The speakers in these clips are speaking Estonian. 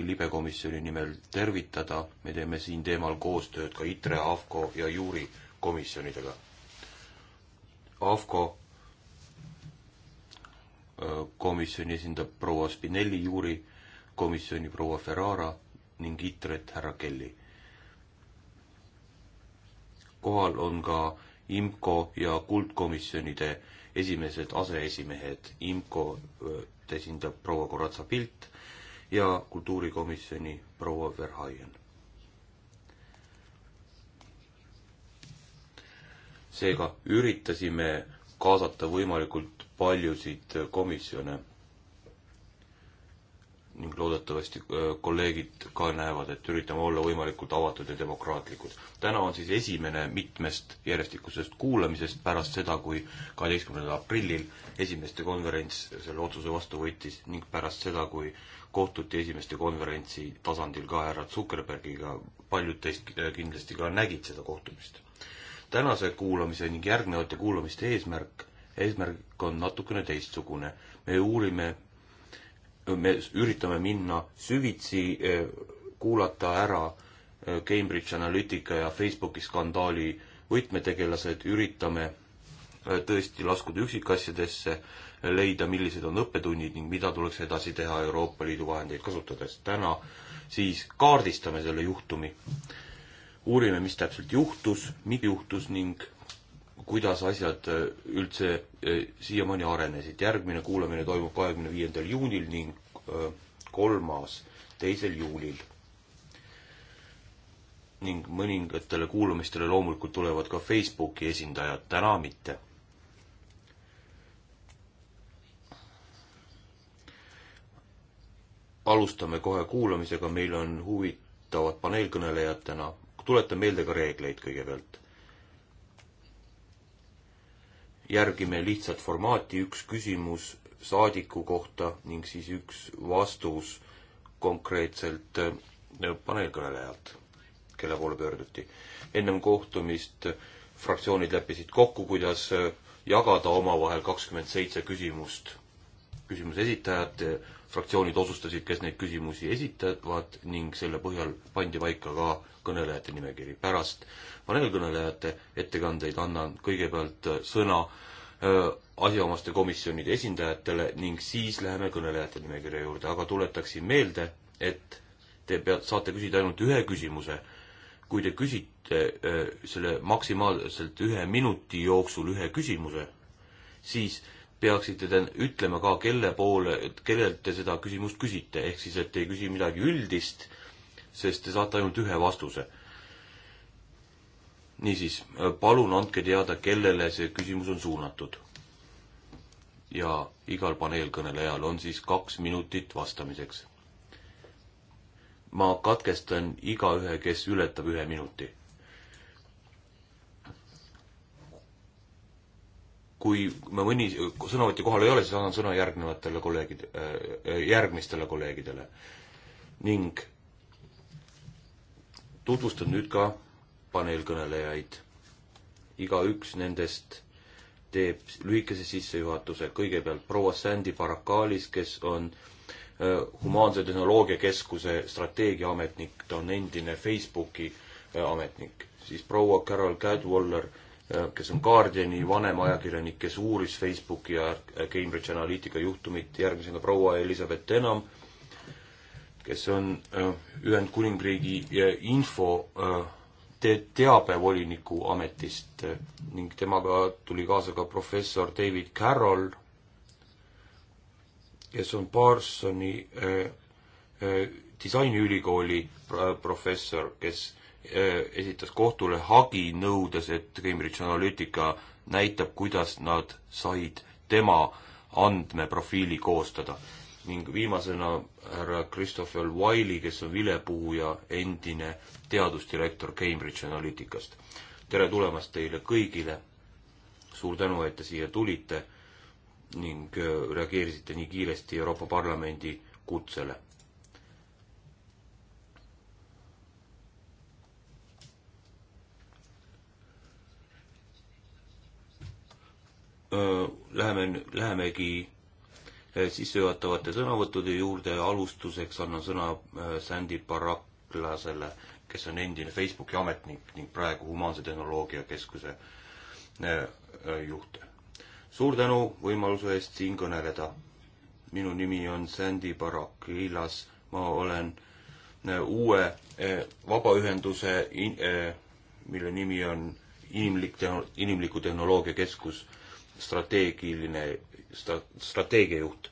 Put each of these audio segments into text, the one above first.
libekomisjoni nimel tervitada, me teeme siin teemal koostööd ka ITRE, AFCO ja Juuri komisjonidega. AFCO äh, komisjoni esindab proua Spinelli, Juuri komisjoni proua Ferrara ning ITRE-t härra Kelly. kohal on ka IMCO ja kuldkomisjonide esimesed aseesimehed, IMCO äh, esindab proua Corazza Pilt ja kultuurikomisjoni proua Verhaien. seega üritasime kaasata võimalikult paljusid komisjone ning loodetavasti äh, kolleegid ka näevad, et üritame olla võimalikult avatud ja demokraatlikud. täna on siis esimene mitmest järjestikusest kuulamisest pärast seda, kui kaheteistkümnendal aprillil esimeste konverents selle otsuse vastu võttis ning pärast seda, kui kohtuti esimeste konverentsi tasandil ka härra Zuckerbergiga, paljud teist äh, kindlasti ka nägid seda kohtumist. tänase kuulamise ning järgnevate kuulamiste eesmärk, eesmärk on natukene teistsugune. me uurime, me üritame minna süvitsi, äh, kuulata ära äh, Cambridge Analytica ja Facebooki skandaali võtmetegelased, üritame tõesti laskuda üksikasjadesse leida, millised on õppetunnid ning mida tuleks edasi teha Euroopa Liidu vahendeid kasutades. täna siis kaardistame selle juhtumi, uurime, mis täpselt juhtus, mis juhtus ning kuidas asjad äh, üldse äh, siiamaani arenesid. järgmine kuulamine toimub kahekümne viiendal juunil ning äh, kolmas teisel juulil. ning mõningatele kuulamistele loomulikult tulevad ka Facebooki esindajad, täna mitte alustame kohe kuulamisega, meil on huvitavad paneelkõnelejad täna. tuletan meelde ka reegleid kõigepealt. järgime lihtsat formaati, üks küsimus saadiku kohta ning siis üks vastus konkreetselt äh, paneelkõnelejalt, kelle poole pöörduti. ennem kohtumist fraktsioonid leppisid kokku, kuidas äh, jagada omavahel kakskümmend seitse küsimust. küsimuse esitajad fraktsioonid otsustasid, kes neid küsimusi esitavad ning selle põhjal pandi paika ka kõnelejate nimekiri. pärast paneelkõnelejate ettekandeid annan kõigepealt äh, sõna äh, asjaomaste komisjonide esindajatele ning siis läheme kõnelejate nimekirja juurde, aga tuletaksin meelde, et te peate, saate küsida ainult ühe küsimuse. kui te küsite äh, selle maksimaalselt ühe minuti jooksul ühe küsimuse, siis äh, peaksite te ütlema ka, kelle poole, kellelt te seda küsimust küsite, ehk siis, et ei küsi midagi üldist, sest te saate ainult ühe vastuse. niisiis, palun andke teada, kellele see küsimus on suunatud. ja igal paneelkõnelejal on siis kaks minutit vastamiseks. ma katkestan igaühe, kes ületab ühe minuti kui ma mõni sõnavõtja kohal ei ole, siis annan sõna järgnevatele kolleegide, äh, äh, järgmistele kolleegidele. ning tutvustan nüüd ka paneelkõnelejaid. igaüks nendest teeb lühikese sissejuhatuse, kõigepealt proua Sandy Barakalis, kes on äh, Humaanse Tehnoloogia Keskuse strateegiaametnik, ta on endine Facebooki ametnik, siis proua Carol Cadwaller Äh, kes on Guardiani vanem ajakirjanik, kes uuris Facebooki ja Cambridge Analytica juhtumit, järgmisena proua Elizabeth Denham, kes on äh, Ühendkuningriigi äh, info te-, teabevoliniku ametist ning temaga tuli kaasa ka professor David Carroll, kes on Parsoni disainiülikooli professor, kes Äh, esitas kohtule hagi, nõudes, et Cambridge Analytica näitab, kuidas nad said tema andmeprofiili koostada. ning viimasena härra Christopher Wiley, kes on vilepuhuja, endine teadusdirektor Cambridge Analyticast. tere tulemast teile kõigile, suur tänu, et te siia tulite ning äh, reageerisite nii kiiresti Euroopa Parlamendi kutsele läheme, lähemegi äh, sissejuhatavate sõnavõttude juurde. alustuseks annan sõna äh, Sandy Baraklasele, kes on endine Facebooki ametnik ning praegu Humaanse Tehnoloogia Keskuse äh, juht. suur tänu võimaluse eest siin kõneleda. minu nimi on Sandy Baraklas, ma olen uue vabaühenduse, mille nimi on inimlik, inimliku tehnoloogia keskus strateegiline sta,, strateegiajuht.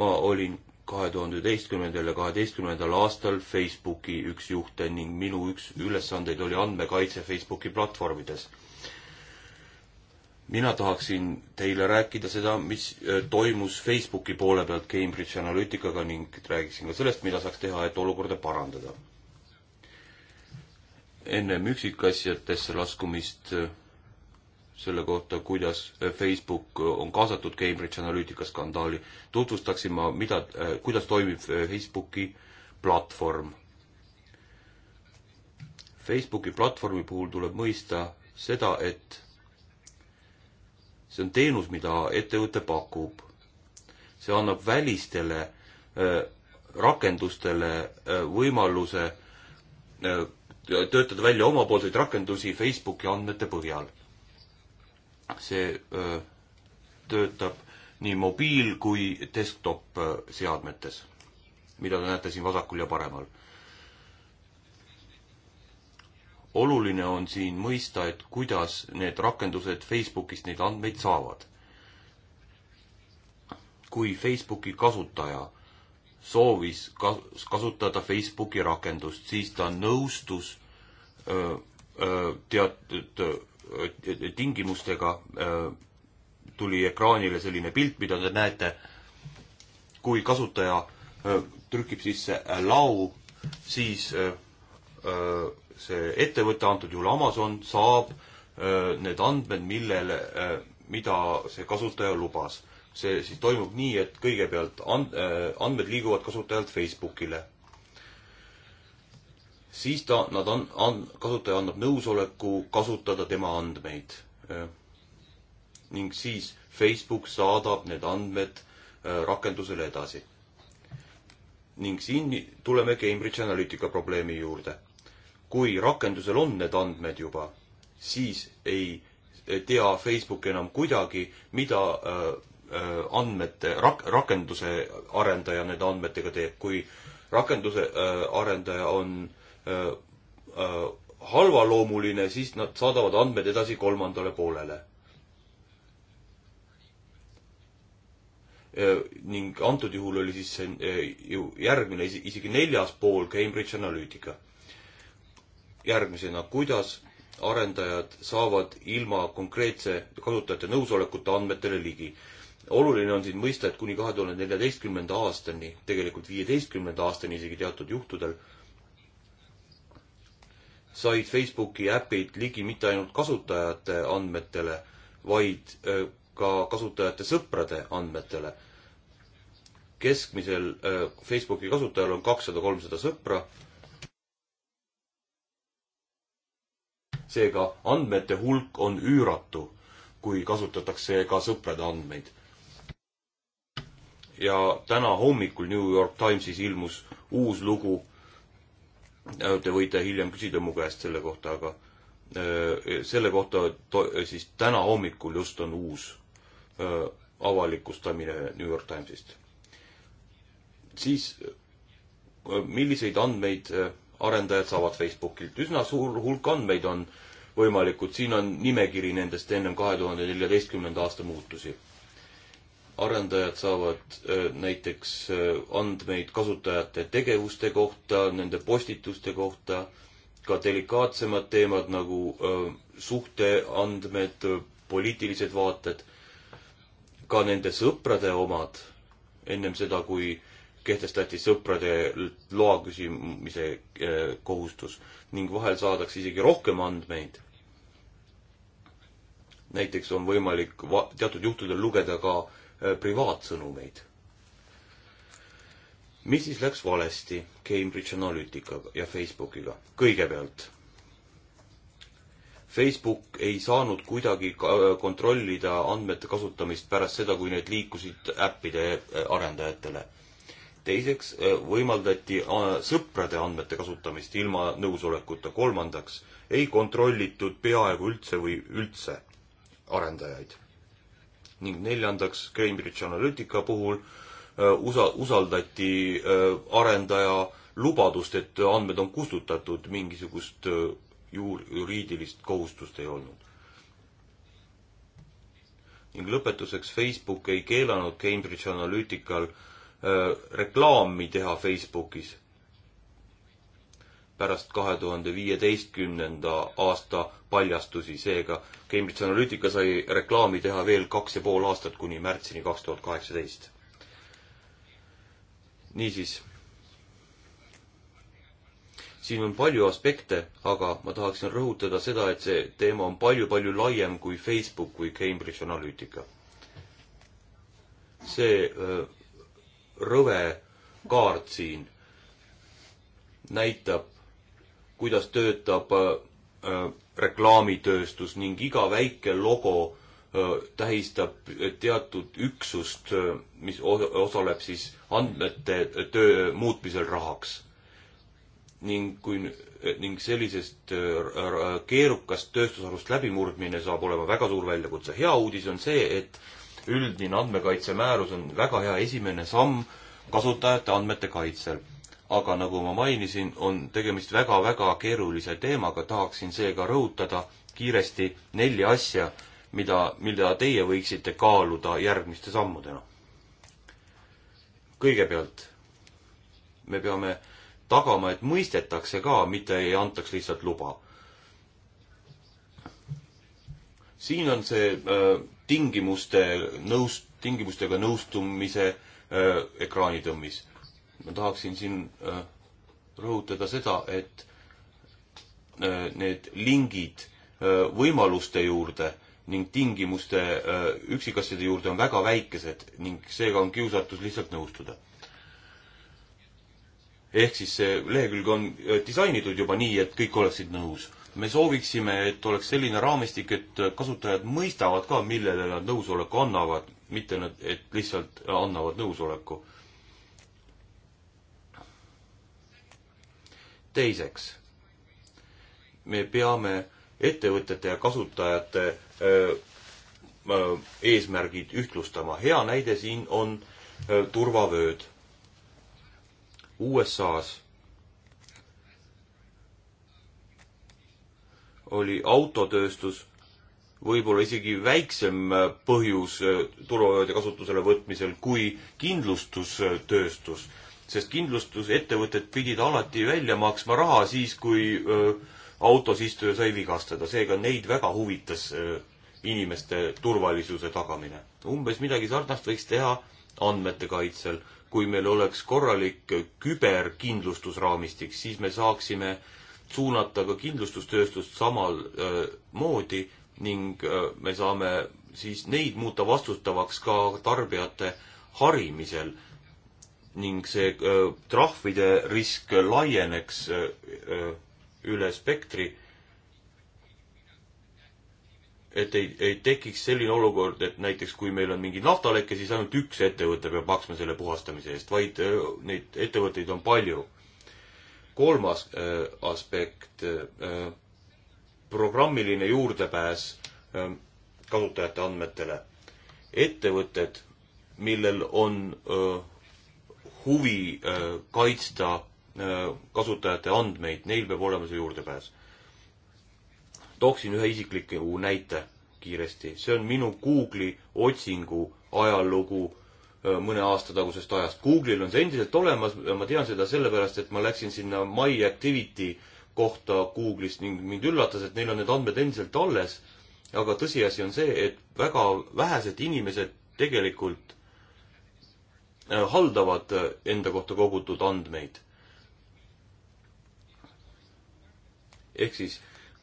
ma olin kahe tuhande üheteistkümnendal ja kaheteistkümnendal aastal Facebooki üks juhte ning minu üks ülesandeid oli andmekaitse Facebooki platvormides. mina tahaksin teile rääkida seda, mis äh, toimus Facebooki poole pealt Cambridge Analyticaga ning räägiksin ka sellest, mida saaks teha, et olukorda parandada. ennem üksikasjadesse laskumist äh, selle kohta, kuidas äh, Facebook äh, on kaasatud Cambridge Analytica skandaali, tutvustaksin ma, mida, äh, kuidas toimib Facebooki platvorm. Facebooki platvormi puhul tuleb mõista seda, et see on teenus, mida ettevõte pakub. see annab välistele rakendustele võimaluse töötada välja omapoolseid rakendusi Facebooki andmete põhjal see öö, töötab nii mobiil- kui desktop-seadmetes, mida te näete siin vasakul ja paremal. oluline on siin mõista, et kuidas need rakendused Facebookist neid andmeid saavad. kui Facebooki kasutaja soovis kas-, kasutada Facebooki rakendust, siis ta nõustus öö, öö, teatud tingimustega äh, tuli ekraanile selline pilt, mida te näete, kui kasutaja äh, trükib sisse äh, allow, siis see ettevõte, antud juhul Amazon, saab need andmed, millele, mida see kasutaja lubas. see siis toimub nii, et kõigepealt and-, andmed liiguvad kasutajalt Facebookile siis ta, nad on, on, kasutaja annab nõusoleku kasutada tema andmeid. Äh, ning siis Facebook saadab need andmed äh, rakendusele edasi. ning siin tuleme Cambridge Analytica probleemi juurde. kui rakendusel on need andmed juba, siis ei tea Facebook enam kuidagi, mida äh, andmete, rak-, rakenduse arendaja nende andmetega teeb, kui rakenduse arendaja on äh, Äh, äh, halvaloomuline, siis nad saadavad andmed edasi kolmandale poolele. Äh, ning antud juhul oli siis see ju järgmine, isegi neljas pool Cambridge Analytica. järgmisena, kuidas arendajad saavad ilma konkreetse kasutajate nõusolekuta andmetele ligi. oluline on siin mõista, et kuni kahe tuhande neljateistkümnenda aastani, tegelikult viieteistkümnenda aastani isegi teatud juhtudel said Facebooki äpid ligi mitte ainult kasutajate andmetele, vaid ka kasutajate sõprade andmetele. keskmisel Facebooki kasutajal on kakssada, kolmsada sõpra. seega andmete hulk on üüratu, kui kasutatakse ka sõprade andmeid. ja täna hommikul New York Timesis ilmus uus lugu Äh, te võite hiljem küsida mu käest selle kohta, aga äh, selle kohta to-, siis täna hommikul just on uus öö, äh, avalikustamine New York Timesist. siis milliseid andmeid arendajad saavad Facebookilt, üsna suur hulk andmeid on võimalikud, siin on nimekiri nendest ennem kahe tuhande neljateistkümnenda aasta muutusi arendajad saavad näiteks andmeid kasutajate tegevuste kohta, nende postituste kohta, ka delikaatsemad teemad nagu suhteandmed, poliitilised vaated, ka nende sõprade omad, ennem seda, kui kehtestati sõprade loa küsimise kohustus ning vahel saadakse isegi rohkem andmeid näiteks on võimalik va-, teatud juhtudel lugeda ka Äh, privaatsõnumeid. mis siis läks valesti Cambridge Analyticaga ja Facebookiga? kõigepealt, Facebook ei saanud kuidagi äh, kontrollida andmete kasutamist pärast seda, kui need liikusid äppide äh, arendajatele teiseks võimaldati sõprade andmete kasutamist ilma nõusolekuta, kolmandaks ei kontrollitud peaaegu üldse või üldse arendajaid ning neljandaks Cambridge Analytica puhul äh, usa-, usaldati äh, arendaja lubadust, et andmed on kustutatud, mingisugust äh, juur-, juriidilist kohustust ei olnud. ning lõpetuseks, Facebook ei keelanud Cambridge Analytical reklaami teha Facebookis pärast kahe tuhande viieteistkümnenda aasta paljastusi, seega Cambridge Analytica sai reklaami teha veel kaks ja pool aastat kuni märtsini kaks tuhat kaheksateist. niisiis, siin on palju aspekte, aga ma tahaksin rõhutada seda, et see teema on palju-palju laiem kui Facebook või Cambridge Analytica. see rõve kaart siin näitab kuidas töötab äh, äh, reklaamitööstus ning iga väike logo äh, tähistab teatud üksust, mis osaleb siis andmete töö muutmisel rahaks. ning kui, ning sellisest keerukast tööstusharust läbimurdmine saab olema väga suur väljakutse. hea uudis on see, et üldine andmekaitsemäärus on väga hea esimene samm kasutajate andmete kaitsel aga nagu ma mainisin, on tegemist väga-väga keerulise teemaga, tahaksin seega rõhutada kiiresti nelja asja, mida, mida teie võiksite kaaluda järgmiste sammudena. kõigepealt me peame tagama, et mõistetakse ka, mitte ei antaks lihtsalt luba. siin on see äh, tingimuste nõus, tingimustega nõustumise äh, ekraanitõmmis ma tahaksin siin äh, rõhutada seda, et äh, need lingid äh, võimaluste juurde ning tingimuste üksikasjade juurde on väga väikesed ning seega on kiusatus lihtsalt nõustuda. ehk siis see lehekülg on disainitud juba nii, et kõik oleksid nõus. me sooviksime, et oleks selline raamistik, et kasutajad mõistavad ka, millele nad nõusoleku annavad, mitte nad, et lihtsalt annavad nõusoleku teiseks, me peame ettevõtete ja kasutajate öö, öö, eesmärgid ühtlustama. hea näide siin on öö, turvavööd. USA-s oli autotööstus võib-olla isegi väiksem põhjus turvavööde kasutusele võtmisel kui kindlustustööstus sest kindlustusettevõtted pidid alati välja maksma raha siis, kui öö, autos istuja sai vigastada, seega neid väga huvitas öö, inimeste turvalisuse tagamine. umbes midagi sarnast võiks teha andmete kaitsel. kui meil oleks korralik küberkindlustusraamistik, siis me saaksime suunata ka kindlustustööstust samal öö, moodi ning öö, me saame siis neid muuta vastutavaks ka tarbijate harimisel ning see äh, trahvide risk laieneks äh, äh, üle spektri. et ei, ei tekiks selline olukord, et näiteks kui meil on mingi naftalekke, siis ainult üks ettevõte peab maksma selle puhastamise eest, vaid neid ettevõtteid on palju. kolmas aspekt, programmiline juurdepääs ähm, kasutajate andmetele. ettevõtted, millel on öö, huvi äh, kaitsta äh, kasutajate andmeid, neil peab olema see juurdepääs. tooksin ühe isikliku näite kiiresti, see on minu Google'i otsingu ajalugu äh, mõne aasta tagusest ajast. Google'il on see endiselt olemas, ma tean seda sellepärast, et ma läksin sinna My Activity kohta Google'ist ning mind üllatas, et neil on need andmed endiselt alles. aga tõsiasi on see, et väga vähesed inimesed tegelikult Äh, haldavad äh, enda kohta kogutud andmeid. ehk siis,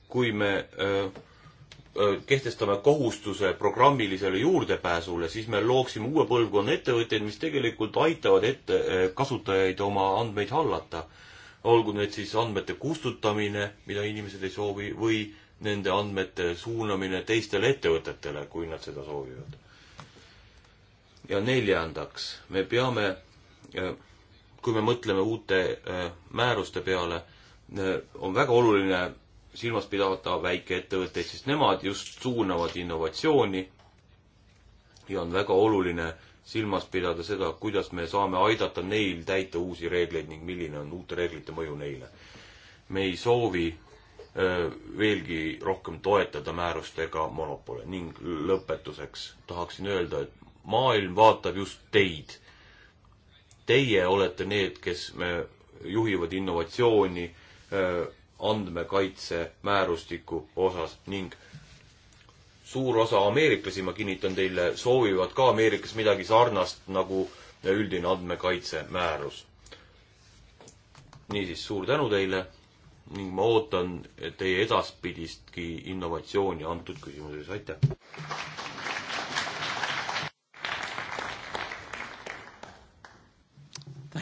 kui me äh, kehtestame kohustuse programmilisele juurdepääsule, siis me looksime uue põlvkonna ettevõtteid, mis tegelikult aitavad ette, kasutajaid oma andmeid hallata. olgu need siis andmete kustutamine, mida inimesed ei soovi, või nende andmete suunamine teistele ettevõtetele, kui nad seda soovivad ja neljandaks, me peame, äh, kui me mõtleme uute äh, määruste peale, äh, on väga oluline silmas pidavata väikeettevõtteid, sest nemad just suunavad innovatsiooni ja on väga oluline silmas pidada seda, kuidas me saame aidata neil täita uusi reegleid ning milline on uute reeglite mõju neile. me ei soovi öö, veelgi rohkem toetada määrustega monopole ning lõpetuseks tahaksin öelda, et maailm vaatab just teid. Teie olete need, kes me juhivad innovatsiooni äh, andmekaitse määrustiku osas ning suur osa ameeriklasi, ma kinnitan teile, soovivad ka Ameerikas midagi sarnast nagu üldine andmekaitse määrus. niisiis, suur tänu teile ning ma ootan teie edaspidistki innovatsiooni antud küsimuses, aitäh!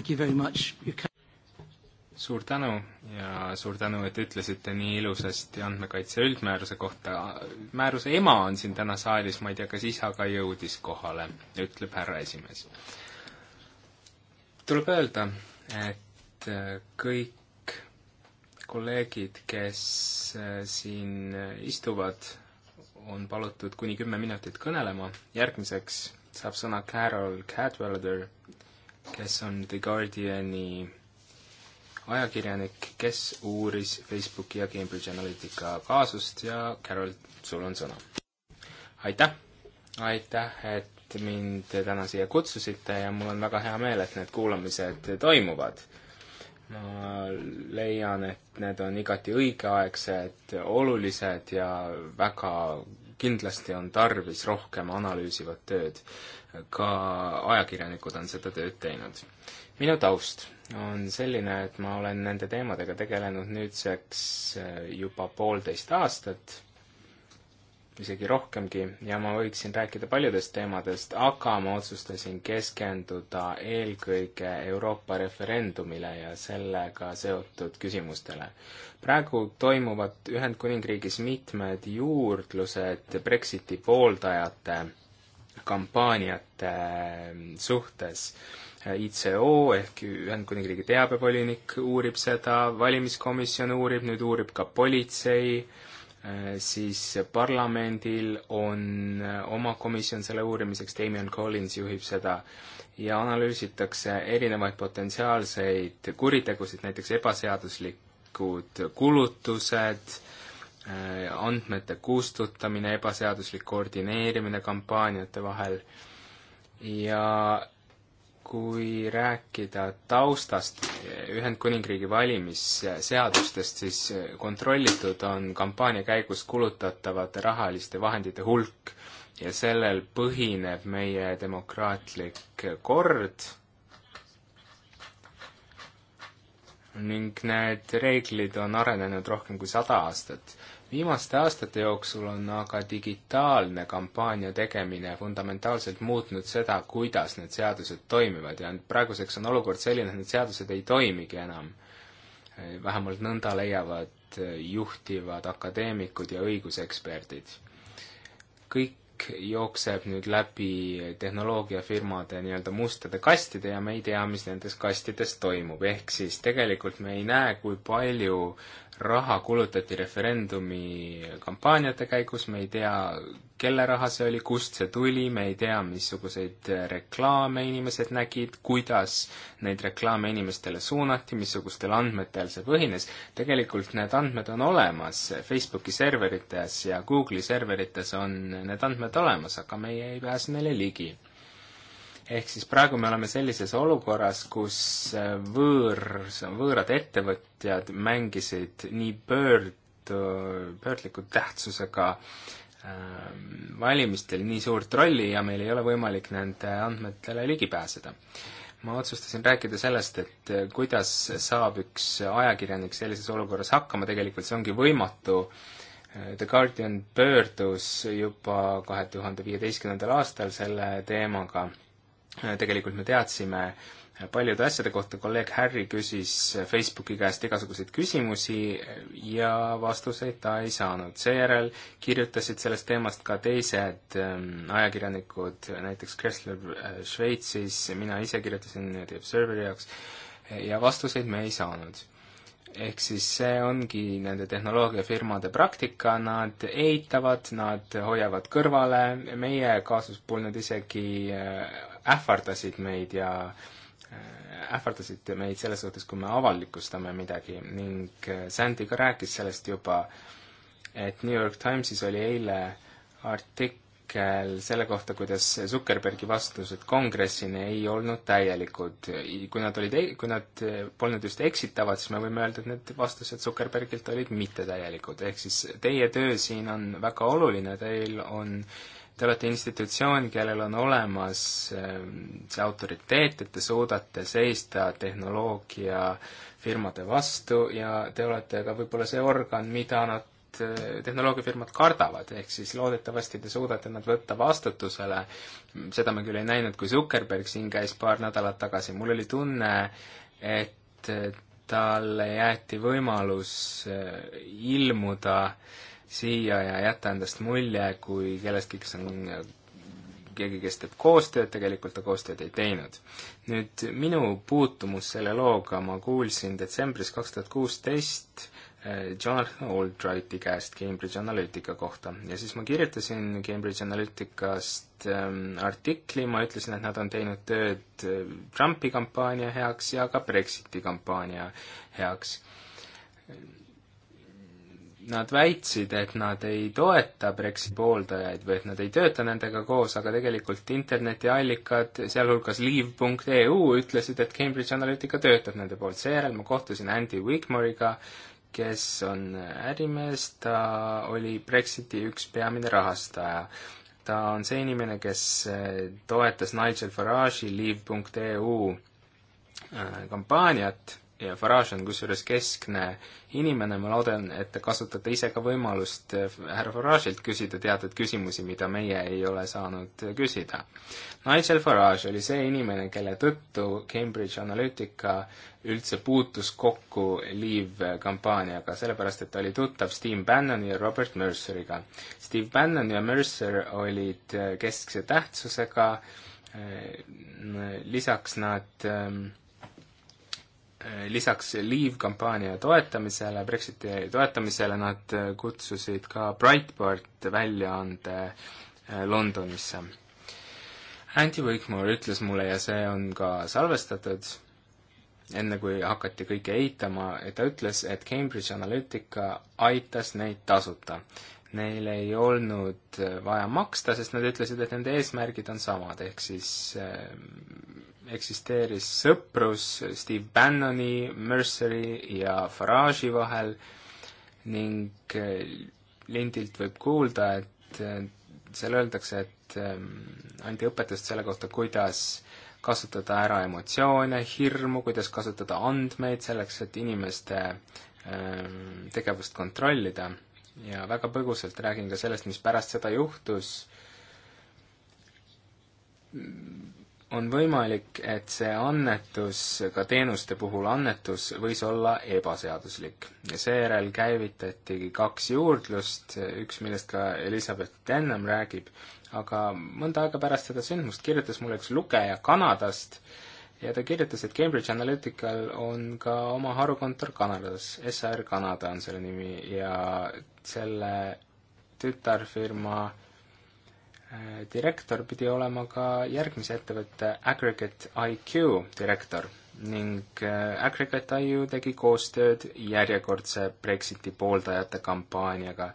Thank you very much. suur tänu ja suur tänu, et ütlesite nii ilusasti andmekaitse üldmääruse kohta. määruse ema on siin täna saalis, ma ei tea, kas isa ka jõudis kohale, ütleb härra esimees. tuleb öelda, et äh, kõik kolleegid, kes äh, siin istuvad, on palutud kuni kümme minutit kõnelema, järgmiseks saab sõna Carol Cadwalader kes on The Guardiani ajakirjanik, kes uuris Facebooki ja Cambridge Analytica kaasust ja Carol, sul on sõna. aitäh! aitäh, et mind täna siia kutsusite ja mul on väga hea meel, et need kuulamised toimuvad. ma leian, et need on igati õigeaegsed, olulised ja väga kindlasti on tarvis rohkem analüüsivat tööd. ka ajakirjanikud on seda tööd teinud. minu taust on selline, et ma olen nende teemadega tegelenud nüüdseks eh, juba poolteist aastat isegi rohkemgi ja ma võiksin rääkida paljudest teemadest, aga ma otsustasin keskenduda eelkõige Euroopa referendumile ja sellega seotud küsimustele. praegu toimuvad Ühendkuningriigis mitmed juurdlused Brexiti pooldajate kampaaniate suhtes. ICO ehk Ühendkuningriigi teabevolinik uurib seda, valimiskomisjon uurib, nüüd uurib ka politsei äh,, Äh, siis parlamendil on äh, oma komisjon selle uurimiseks, Damien Collins juhib seda, ja analüüsitakse erinevaid potentsiaalseid kuritegusid, näiteks ebaseaduslikud kulutused, äh, andmete kustutamine, ebaseaduslik koordineerimine kampaaniate vahel ja kui rääkida taustast Ühendkuningriigi valimisseadustest, siis kontrollitud on kampaania käigus kulutatavate rahaliste vahendite hulk ja sellel põhineb meie demokraatlik kord ning need reeglid on arenenud rohkem kui sada aastat viimaste aastate jooksul on aga digitaalne kampaania tegemine fundamentaalselt muutnud seda, kuidas need seadused toimivad ja praeguseks on olukord selline, et need seadused ei toimigi enam. vähemalt nõnda leiavad juhtivad akadeemikud ja õiguseksperdid. kõik jookseb nüüd läbi tehnoloogiafirmade nii-öelda mustade kastide ja me ei tea, mis nendes kastides toimub, ehk siis tegelikult me ei näe, kui palju raha kulutati referendumi kampaaniate käigus, me ei tea, kelle raha see oli, kust see tuli, me ei tea, missuguseid reklaame inimesed nägid, kuidas neid reklaame inimestele suunati, missugustel andmetel see põhines. tegelikult need andmed on olemas, Facebooki serverites ja Google'i serverites on need andmed olemas, aga meie ei pääse neile ligi ehk siis praegu me oleme sellises olukorras, kus äh, võõr, võõrad ettevõtjad mängisid nii pöörd, pöördliku tähtsusega ähm, valimistel nii suurt rolli ja meil ei ole võimalik nende andmetele ligi pääseda. ma otsustasin rääkida sellest, et äh, kuidas saab üks ajakirjanik sellises olukorras hakkama, tegelikult see ongi võimatu, äh, The Guardian pöördus juba kahe tuhande viieteistkümnendal aastal selle teemaga Äh, tegelikult me teadsime äh, paljude asjade kohta, kolleeg Harry küsis äh, Facebooki käest igasuguseid küsimusi ja vastuseid ta ei saanud. seejärel kirjutasid sellest teemast ka teised ähm, ajakirjanikud, näiteks Kressler Šveitsis, mina ise kirjutasin The Observeri jaoks, ja vastuseid me ei saanud ehk siis see ongi nende tehnoloogiafirmade praktika, nad eitavad, nad hoiavad kõrvale, meie kaasuse puhul nad isegi äh, ähvardasid meid ja äh, ähvardasid meid selles suhtes, kui me avalikustame midagi ning äh, Sandy ka rääkis sellest juba, et New York Timesis oli eile artik-, artikkel selle kohta, kuidas Zuckerbergi vastused kongressini ei olnud täielikud. kui nad olid, e-, kui nad polnud just eksitavad, siis me võime öelda, et need vastused Zuckerbergilt olid mittetäielikud, ehk siis teie töö siin on väga oluline, teil on Te olete institutsioon, kellel on olemas ehm, see autoriteet, et te suudate seista tehnoloogiafirmade vastu ja te olete ka võib-olla see organ, mida nad Äh, tehnoloogiafirmad kardavad, ehk siis loodetavasti te suudate nad võtta vastutusele, seda me küll ei näinud, kui Zuckerberg siin käis paar nädalat tagasi, mul oli tunne, et äh, talle jäeti võimalus äh, ilmuda siia ja jätta endast mulje kui kellestki, kes on keegi, kes teeb koostööd, tegelikult ta koostööd ei teinud. nüüd minu puutumus selle looga ma kuulsin detsembris kaks tuhat kuusteist, Äh, Jonathan Albrighti käest Cambridge Analytica kohta ja siis ma kirjutasin Cambridge Analyticast ähm, artikli, ma ütlesin, et nad on teinud tööd äh, Trumpi kampaania heaks ja ka Brexiti kampaania heaks. Nad väitsid, et nad ei toeta Brexiti pooldajaid või et nad ei tööta nendega koos, aga tegelikult internetiallikad, sealhulgas leave.eu, ütlesid, et Cambridge Analytica töötab nende poolt. seejärel ma kohtusin Andy Wigmoriga äh,, kes on ärimees, ta oli Brexiti üks peamine rahastaja. ta on see inimene, kes eh, toetas Nigel Farage'i Leave.eu eh, kampaaniat ja Farage on kusjuures keskne inimene, ma loodan, et te kasutate ise ka võimalust eh, härra Farage'ilt küsida teatud küsimusi, mida meie ei ole saanud küsida. Nigel Farage oli see inimene, kelle tõttu Cambridge Analytica üldse puutus kokku Leave kampaaniaga, sellepärast et ta oli tuttav Steve Bannoni ja Robert Merceriga. Steve Bannon ja Mercer olid eh, keskse tähtsusega, eh, lisaks nad ehm, Eh, lisaks Leave kampaania toetamisele, Brexiti toetamisele nad eh, kutsusid ka Breitbart väljaande eh, Londonisse. Andy Wakemore ütles mulle ja see on ka salvestatud, enne kui hakati kõike eitama, ta ütles, et Cambridge Analytica aitas neid tasuta. Neil ei olnud vaja maksta, sest nad ütlesid, et nende eesmärgid on samad, ehk siis eksisteeris sõprus Steve Bannoni, Merceri ja Farage'i vahel ning eh, lindilt võib kuulda, et eh, seal öeldakse, et eh, anti õpetust selle kohta, kuidas kasutada ära emotsioone, hirmu, kuidas kasutada andmeid selleks, et inimeste tegevust kontrollida. ja väga põgusalt räägin ka sellest, mis pärast seda juhtus on võimalik, et see annetus, ka teenuste puhul annetus, võis olla ebaseaduslik. ja seejärel käivitatigi kaks juurdlust, üks, millest ka Elizabeth Denham räägib, aga mõnda aega pärast seda sündmust kirjutas mulle üks lugeja Kanadast ja ta kirjutas, et Cambridge Analytical on ka oma harukontor Kanadas, SAR Kanada on selle nimi ja selle tütarfirma äh, direktor pidi olema ka järgmise ettevõtte Aggregate IQ direktor ning äh, Aggregate IQ tegi koostööd järjekordse Brexiti pooldajate kampaaniaga.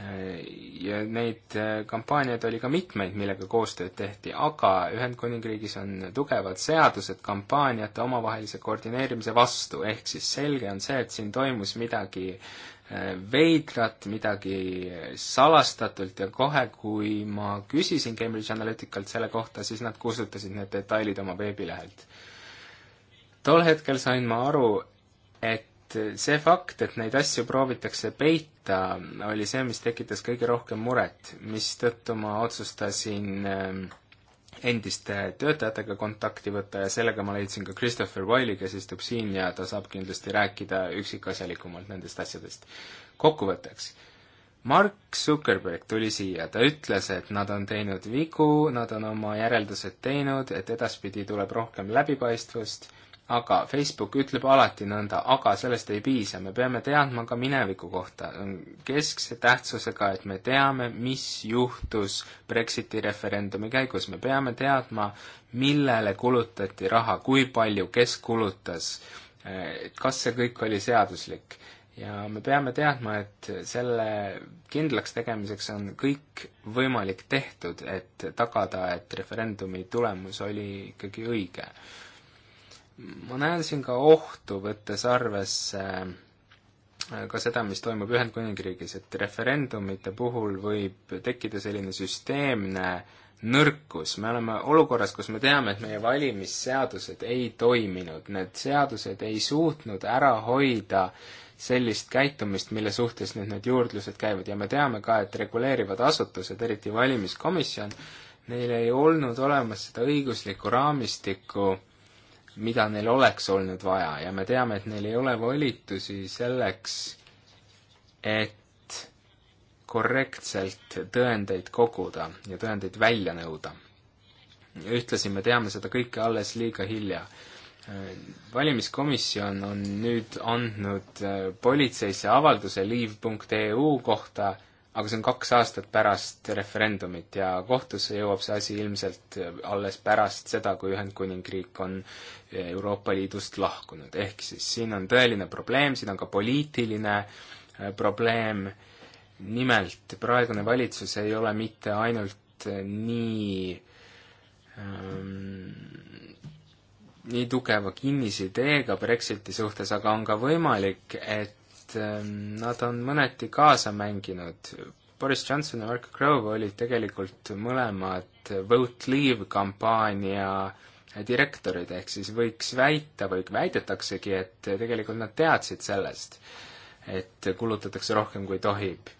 Äh, ja neid äh, kampaaniaid oli ka mitmeid, millega koostööd tehti, aga Ühendkuningriigis on tugevad seadused kampaaniate omavahelise koordineerimise vastu, ehk siis selge on see, et siin toimus midagi äh, veidrat, midagi salastatult ja kohe, kui ma küsisin Cambridge Analyticalt selle kohta, siis nad kustutasid need detailid oma veebilehelt. tol hetkel sain ma aru, et see fakt, et neid asju proovitakse peita, oli see, mis tekitas kõige rohkem muret, mistõttu ma otsustasin äh, endiste töötajatega kontakti võtta ja sellega ma leidsin ka Christopher Wiley, kes istub siin ja ta saab kindlasti rääkida üksikasjalikumalt nendest asjadest. kokkuvõtteks, Mark Zuckerberg tuli siia, ta ütles, et nad on teinud vigu, nad on oma järeldused teinud, et edaspidi tuleb rohkem läbipaistvust aga Facebook ütleb alati nõnda, aga sellest ei piisa, me peame teadma ka mineviku kohta. on keskse tähtsusega, et me teame, mis juhtus Brexiti referendumi käigus, me peame teadma, millele kulutati raha, kui palju, kes kulutas, kas see kõik oli seaduslik. ja me peame teadma, et selle kindlaks tegemiseks on kõik võimalik tehtud, et tagada, et referendumi tulemus oli ikkagi õige ma näen siin ka ohtu, võttes arvesse äh, ka seda, mis toimub Ühendkuningriigis, et referendumite puhul võib tekkida selline süsteemne nõrkus, me oleme olukorras, kus me teame, et meie valimisseadused ei toiminud, need seadused ei suutnud ära hoida sellist käitumist, mille suhtes nüüd need juurdlused käivad ja me teame ka, et reguleerivad asutused, eriti valimiskomisjon, neil ei olnud olemas seda õiguslikku raamistikku, mida neil oleks olnud vaja ja me teame, et neil ei ole volitusi selleks, et korrektselt tõendeid koguda ja tõendeid välja nõuda. ühtlasi me teame seda kõike alles liiga hilja. valimiskomisjon on nüüd andnud politseisse avalduse liiv.eu kohta aga see on kaks aastat pärast referendumit ja kohtusse jõuab see asi ilmselt alles pärast seda, kui Ühendkuningriik on Euroopa Liidust lahkunud, ehk siis siin on tõeline probleem, siin on ka poliitiline äh, probleem, nimelt praegune valitsus ei ole mitte ainult nii ähm, nii tugeva kinnisideega Brexiti suhtes, aga on ka võimalik, et et ähm, nad on mõneti kaasa mänginud. Boris Johnson ja Mark Grove olid tegelikult mõlemad Vote Leave kampaania direktorid, ehk siis võiks väita või väidetaksegi, et tegelikult nad teadsid sellest, et kulutatakse rohkem, kui tohib.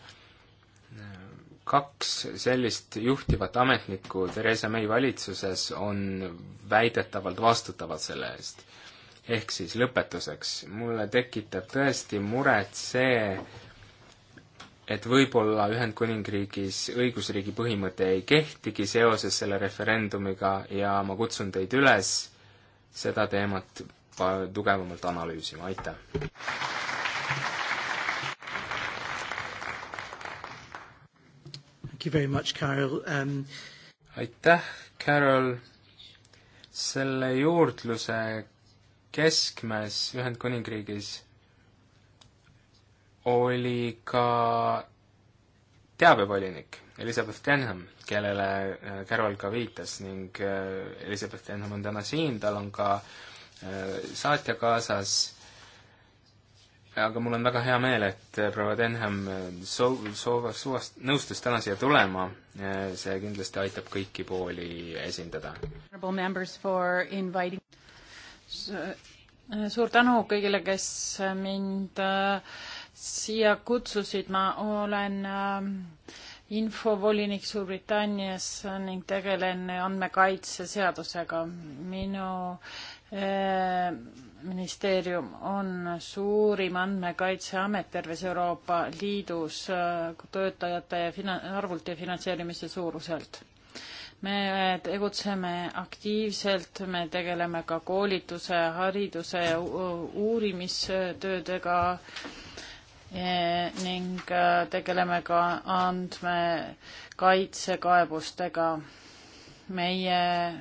kaks sellist juhtivat ametnikku Theresa May valitsuses on väidetavalt vastutavad selle eest ehk siis lõpetuseks, mulle tekitab tõesti muret see, et võib-olla Ühendkuningriigis õigusriigi põhimõte ei kehtigi seoses selle referendumiga ja ma kutsun teid üles seda teemat tugevamalt analüüsima, aitäh! Um... aitäh, Carol! selle juurdluse keskmes Ühendkuningriigis oli ka teabevolinik Elizabeth Denham, kellele äh, Carol ka viitas ning äh, Elizabeth Denham on täna siin, tal on ka äh, saatja kaasas, aga mul on väga hea meel, et proua Denham soov, soov, suvast, nõustus täna siia tulema, see kindlasti aitab kõiki pooli esindada suur tänu kõigile, kes mind äh, siia kutsusid, ma olen äh, infovolinik Suurbritannias ning tegelen andmekaitseseadusega. minu äh, ministeerium on suurim andmekaitseamet terves Euroopa Liidus töötajate ja fina-, arvult ja finantseerimise suuruselt me tegutseme aktiivselt, me tegeleme ka koolituse, hariduse, uurimistöödega e, ning e, tegeleme ka andmekaitsekaebustega. meie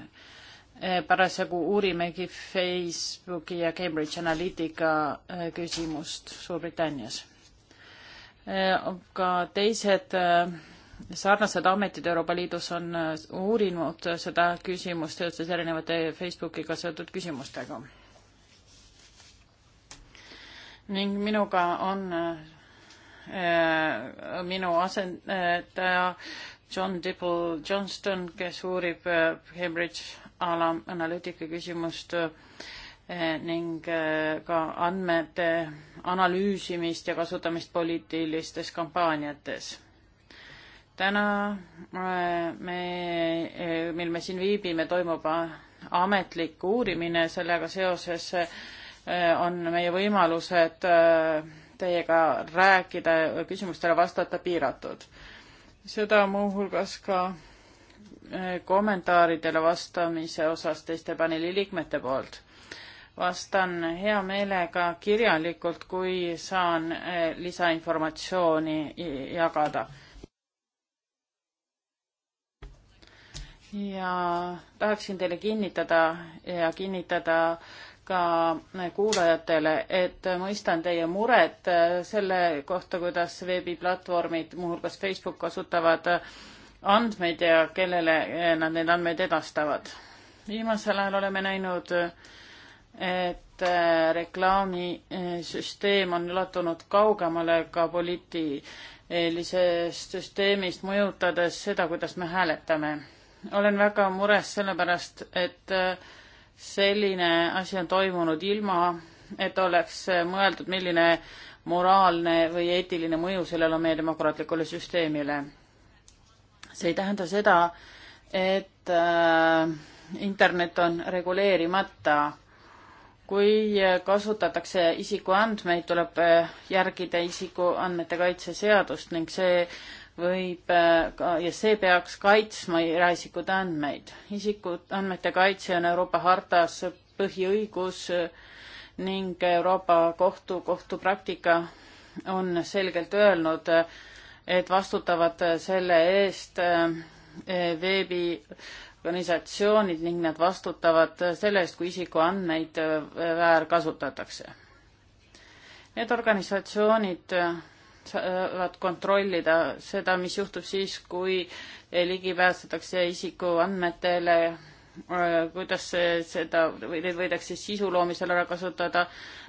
e, parasjagu uurimegi Facebooki ja Cambridge Analytica küsimust Suurbritannias. ka teised äh, sarnased ametid Euroopa Liidus on äh, uurinud seda küsimust seoses erinevate Facebookiga seotud küsimustega. ning minuga on äh, äh minu asendaja äh, John Dibble Johnston, kes uurib äh, Cambridge alam analüütika küsimust äh, ning ka andmete analüüsimist ja kasutamist poliitilistes kampaaniates täna äh, me, äh, mil me siin viibime, toimub ametlik uurimine, sellega seoses äh, on meie võimalused teiega rääkida ja küsimustele vastata piiratud. seda muuhulgas ka kommentaaridele vastamise osas teiste paneeli liikmete poolt. vastan hea meelega kirjalikult, kui saan lisainformatsiooni jagada ja tahaksin teile kinnitada ja kinnitada ka kuulajatele, et mõistan teie muret selle kohta, kuidas veebiplatvormid, muuhulgas Facebook, kasutavad andmeid ja kellele nad neid andmeid edastavad. viimasel ajal oleme näinud, et reklaamisüsteem on ulatunud kaugemale ka poliitilisest süsteemist, mõjutades seda, kuidas me hääletame olen väga mures sellepärast, et äh, selline asi on toimunud ilma, et oleks äh, mõeldud, milline moraalne või eetiline mõju sellel on meie demokraatlikule süsteemile. see ei tähenda seda, et äh, internet on reguleerimata. kui äh, kasutatakse isikuandmeid, tuleb järgida isikuandmete kaitse seadust ning see äh, võib äh, ka ja see peaks kaitsma eraisikute andmeid. isikud, andmete kaitse on Euroopa hartas põhiõigus äh, ning Euroopa Kohtu kohtupraktika on selgelt öelnud, äh, et vastutavad selle eest veebiorganisatsioonid ning nad vastutavad selle eest, kui isikuandmeid väärkasutatakse. Need organisatsioonid saavad kontrollida seda, mis juhtub siis, kui ligi pääsetakse isikuandmetele, kuidas seda või neid võidakse sisu loomisel ära kasutada.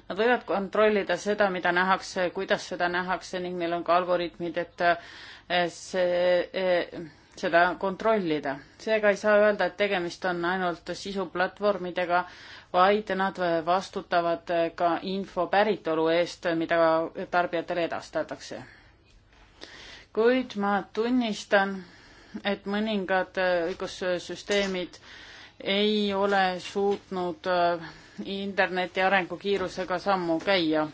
Nad võivad kontrollida seda, mida nähakse, kuidas seda nähakse ning neil on ka algoritmid, et eh, see, eh, seda kontrollida. seega ei saa öelda, et tegemist on ainult sisuplatvormidega, vaid nad vastutavad ka info päritolu eest, mida tarbijatele edastatakse. kuid ma tunnistan, et mõningad õigussüsteemid ei ole suutnud interneti arengukiirusega sammu käia.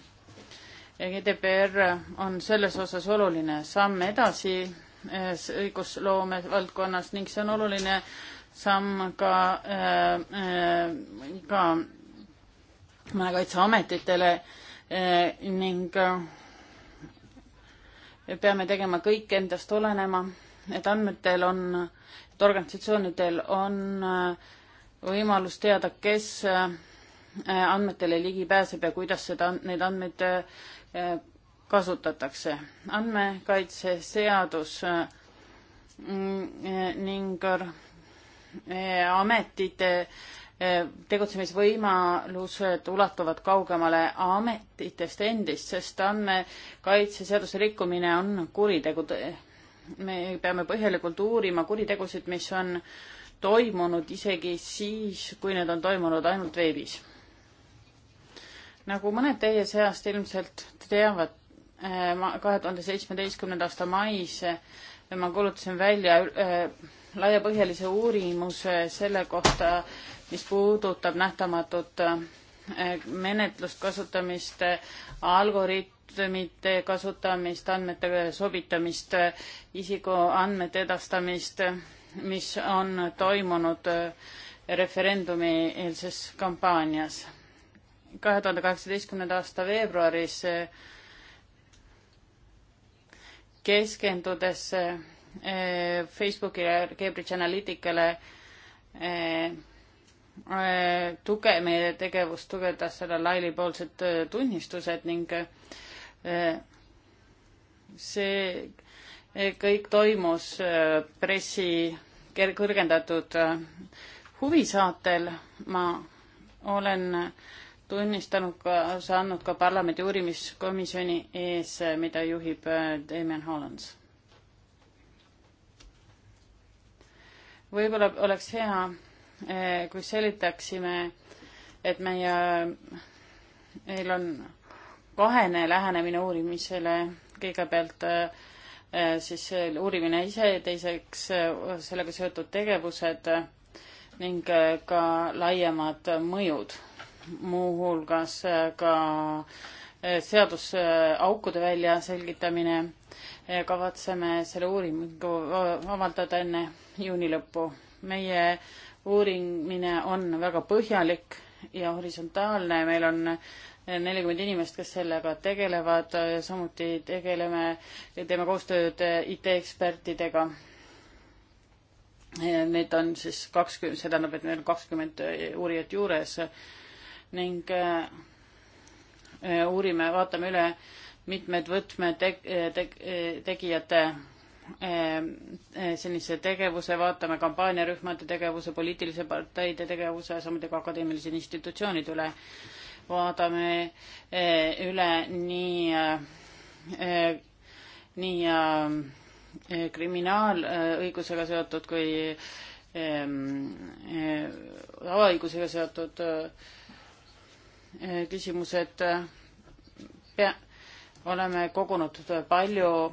GDPR on selles osas oluline samm edasi õigusloome valdkonnas ning see on oluline samm ka äh,, äh ka mõnekaitseametitele äh, ning äh, peame tegema kõik endast olenema, et andmetel on, et organisatsioonidel on äh, võimalus teada, kes äh, andmetele ligi pääseb ja kuidas seda, neid andmeid äh, kasutatakse. andmekaitseseadus äh, ning äh, Eh, ametite eh, tegutsemisvõimalused ulatuvad kaugemale ametitest endist, sest andmekaitseseaduse rikkumine on kuritegu. me peame põhjalikult uurima kuritegusid, mis on toimunud isegi siis, kui need on toimunud ainult veebis. nagu mõned teie seast ilmselt teavad, eh, ma kahe tuhande seitsmeteistkümnenda aasta mais ma kuulutasin välja laiapõhjalise uurimuse selle kohta, mis puudutab nähtamatut eh, menetlust kasutamist, algoritmide kasutamist, andmete sobitamist, eh, isikuandmete edastamist, mis on toimunud eh, referendumieelses kampaanias. kahe tuhande kaheksateistkümnenda aasta veebruaris keskendudes Eh, Facebookile, Cambridge Analyticale eh, eh, tuge, meie tegevust tugevdas selle lailipoolsed tunnistused ning see kõik toimus pressi kõrgendatud huvi saatel. ma olen tunnistanud ka, andnud ka parlamendi uurimiskomisjoni ees, mida juhib Damien Hollands võib-olla oleks hea, eh, kui selgitaksime, et meie, meil on kahene lähenemine uurimisele, kõigepealt eh, siis uurimine ise ja teiseks eh, sellega seotud tegevused ning ka laiemad mõjud, muuhulgas ka seadusaukude väljaselgitamine kavatseme selle uuringu avaldada enne juuni lõppu. meie uurimine on väga põhjalik ja horisontaalne, meil on nelikümmend inimest, kes sellega tegelevad, samuti tegeleme, teeme koostööd IT-ekspertidega. Need on siis kakskümmend, see tähendab, et meil on kakskümmend uurijat juures ning äh, uurime, vaatame üle mitmed võtmetegijate eh, eh, eh, sellise tegevuse, vaatame kampaaniarühmade tegevuse, poliitilise parteide tegevuse, samuti ka akadeemilised institutsioonid üle. vaatame üle nii, nii kriminaalõigusega seotud kui avaõigusega seotud küsimused pea, oleme kogunud palju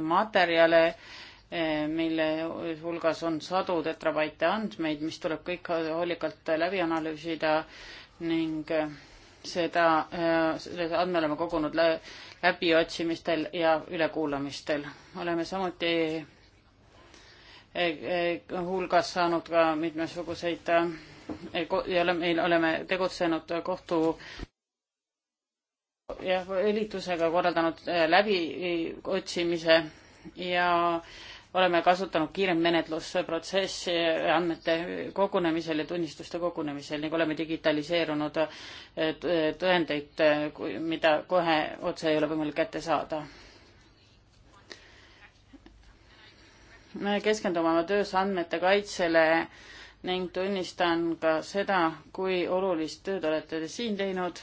materjale, eh, mille hulgas on sadu tetrabaite andmeid, mis tuleb kõik hoolikalt läbi analüüsida ning eh, seda, eh, selle andme oleme kogunud läbiotsimistel ja ülekuulamistel. oleme samuti hulgas saanud ka mitmesuguseid ja oleme, oleme tegutsenud kohtu ja liitlusega korraldanud äh, läbiotsimise ja oleme kasutanud kiirem menetlusprotsessi andmete kogunemisel ja tunnistuste kogunemisel ning oleme digitaliseerunud äh, tõendeid, äh, mida kohe otse ei ole võimalik kätte saada. me keskendume oma töös andmete kaitsele ning tunnistan ka seda, kui olulist tööd olete te siin teinud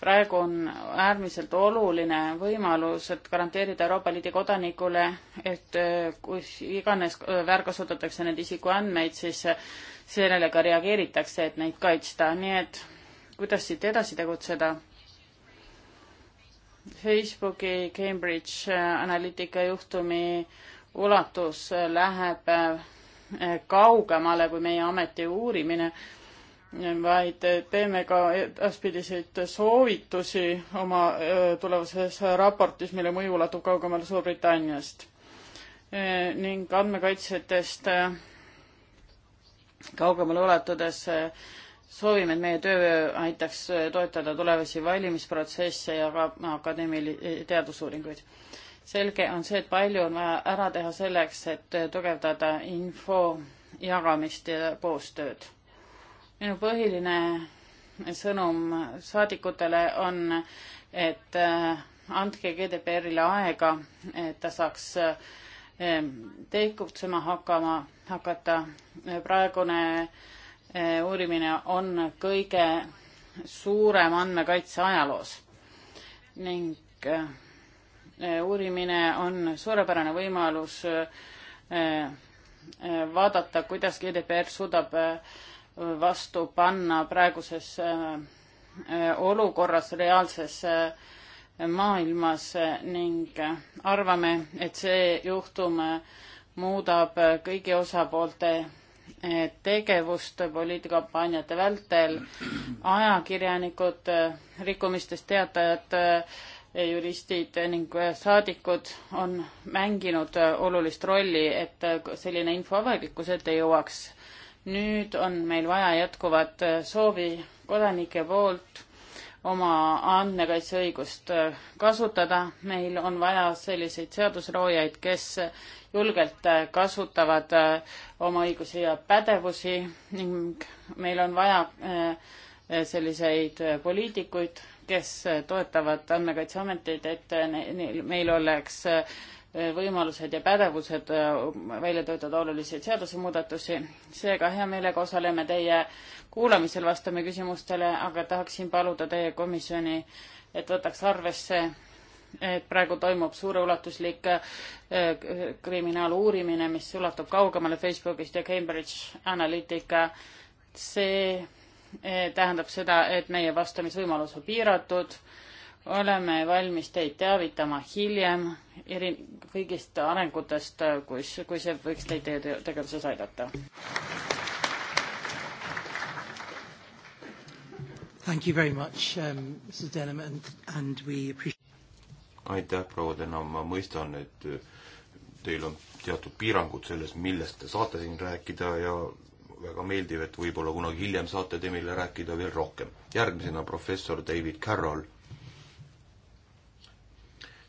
praegu on äärmiselt oluline võimalus, et garanteerida Euroopa Liidu kodanikule, et äh, kui iganes äh, väärkasutatakse neid isikuandmeid, siis äh, sellele ka reageeritakse, et neid kaitsta, nii et kuidas siit edasi tegutseda? Facebooki Cambridge Analytica juhtumi ulatus läheb kaugemale kui meie ameti uurimine vaid teeme ka edaspidiseid soovitusi oma tulevases raportis, mille mõju ulatub kaugemale Suurbritanniast ning andmekaitsjatest kaugemale ulatudes soovime, et meie töö aitaks toetada tulevasi valimisprotsesse ja ka akadeemilisi teadusuuringuid. selge on see, et palju on vaja ära teha selleks, et tugevdada info jagamist ja koostööd minu põhiline sõnum saadikutele on, et äh, andke GDPR-ile aega, et ta saaks äh, tegutsema hakkama, hakata. praegune äh, uurimine on kõige suurem andmekaitse ajaloos ning uurimine on suurepärane võimalus vaadata, kuidas GDPR suudab vastu panna praeguses äh, olukorras reaalses äh, maailmas äh, ning arvame, et see juhtum muudab kõigi osapoolte tegevust poliitikampaaniate vältel, ajakirjanikud, rikkumistest teatajad, juristid ning saadikud on mänginud olulist rolli, et selline info avalikkuse ette jõuaks nüüd on meil vaja jätkuvat äh, soovi kodanike poolt oma andmekaitseõigust äh, kasutada. meil on vaja selliseid seadusroojaid, kes julgelt äh, kasutavad oma õigusi ja pädevusi ning meil on vaja selliseid poliitikuid, kes toetavad Andmekaitseametit, et neil oleks võimalused ja pädevused äh, välja töötada olulisi seadusemuudatusi. seega hea meelega osaleme teie kuulamisel, vastame küsimustele, aga tahaksin paluda teie komisjoni, et võtaks arvesse, et praegu toimub suureulatuslik äh, kriminaaluurimine, mis ulatub kaugemale Facebookist ja Cambridge Analytica. see äh, tähendab seda, et meie vastamisvõimalus on piiratud oleme valmis teid teavitama hiljem eri, kõigist arengutest, kus, kui see võiks teid teie tegevuses aidata. Thank you very much um,, Mrs Denham and, and we appreciate aitäh, proua Denham, ma mõistan, et äh, teil on teatud piirangud selles, millest te saate siin rääkida ja väga meeldiv, et võib-olla kunagi hiljem saate te meile rääkida veel rohkem. järgmisena professor David Carroll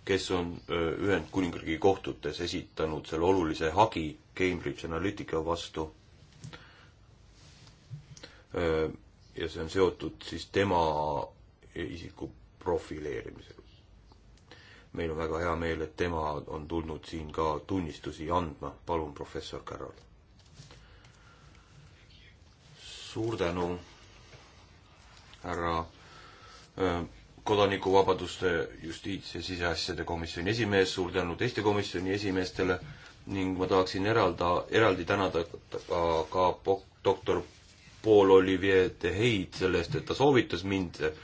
kes on Ühendkuningriigi kohtutes esitanud selle olulise hagi Cambridge Analytica vastu. ja see on seotud siis tema isiku profileerimisega. meil on väga hea meel, et tema on tulnud siin ka tunnistusi andma. palun, professor Carroll. suur tänu, härra kodanikuvabaduste, justiits- ja siseasjade komisjoni esimees, suur tänu teiste komisjoni esimeestele ning ma tahaksin eralda, eraldi tänada ka, ka doktor Paul-Olivier de Heid selle eest, et ta soovitas mind äh,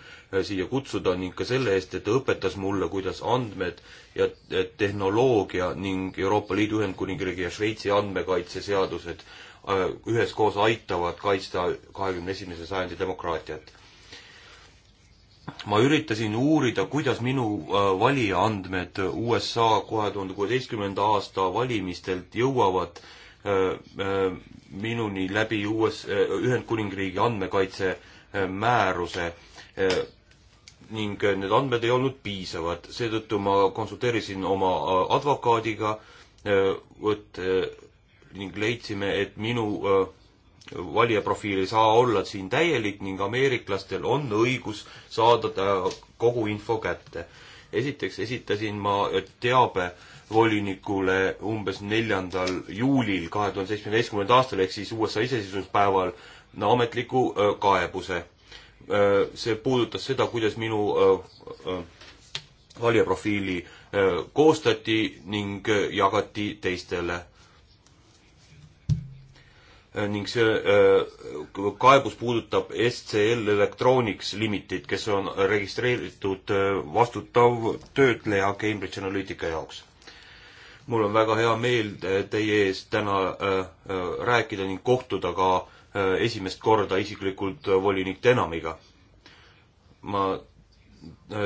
siia kutsuda ning ka selle eest, et ta õpetas mulle, kuidas andmed ja tehnoloogia ning Euroopa Liidu Ühendkuningriigi ja Šveitsi andmekaitseseadused äh, üheskoos aitavad kaitsta kahekümne esimese sajandi demokraatiat ma üritasin uurida, kuidas minu äh, valija andmed USA kahe tuhande kuueteistkümnenda aasta valimistelt jõuavad äh, äh, minuni läbi US, Ühendkuningriigi andmekaitse määruse ning need andmed ei olnud piisavad, seetõttu ma konsulteerisin oma advokaadiga, vot ning leidsime, et minu valijaprofiil ei saa olla siin täielik ning ameeriklastel on õigus saada kogu info kätte. esiteks esitasin ma teabe volinikule umbes neljandal juulil kahe tuhande seitsmeteistkümnendal aastal ehk siis USA iseseisvuspäeval no, ametliku kaebuse. see puudutas seda, kuidas minu valijaprofiili koostati ning jagati teistele Äh, ning see äh, kaebus puudutab SCL Electronics Limited, kes on registreeritud äh, vastutav töötleja Cambridge Analytica jaoks. mul on väga hea meel teie ees täna rääkida ning kohtuda ka esimest korda isiklikult volinik Denamiga. ma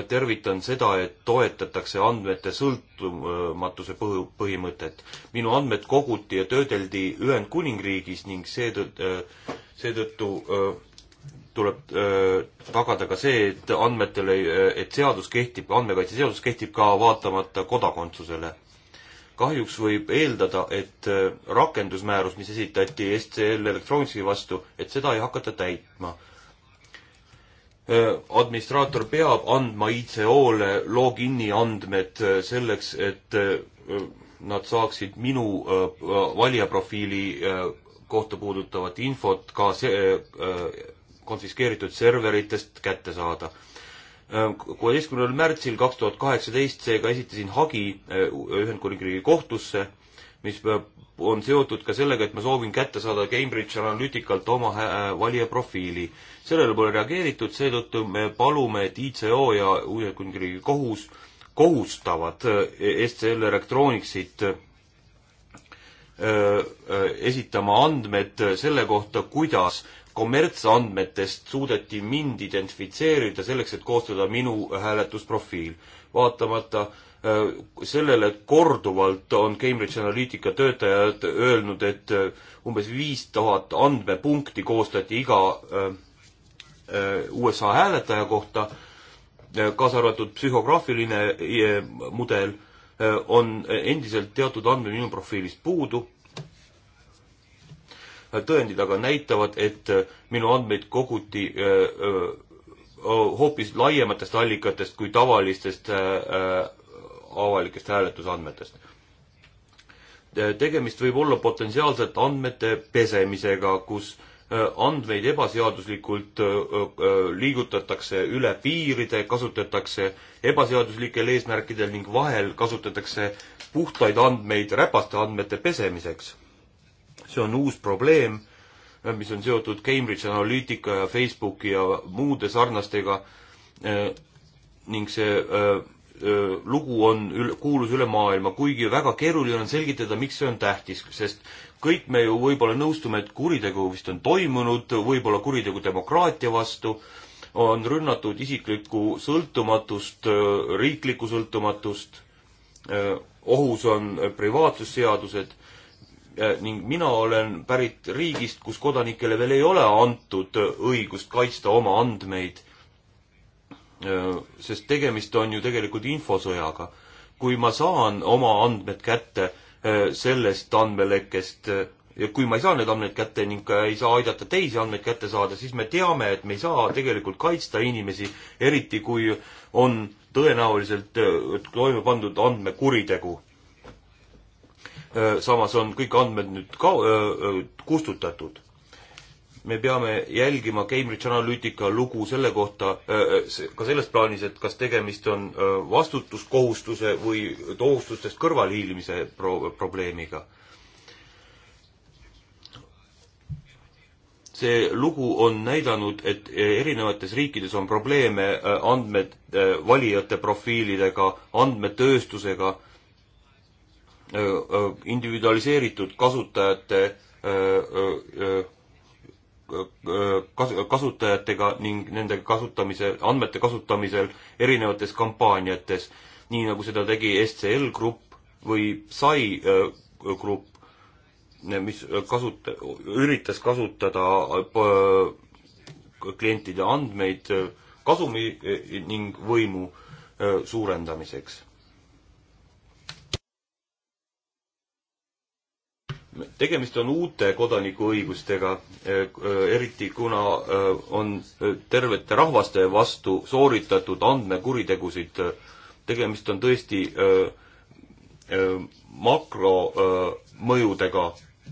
tervitan seda, et toetatakse andmete sõltumatuse põhu, põhimõtet. minu andmed koguti ja töödeldi Ühendkuningriigis ning äh, seetõttu, seetõttu äh, tuleb äh, tagada ka see, et andmetele, et seadus kehtib, andmekaitseseadus kehtib ka vaatamata kodakondsusele. kahjuks võib eeldada, et rakendusmäärus, mis esitati STL Electronicsi vastu, et seda ei hakata täitma administraator peab andma ICO-le login'i andmed selleks, et nad saaksid minu valijaprofiili kohta puudutavat infot ka see, konfiskeeritud serveritest kätte saada. kuueteistkümnendal märtsil kaks tuhat kaheksateist seega esitasin hagi Ühendkuningriigi kohtusse, mis on seotud ka sellega, et ma soovin kätte saada Cambridge Analyticalt oma äh, valija profiili. sellele pole reageeritud, seetõttu me palume, et ICO ja Ühendkuningriigi kohus kohustavad äh, STL Electronicsit äh, esitama andmed selle kohta, kuidas kommertsandmetest suudeti mind identifitseerida selleks, et koostada minu hääletusprofiil. vaatamata äh, Äh, sellele korduvalt on Cambridge Analytica töötajad öelnud, et äh, umbes viis tuhat andmepunkti koostati iga äh, USA hääletaja kohta, kaasa arvatud psühhograafiline mudel, on endiselt teatud andmed minu profiilist puudu. tõendid aga näitavad, et minu andmeid koguti hoopis laiematest allikatest kui tavalistest avalikest hääletusandmetest. tegemist võib olla potentsiaalselt andmete pesemisega, kus äh, andmeid ebaseaduslikult äh, äh, liigutatakse üle piiride, kasutatakse ebaseaduslikel eesmärkidel ning vahel kasutatakse puhtaid andmeid räpaste andmete pesemiseks. see on uus probleem, mis on seotud Cambridge Analytica ja Facebooki ja muude sarnastega ning see lugu on üle, kuulus üle maailma, kuigi väga keeruline on selgitada, miks see on tähtis, sest kõik me ju võib-olla nõustume, et kuritegu vist on toimunud, võib-olla kuritegu demokraatia vastu, on rünnatud isiklikku sõltumatust, riiklikku sõltumatust, ohus on privaatsusseadused ning mina olen pärit riigist, kus kodanikele veel ei ole antud õigust kaitsta oma andmeid Äh, sest tegemist on ju tegelikult infosõjaga. kui ma saan oma andmed kätte äh, sellest andmelekkest äh, ja kui ma ei saa neid andmeid kätte ning ka ei saa aidata teisi andmeid kätte saada, siis me teame, et me ei saa tegelikult kaitsta inimesi, eriti kui on tõenäoliselt toime pandud andmekuritegu. samas on kõik andmed nüüd ka öö, kustutatud me peame jälgima Cambridge Analytica lugu selle kohta, äh, äh, ka selles plaanis, et kas tegemist on äh, vastutuskohustuse või kohustustest kõrvalhiilimise pro-, probleemiga. see lugu on näidanud, et erinevates riikides on probleeme andmed, valijate profiilidega, andmetööstusega, individualiseeritud kasutajate öö, öö, kas-, kasutajatega ning nende kasutamise, andmete kasutamisel erinevates kampaaniates, nii nagu seda tegi SCL Grupp või Sai äh, Grupp, mis äh, kasut-, üritas kasutada äh, klientide andmeid kasumi ning võimu suurendamiseks tegemist on uute kodanikuõigustega, eh, eriti kuna eh, on eh, tervete rahvaste vastu sooritatud andmekuritegusid. tegemist on tõesti makromõjudega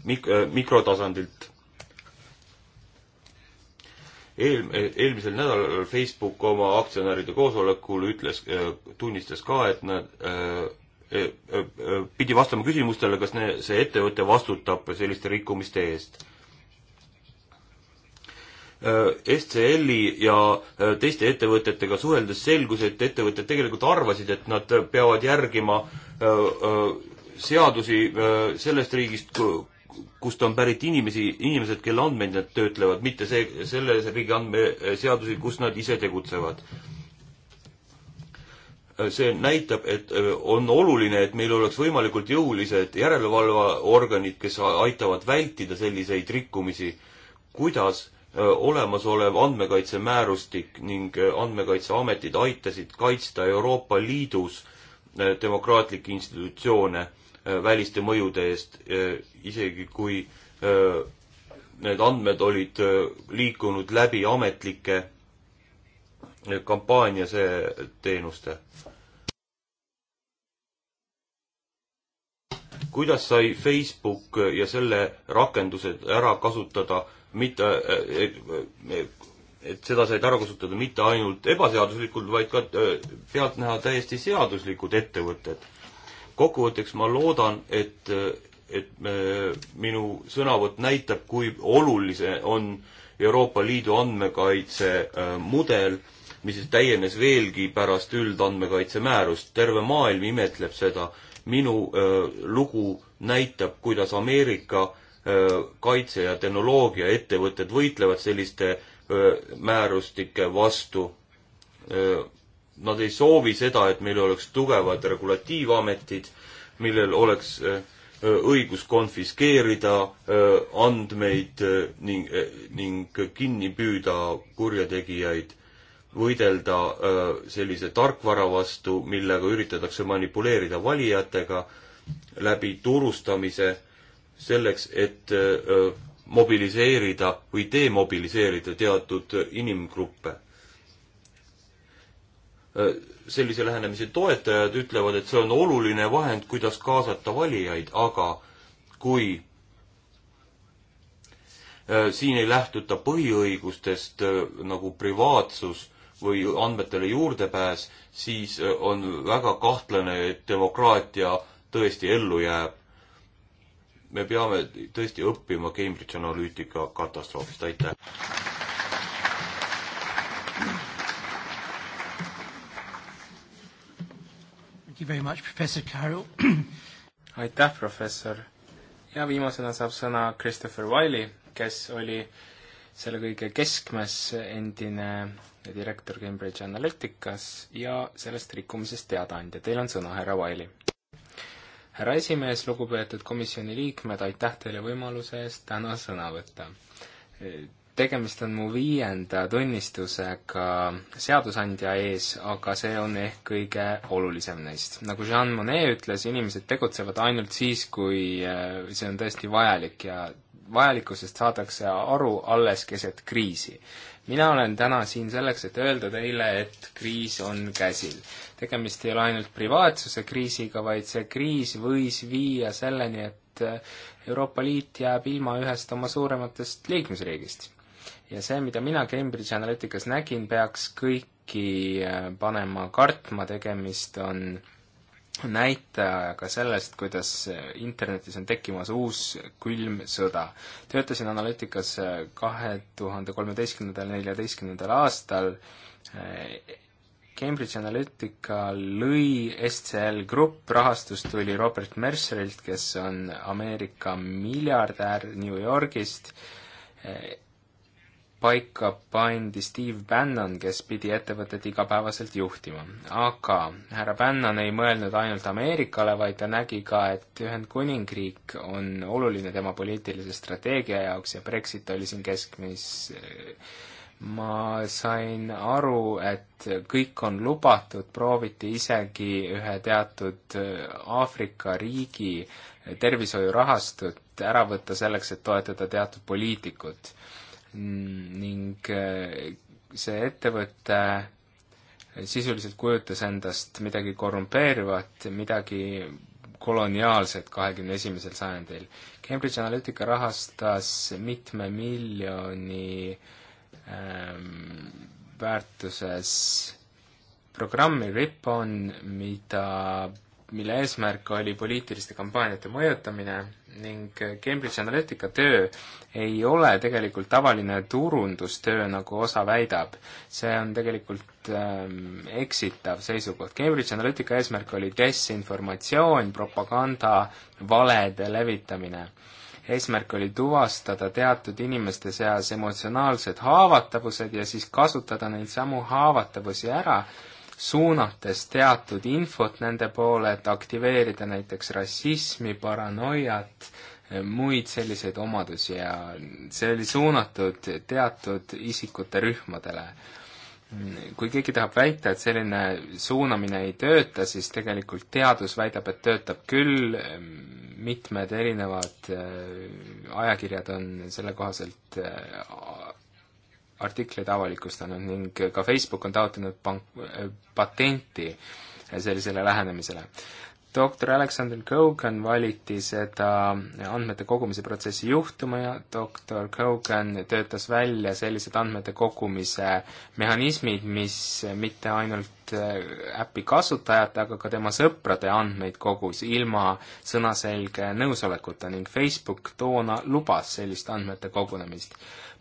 mik-, mikrotasandilt. Eel-, eelmisel nädalal Facebook oma aktsionäride koosolekul ütles, tunnistas ka, et nad pidi vastama küsimustele, kas ne, see ettevõte vastutab selliste rikkumiste eest. SCL-i ja teiste ettevõtetega suheldes selgus, et ettevõtted tegelikult arvasid, et nad peavad järgima seadusi sellest riigist, kust on pärit inimesi, inimesed, kelle andmeid nad töötlevad, mitte see, selle riigi andmeseadusi, kus nad ise tegutsevad see näitab, et äh, on oluline, et meil oleks võimalikult jõulised järelevalveorganid, kes aitavad vältida selliseid rikkumisi. kuidas äh, olemasolev andmekaitsemäärustik ning äh, andmekaitseametid aitasid kaitsta Euroopa Liidus demokraatlikke institutsioone väliste mõjude eest, isegi kui need andmed olid liikunud läbi ametlike kampaania see teenuste. kuidas sai Facebook ja selle rakendused ära kasutada, mitte, et seda said ära kasutada mitte ainult ebaseaduslikult, vaid ka äh, pealtnäha täiesti seaduslikud ettevõtted. kokkuvõtteks ma loodan, et, et me, äh, minu sõnavõtt näitab, kui olulise on Euroopa Liidu andmekaitse äh, mudel mis siis täienes veelgi pärast üldandmekaitsemäärust. terve maailm imetleb seda. minu öö, lugu näitab, kuidas Ameerika öö, kaitse- ja tehnoloogiaettevõtted võitlevad selliste öö, määrustike vastu. Nad ei soovi seda, et meil oleks tugevad regulatiivametid, millel oleks öö, õigus konfiskeerida andmeid ning, ning kinni püüda kurjategijaid võidelda äh, sellise tarkvara vastu, millega üritatakse manipuleerida valijatega läbi turustamise selleks, et äh, mobiliseerida või demobiliseerida teatud inimgruppe. Äh, sellise lähenemise toetajad ütlevad, et see on oluline vahend, kuidas kaasata valijaid, aga kui siin ei lähtuta põhiõigustest nagu privaatsus või andmetele juurdepääs, siis äh, on väga kahtlane, et demokraatia tõesti ellu jääb. me peame tõesti õppima Cambridge Analytica katastroofist, aitäh! aitäh, professor! ja viimasena saab sõna Christopher Wiley, kes oli selle kõige keskmes endine direktor Cambridge Analyticas ja sellest rikkumisest teadaandja. Teil on sõna, härra Vaili. härra esimees, lugupeetud komisjoni liikmed, aitäh teile võimaluse eest täna sõna võtta. tegemist on mu viienda tunnistusega seadusandja ees, aga see on ehk kõige olulisem neist. nagu Jean Monnet ütles, inimesed tegutsevad ainult siis, kui eh, see on tõesti vajalik ja vajalikkusest saadakse aru alles keset kriisi. mina olen täna siin selleks, et öelda teile, et kriis on käsil. tegemist ei ole ainult privaatsuse kriisiga, vaid see kriis võis viia selleni, et Euroopa Liit jääb ilma ühest oma suurematest liikmesriigist. ja see, mida mina Cambridge Analyticas nägin, peaks kõiki panema kartma, tegemist on äh, näitajaga sellest, kuidas internetis on tekkimas uus külm sõda. töötasin analüütikas kahe tuhande kolmeteistkümnendal, neljateistkümnendal aastal Cambridge Analytica lõi SCL Grupp, rahastus tuli Robert Mercerilt, kes on Ameerika miljardär New Yorgist, paika pandi Steve Bannon, kes pidi ettevõtet igapäevaselt juhtima. aga härra Bannon ei mõelnud ainult Ameerikale, vaid ta nägi ka, et Ühendkuningriik on oluline tema poliitilise strateegia jaoks ja Brexit oli siin keskmis. ma sain aru, et kõik on lubatud, prooviti isegi ühe teatud Aafrika riigi tervishoiurahastut ära võtta selleks, et toetada teatud poliitikut Mm, ning äh, see ettevõte sisuliselt kujutas endast midagi korrumpeeruvat, midagi koloniaalset kahekümne esimesel sajandil. Cambridge Analytica rahastas mitme miljoni ähm, väärtuses programmi Ripon, mida mille eesmärk oli poliitiliste kampaaniate mõjutamine ning Cambridge Analytica töö ei ole tegelikult tavaline turundustöö, nagu osa väidab. see on tegelikult ähm, eksitav seisukoht. Cambridge Analytica eesmärk oli desinformatsioon, propaganda, valede levitamine. eesmärk oli tuvastada teatud inimeste seas emotsionaalsed haavatavused ja siis kasutada neid samu haavatavusi ära suunates teatud infot nende poole, et aktiveerida näiteks rassismi, paranoiat, muid selliseid omadusi ja see oli suunatud teatud isikute rühmadele. kui keegi tahab väita, et selline suunamine ei tööta, siis tegelikult teadus väidab, et töötab küll, mitmed erinevad äh, ajakirjad on selle kohaselt äh, artikleid avalikustanud ning ka Facebook on taotlenud pank-, patenti sellisele lähenemisele. doktor Alexander Kogan valiti seda andmete kogumise protsessi juhtuma ja doktor Kogan töötas välja sellised andmete kogumise mehhanismid, mis mitte ainult äh, äpi kasutajate, aga ka tema sõprade andmeid kogus ilma sõnaselge nõusolekuta ning Facebook toona lubas sellist andmete kogunemist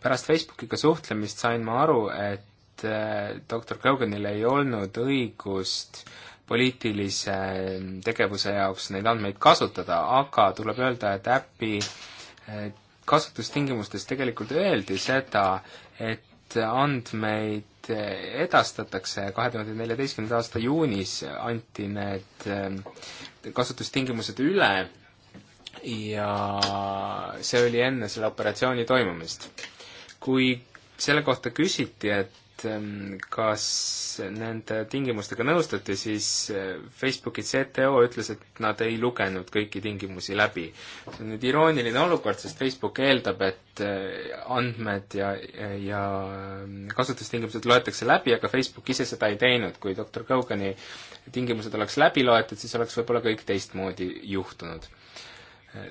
pärast Facebookiga suhtlemist sain ma aru, et äh, doktor Koganil ei olnud õigust poliitilise äh, tegevuse jaoks neid andmeid kasutada, aga tuleb öelda, et äpi äh, kasutustingimustes tegelikult öeldi seda, et andmeid edastatakse, kahe tuhande neljateistkümnenda aasta juunis anti need kasutustingimused üle ja see oli enne selle operatsiooni toimumist kui selle kohta küsiti, et ähm, kas nende tingimustega nõustuti, siis äh, Facebooki CTO ütles, et nad ei lugenud kõiki tingimusi läbi. see on nüüd irooniline olukord, sest Facebook eeldab, et äh, andmed ja, ja ähm, kasutustingimused loetakse läbi, aga Facebook ise seda ei teinud. kui doktor Kogani tingimused oleks läbi loetud, siis oleks võib-olla kõik teistmoodi juhtunud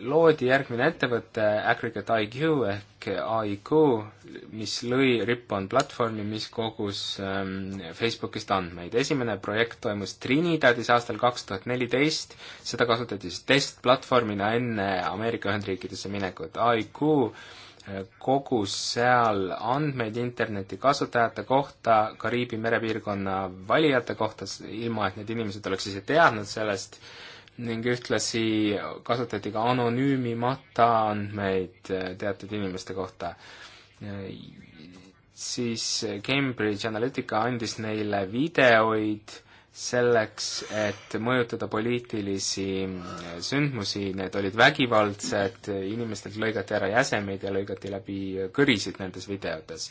loodi järgmine ettevõte Aggregate IQ ehk AIQ, mis lõi Ripon platvormi, mis kogus ähm, Facebookist andmeid. esimene projekt toimus Trinidadis aastal kaks tuhat neliteist, seda kasutati siis testplatvormina enne Ameerika Ühendriikidesse minekut. AIQ äh, kogus seal andmeid interneti kasutajate kohta, Kariibi merepiirkonna valijate kohta, ilma et need inimesed oleks ise teadnud sellest äh,, ning ühtlasi kasutati ka anonüümimata andmeid eh, teatud inimeste kohta. siis Cambridge Analytica andis neile videoid selleks, et mõjutada poliitilisi sündmusi, need olid vägivaldsed, inimestelt lõigati ära jäsemeid ja lõigati läbi kõrisid nendes videotes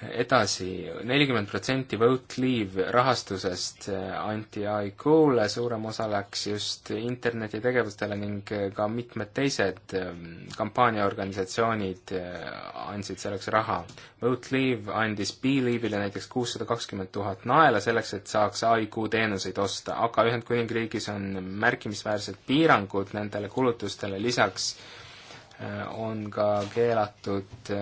edasi, nelikümmend protsenti Vote Leave rahastusest äh, anti AIQ-le, suurem osa läks just internetitegevustele ning äh, ka mitmed teised ähm, kampaaniaorganisatsioonid äh, andsid selleks raha. Vote Leave andis Belive'ile näiteks kuussada kakskümmend tuhat naela selleks, et saaks AIQ teenuseid osta, aga Ühendkuningriigis on märkimisväärsed piirangud nendele kulutustele, lisaks on ka keelatud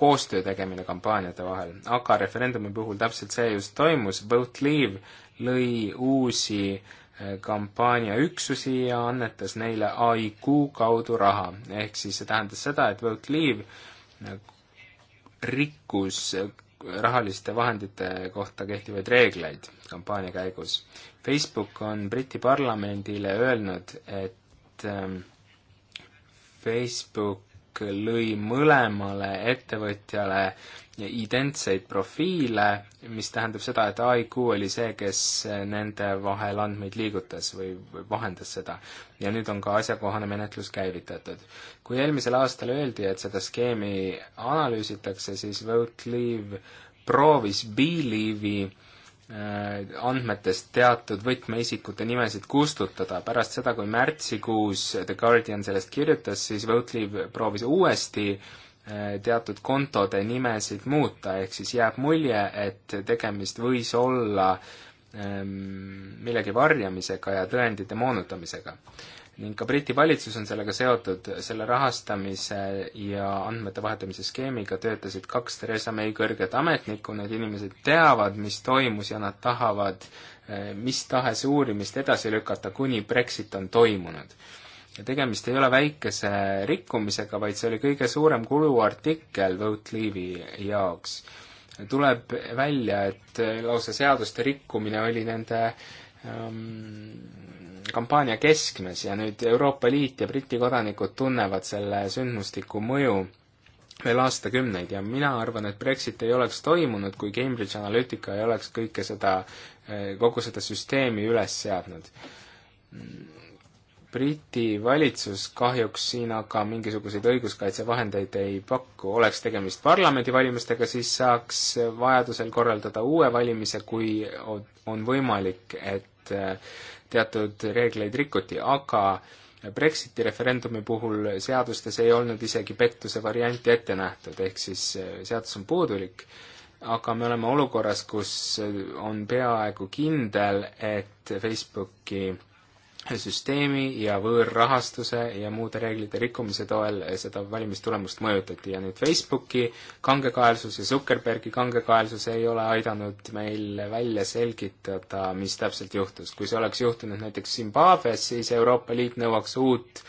koostöö tegemine kampaaniate vahel. aga referendumi puhul täpselt see just toimus, Vote Leave lõi uusi eh, kampaaniaüksusi ja annetas neile AIQ kaudu raha. ehk siis see tähendas seda, et Vote Leave eh, rikkus eh, rahaliste vahendite kohta kehtivaid reegleid kampaania käigus. Facebook on Briti parlamendile öelnud, et Facebook lõi mõlemale ettevõtjale identseid profiile, mis tähendab seda, et AIQ oli see, kes nende vahel andmeid liigutas või vahendas seda. ja nüüd on ka asjakohane menetlus käivitatud. kui eelmisel aastal öeldi, et seda skeemi analüüsitakse, siis Vote Leave proovis Believ'i Äh, andmetest teatud võtmeisikute nimesid kustutada. pärast seda, kui märtsikuus The Guardian sellest kirjutas, siis Votelee proovis uuesti äh, teatud kontode nimesid muuta, ehk siis jääb mulje, et tegemist võis olla ähm, millegi varjamisega ja tõendite moonutamisega ning ka Briti valitsus on sellega seotud, selle rahastamise ja andmete vahetamise skeemiga töötasid kaks Theresa May kõrget ametnikku, need inimesed teavad, mis toimus ja nad tahavad eh, mis tahes uurimist edasi lükata, kuni Brexit on toimunud. ja tegemist ei ole väikese rikkumisega, vaid see oli kõige suurem kuluartikkel Vote Leave'i jaoks. tuleb välja, et lausa seaduste rikkumine oli nende ähm, kampaania keskmes ja nüüd Euroopa Liit ja Briti kodanikud tunnevad selle sündmustiku mõju veel aastakümneid ja mina arvan, et Brexit ei oleks toimunud, kui Cambridge Analytica ei oleks kõike seda, kogu seda süsteemi üles seadnud. Briti valitsus kahjuks siin aga mingisuguseid õiguskaitsevahendeid ei paku, oleks tegemist parlamendivalimistega, siis saaks vajadusel korraldada uue valimise, kui on võimalik, et teatud reegleid rikuti, aga Brexiti referendumi puhul seadustes ei olnud isegi pettuse varianti ette nähtud, ehk siis eh, seadus on puudulik, aga me oleme olukorras, kus on peaaegu kindel, et Facebooki süsteemi ja võõrrahastuse ja muude reeglite rikkumise toel seda valimistulemust mõjutati ja nüüd Facebooki kangekaelsus ja Zuckerbergi kangekaelsus ei ole aidanud meil välja selgitada, mis täpselt juhtus. kui see oleks juhtunud näiteks Zimbabwe's, siis Euroopa Liit nõuaks uut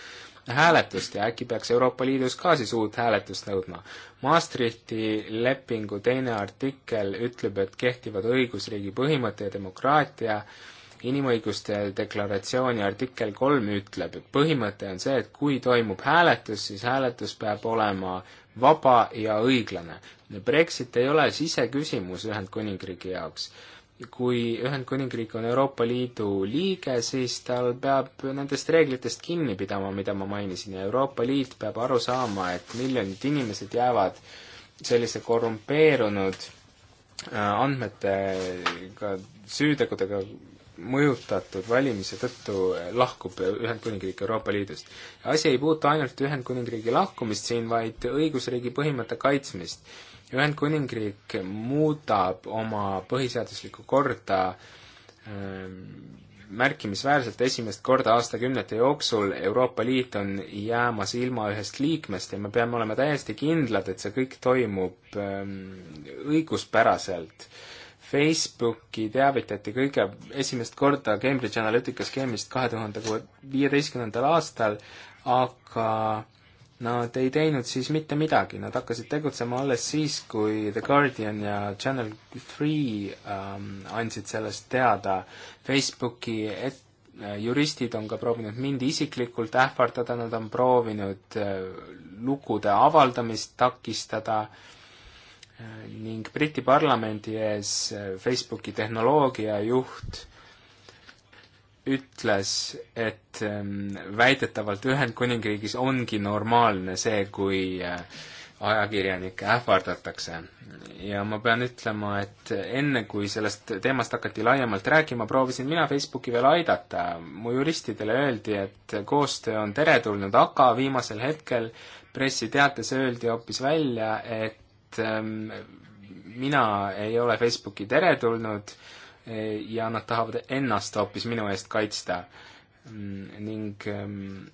hääletust ja äkki peaks Euroopa Liidus ka siis uut hääletust nõudma. Maastrichti lepingu teine artikkel ütleb, et kehtivad õigusriigi põhimõte ja demokraatia äh, inimõiguste deklaratsiooni artikkel kolm ütleb, et põhimõte on see, et kui toimub hääletus, siis hääletus peab olema vaba ja õiglane. Brexit ei ole siseküsimus Ühendkuningriigi jaoks. kui Ühendkuningriik on Euroopa Liidu liige, siis tal peab nendest reeglitest kinni pidama, mida ma mainisin, ja Euroopa Liit peab aru saama, et miljonid inimesed jäävad sellise korrumpeerunud äh, andmetega, süütegudega mõjutatud valimise tõttu lahkub Ühendkuningriik Euroopa Liidust. asi ei puutu ainult Ühendkuningriigi lahkumist siin, vaid õigusriigi põhimõtte kaitsmist. Ühendkuningriik muudab oma põhiseaduslikku korda ähm, märkimisväärselt esimest korda aastakümnete jooksul Euroopa Liit on jäämas ilma ühest liikmest ja me peame olema täiesti kindlad, et see kõik toimub ähm, õiguspäraselt Facebooki teavitati kõige esimest korda Cambridge Analytica skeemist kahe tuhande kuue, viieteistkümnendal aastal, aga nad ei teinud siis mitte midagi, nad hakkasid tegutsema alles siis, kui The Guardian ja Channel Three ähm, andsid sellest teada. Facebooki et-, äh, juristid on ka proovinud mind isiklikult ähvardada, nad on proovinud äh, lugude avaldamist takistada äh,, ning Briti parlamendi ees eh, Facebooki tehnoloogiajuht ütles, et ehm, väidetavalt Ühendkuningriigis ongi normaalne see, kui eh, ajakirjanikke ähvardatakse. ja ma pean ütlema, et enne, kui sellest teemast hakati laiemalt rääkima, proovisin mina Facebooki veel aidata. mu juristidele öeldi, et koostöö on teretulnud, aga viimasel hetkel pressiteates öeldi hoopis välja, et Ähm, mina ei ole Facebooki teretulnud e, ja nad tahavad ennast hoopis minu eest kaitsta. Mm, ning ähm,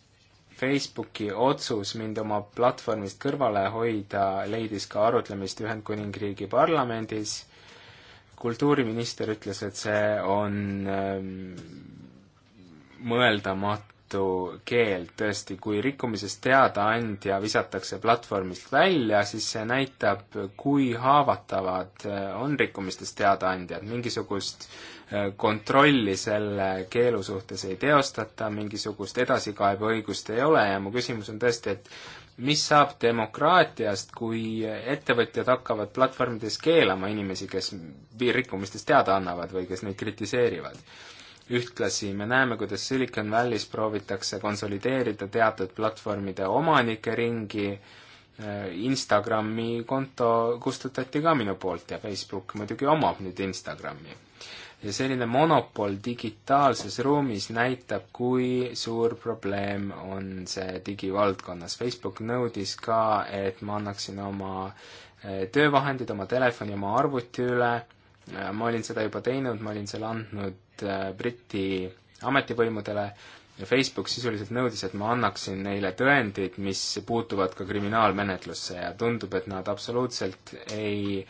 Facebooki otsus mind oma platvormist kõrvale hoida leidis ka arutlemist Ühendkuningriigi parlamendis. kultuuriminister ütles, et see on ähm, mõeldamatu keelatud keel tõesti, kui rikkumisest teadaandja visatakse platvormist välja, siis see näitab, kui haavatavad äh, on rikkumistest teadaandjad, mingisugust äh, kontrolli selle keelu suhtes ei teostata, mingisugust edasikaebeõigust ei ole ja mu küsimus on tõesti, et mis saab demokraatiast, kui ettevõtjad hakkavad platvormides keelama inimesi, kes rikkumistest teada annavad või kes neid kritiseerivad? ühtlasi me näeme, kuidas Silicon Valley's proovitakse konsolideerida teatud platvormide omanike ringi, äh, Instagrami konto kustutati ka minu poolt ja Facebook muidugi omab nüüd Instagrami. ja selline monopol digitaalses ruumis näitab, kui suur probleem on see digivaldkonnas. Facebook nõudis ka, et ma annaksin oma äh, töövahendid, oma telefoni, oma arvuti üle, äh, ma olin seda juba teinud, ma olin selle andnud teavet äh, Briti ametivõimudele ja Facebook sisuliselt nõudis, et ma annaksin neile tõendid, mis puutuvad ka kriminaalmenetlusse ja tundub, et nad absoluutselt ei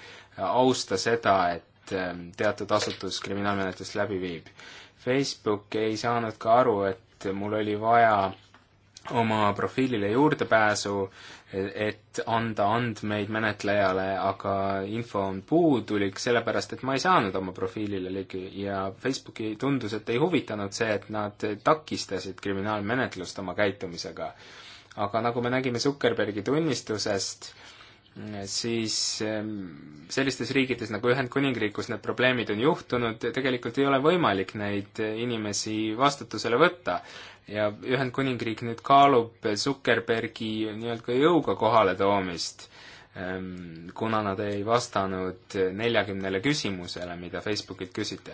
austa seda, et äh, teatud asutus kriminaalmenetlust läbi viib. Facebook ei saanud ka aru, et mul oli vaja oma profiilile juurdepääsu, et anda andmeid menetlejale, aga info on puudulik, sellepärast et ma ei saanud oma profiilile ligi ja Facebooki tundus, et ei huvitanud see, et nad takistasid kriminaalmenetlust oma käitumisega. aga nagu me nägime Zuckerbergi tunnistusest, siis ehm, sellistes riikides nagu Ühendkuningriik, kus need probleemid on juhtunud, tegelikult ei ole võimalik neid inimesi vastutusele võtta ja Ühendkuningriik nüüd kaalub Zuckerbergi nii-öelda jõuga kohale toomist Ehm, kuna nad ei vastanud neljakümnele küsimusele, mida Facebookilt küsiti.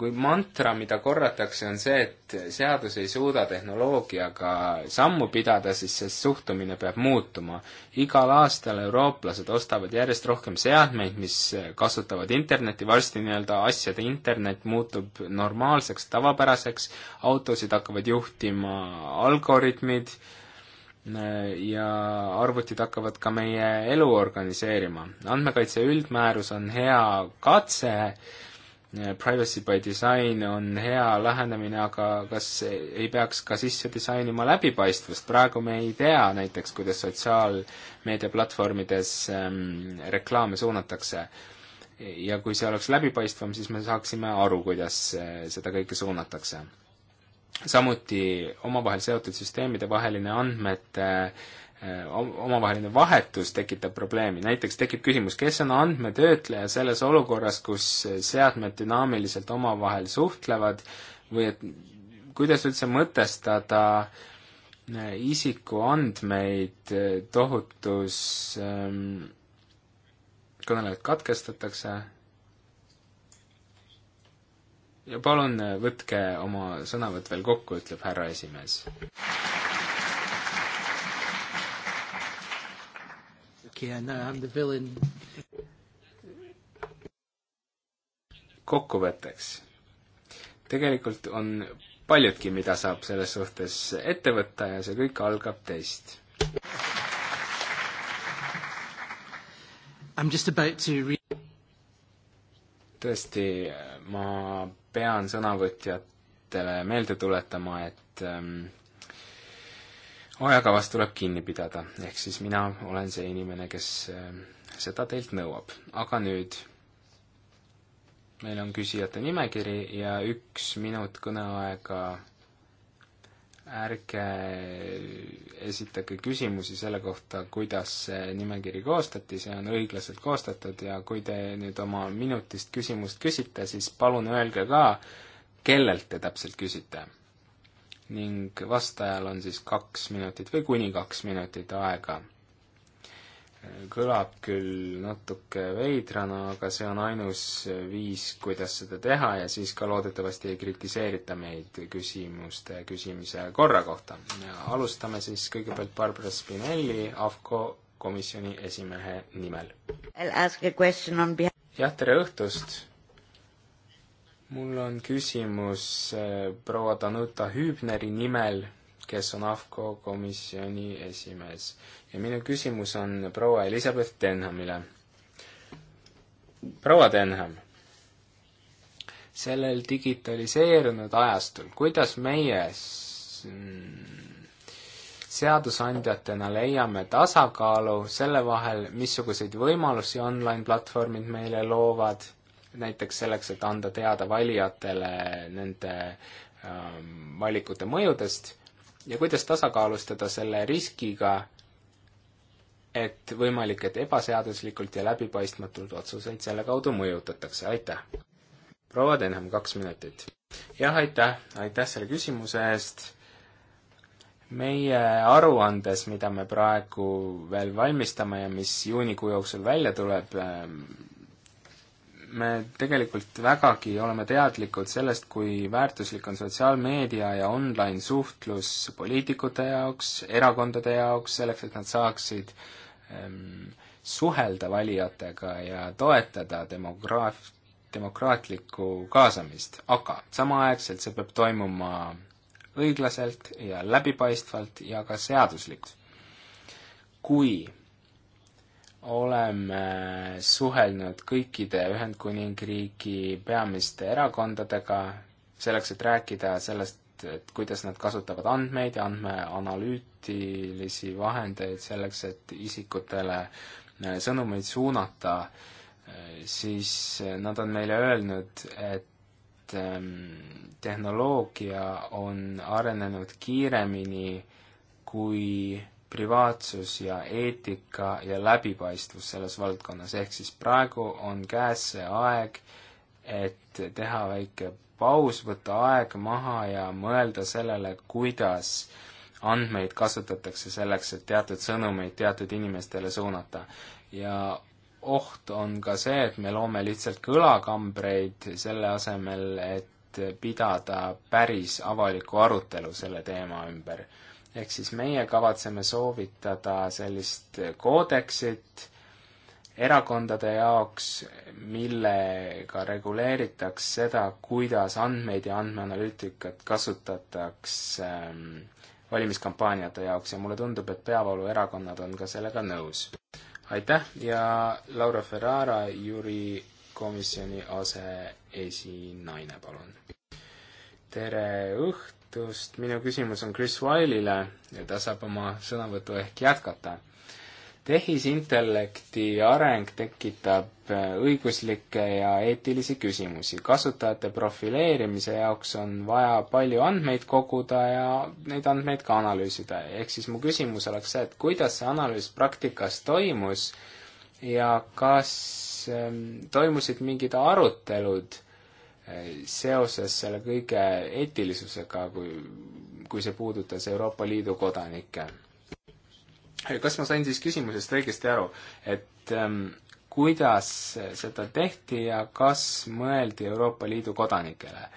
kui mantra, mida korratakse, on see, et seadus ei suuda tehnoloogiaga sammu pidada, siis see suhtumine peab muutuma. igal aastal eurooplased ostavad järjest rohkem seadmeid, mis kasutavad internetti, varsti nii-öelda asjade internet muutub normaalseks, tavapäraseks, autosid hakkavad juhtima algoritmid, ja arvutid hakkavad ka meie elu organiseerima. andmekaitse üldmäärus on hea katse, privacy by design on hea lähenemine, aga kas ei peaks ka sisse disainima läbipaistvust, praegu me ei tea näiteks, kuidas sotsiaalmeediaplatvormides ähm, reklaame suunatakse. ja kui see oleks läbipaistvam, siis me saaksime aru, kuidas äh, seda kõike suunatakse samuti omavahel seotud süsteemide vaheline andmete eh, omavaheline vahetus tekitab probleemi, näiteks tekib küsimus, kes on andmetöötleja selles olukorras, kus seadmed dünaamiliselt omavahel suhtlevad või et kuidas üldse mõtestada äh, eh, isikuandmeid eh, tohutus ähm,, kõnelejad katkestatakse ja palun äh, võtke oma sõnavõtt veel kokku, ütleb härra esimees. Okay, now uh, I am the villain. kokkuvõtteks. tegelikult on paljutki, mida saab selles suhtes ette võtta ja see kõik algab teist. I am just about to read tõesti, ma pean sõnavõtjatele meelde tuletama, et ähm, ajakavast tuleb kinni pidada, ehk siis mina olen see inimene, kes ähm, seda teilt nõuab. aga nüüd meil on küsijate nimekiri ja üks minut kõneaega ärge esitage küsimusi selle kohta, kuidas see nimekiri koostati, see on õiglaselt koostatud ja kui te nüüd oma minutist küsimust küsite, siis palun öelge ka, kellelt te täpselt küsite. ning vastajal on siis kaks minutit või kuni kaks minutit aega kõlab küll natuke veidrana, aga see on ainus viis, kuidas seda teha ja siis ka loodetavasti ei kritiseerita meid küsimuste küsimise korra kohta. alustame siis kõigepealt Barbara Spinelli AFCO komisjoni esimehe nimel. jah, tere õhtust! mul on küsimus eh, proua Danuta Hübneri nimel kes on AFCO komisjoni esimees. ja minu küsimus on proua Elizabeth Denhamile. proua Denham, sellel digitaliseerunud ajastul, kuidas meie seadusandjatena leiame tasakaalu selle vahel, missuguseid võimalusi online-platvormid meile loovad, näiteks selleks, et anda teada valijatele nende ähm, valikute mõjudest ja kuidas tasakaalustada selle riskiga, et võimalik, et ebaseaduslikult ja läbipaistmatult otsuseid selle kaudu mõjutatakse, aitäh! proua Denham, kaks minutit. jah, aitäh, aitäh selle küsimuse eest. meie aruandes, mida me praegu veel valmistame ja mis juunikuu jooksul välja tuleb, ähm, me tegelikult vägagi oleme teadlikud sellest, kui väärtuslik on sotsiaalmeedia ja online suhtlus poliitikute jaoks, erakondade jaoks, selleks, et nad saaksid ähm, suhelda valijatega ja toetada demograaf-, demokraatlikku kaasamist, aga samaaegselt see peab toimuma õiglaselt ja läbipaistvalt ja ka seaduslikult. kui oleme suhelnud kõikide Ühendkuningriigi peamiste erakondadega selleks, et rääkida sellest, et kuidas nad kasutavad andmeid ja andmeanalüütilisi vahendeid selleks, et isikutele sõnumeid suunata, siis nad on meile öelnud, et ehm, tehnoloogia on arenenud kiiremini kui privaatsus ja eetika ja läbipaistvus selles valdkonnas, ehk siis praegu on käes see aeg, et teha väike paus, võtta aeg maha ja mõelda sellele, kuidas andmeid kasutatakse selleks, et teatud sõnumeid teatud inimestele suunata. ja oht on ka see, et me loome lihtsalt kõlakambreid selle asemel, et pidada päris avalikku arutelu selle teema ümber ehk siis meie kavatseme soovitada sellist koodeksit erakondade jaoks, millega reguleeritaks seda, kuidas andmeid ja andmeanalüütikat kasutatakse ähm, valimiskampaaniate jaoks ja mulle tundub, et peavooluerakonnad on ka sellega nõus. aitäh ja Laura Ferrara, Jüri komisjoni aseesinaine, palun! tere õhtust! algatust, minu küsimus on Chris Wile'ile ja ta saab oma sõnavõtu ehk jätkata. tehisintellekti areng tekitab äh, õiguslikke ja eetilisi küsimusi. kasutajate profileerimise jaoks on vaja palju andmeid koguda ja neid andmeid ka analüüsida. ehk siis mu küsimus oleks see, et kuidas see analüüs praktikas toimus ja kas ähm, toimusid mingid arutelud äh, seoses selle kõige eetilisusega, kui, kui see puudutas Euroopa Liidu kodanikke. kas ma sain siis küsimusest õigesti aru, et ähm, kuidas seda tehti ja kas mõeldi Euroopa Liidu kodanikele?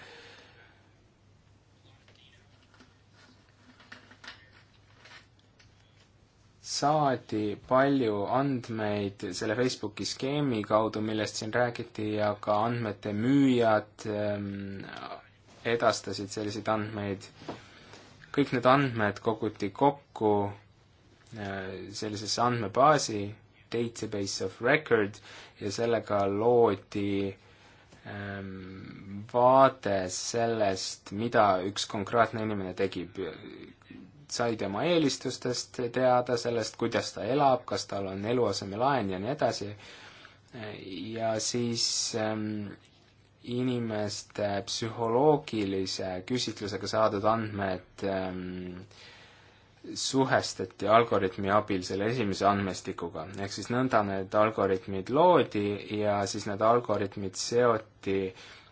saadi palju andmeid selle Facebooki skeemi kaudu, millest siin räägiti, ja ka andmete müüjad ehm, edastasid selliseid andmeid. kõik need andmed koguti kokku eh, sellisesse andmebaasi, Database of Record, ja sellega loodi ehm, vaade sellest, mida üks konkreetne inimene tegi sai tema eelistustest teada, sellest, kuidas ta elab, kas tal on eluasemelaen ja nii edasi, ja siis ähm, inimeste psühholoogilise küsitlusega saadud andmed ähm, suhestati algoritmi abil selle esimese andmestikuga. ehk siis nõnda need algoritmid loodi ja siis need algoritmid seoti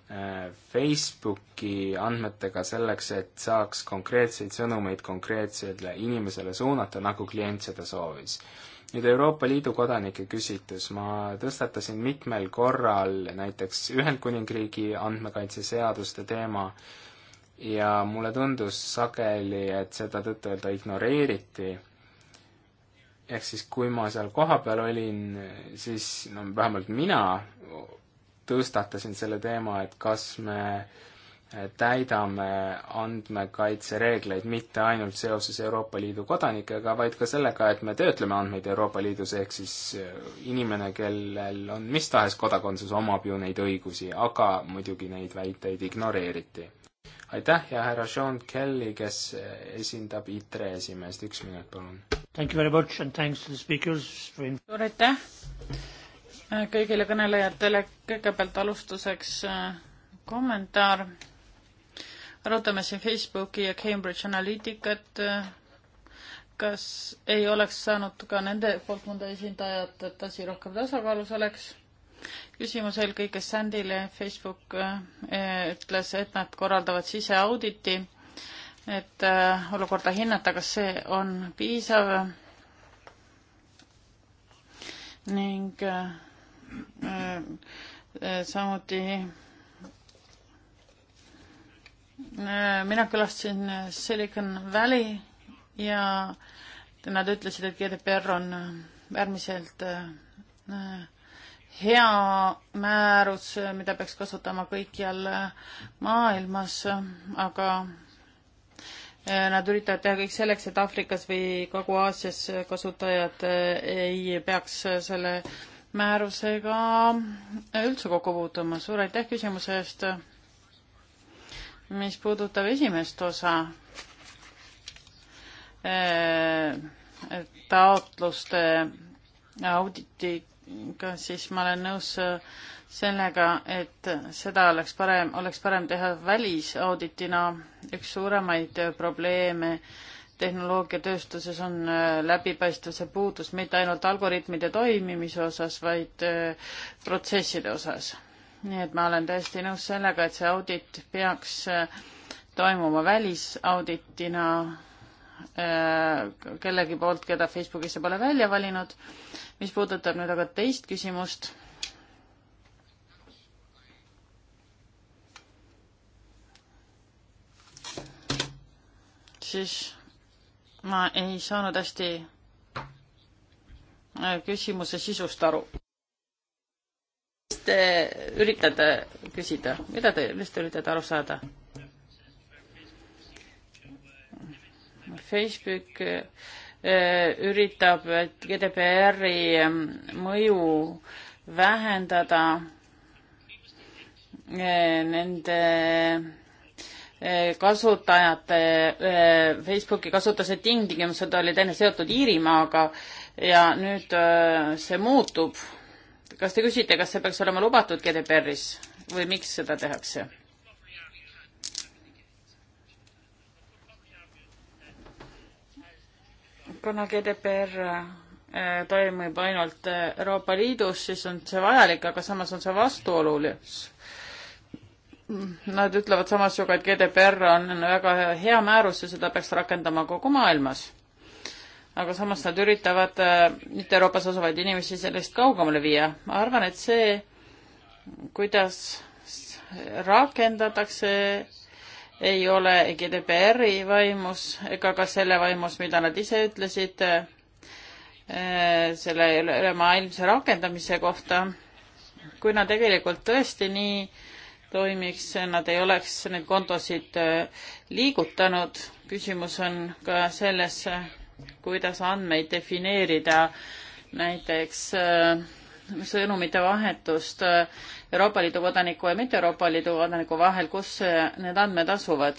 Äh, Facebooki andmetega selleks, et saaks konkreetseid sõnumeid konkreetsele inimesele suunata, nagu klient seda soovis. nüüd Euroopa Liidu kodanike küsitlus, ma tõstatasin mitmel korral näiteks Ühendkuningriigi andmekaitseseaduste teema ja mulle tundus sageli, et seda tõtt-öelda ignoreeriti, ehk siis kui ma seal kohapeal olin, siis no vähemalt mina tõstatasin selle teema, et kas me täidame andmekaitsereegleid mitte ainult seoses Euroopa Liidu kodanikega, vaid ka sellega, et me töötleme andmeid Euroopa Liidus, ehk siis äh, inimene, kellel on mis tahes kodakondsus, omab ju neid õigusi, aga muidugi neid väiteid ignoreeriti. aitäh ja härra Sean Kelly, kes äh, esindab ITRE esimeest, üks minut palun. suur aitäh kõigile kõnelejatele. kõigepealt alustuseks äh, kommentaar. arutame siin Facebooki ja Cambridge Analyticat. Äh, kas ei oleks saanud ka nende poolt mõnda esindajat, et asi rohkem tasakaalus oleks? küsimus eelkõige Sandile. Facebook äh, ütles, et nad korraldavad siseauditi, et olukorda hinnata, kas see on piisav ning Äh, äh, samuti äh, mina külastasin Silicon Valley ja nad ütlesid, et GDPR on äärmiselt hea määrus, mida peaks kasutama kõikjal maailmas, aga nad üritavad teha kõik selleks, et Aafrikas või Kagu-Aasias kasutajad ei peaks selle määrusega üldse kokku puutuma. suur aitäh küsimuse eest, mis puudutab esimest osa eh, taotluste auditiga, siis ma olen nõus sellega, et seda oleks parem, oleks parem teha välisauditina. üks suuremaid probleeme äh, tehnoloogiatööstuses on äh, läbipaistvuse puudus mitte ainult algoritmide toimimise osas, vaid äh, protsesside osas. nii et ma olen täiesti nõus sellega, et see audit peaks äh, toimuma välisauditina kellegi poolt, keda Facebookisse pole välja valinud. mis puudutab nüüd aga teist küsimust, siis ma ei saanud hästi äh, küsimuse sisust aru. mis te üritate küsida, mida te, mis te üritate aru saada? Facebook äh, üritab GDPR-i ähm, mõju vähendada äh, nende kasutajate, eh, Facebooki kasutuse tingimused olid enne seotud Iirimaaga ja nüüd eh, see muutub. kas te küsite, kas see peaks olema lubatud GDPR-is või miks seda tehakse? kuna GDPR eh, toimib ainult Euroopa Liidus, siis on see vajalik, aga samas on see vastuolulis Nad ütlevad samas ju ka, et GDPR on väga hea määrus ja seda peaks rakendama kogu maailmas. aga samas nad üritavad äh, mitte Euroopas asuvaid inimesi sellest kaugemale viia. ma arvan, et see, kuidas rakendatakse, ei ole GDPR-i vaimus ega ka selle vaimus, mida nad ise ütlesid äh, selle ülemaailmse rakendamise kohta. kui nad tegelikult tõesti nii äh, toimiks, nad ei oleks neid kontosid äh, liigutanud. küsimus on ka selles, kuidas andmeid defineerida, näiteks äh, sõnumite vahetust äh, Euroopa Liidu kodaniku ja mitte Euroopa Liidu kodaniku vahel, kus need andmed asuvad.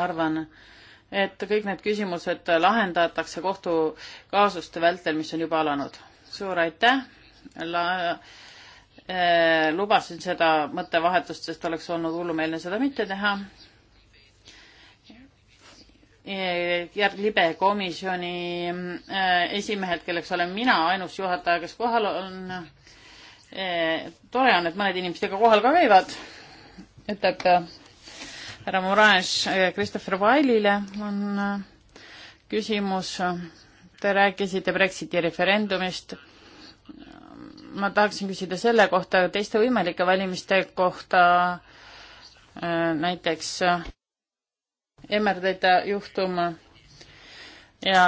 arvan, et kõik need küsimused lahendatakse kohtukaasuste vältel, mis on juba alanud. suur aitäh La Äh, lubasin seda mõttevahetust, sest oleks olnud hullumeelne seda mitte teha. järg libe komisjoni äh, esimehed, kelleks olen mina, ainus juhataja, kes kohal on. Äh, tore on, et mõned inimesed ikka kohal ka käivad, ütleb härra Moraes Christopher Wile'ile on küsimus. Te rääkisite Brexiti referendumist ma tahaksin küsida selle kohta, teiste võimalike valimiste kohta, äh, näiteks Emmerdeta äh, juhtum ja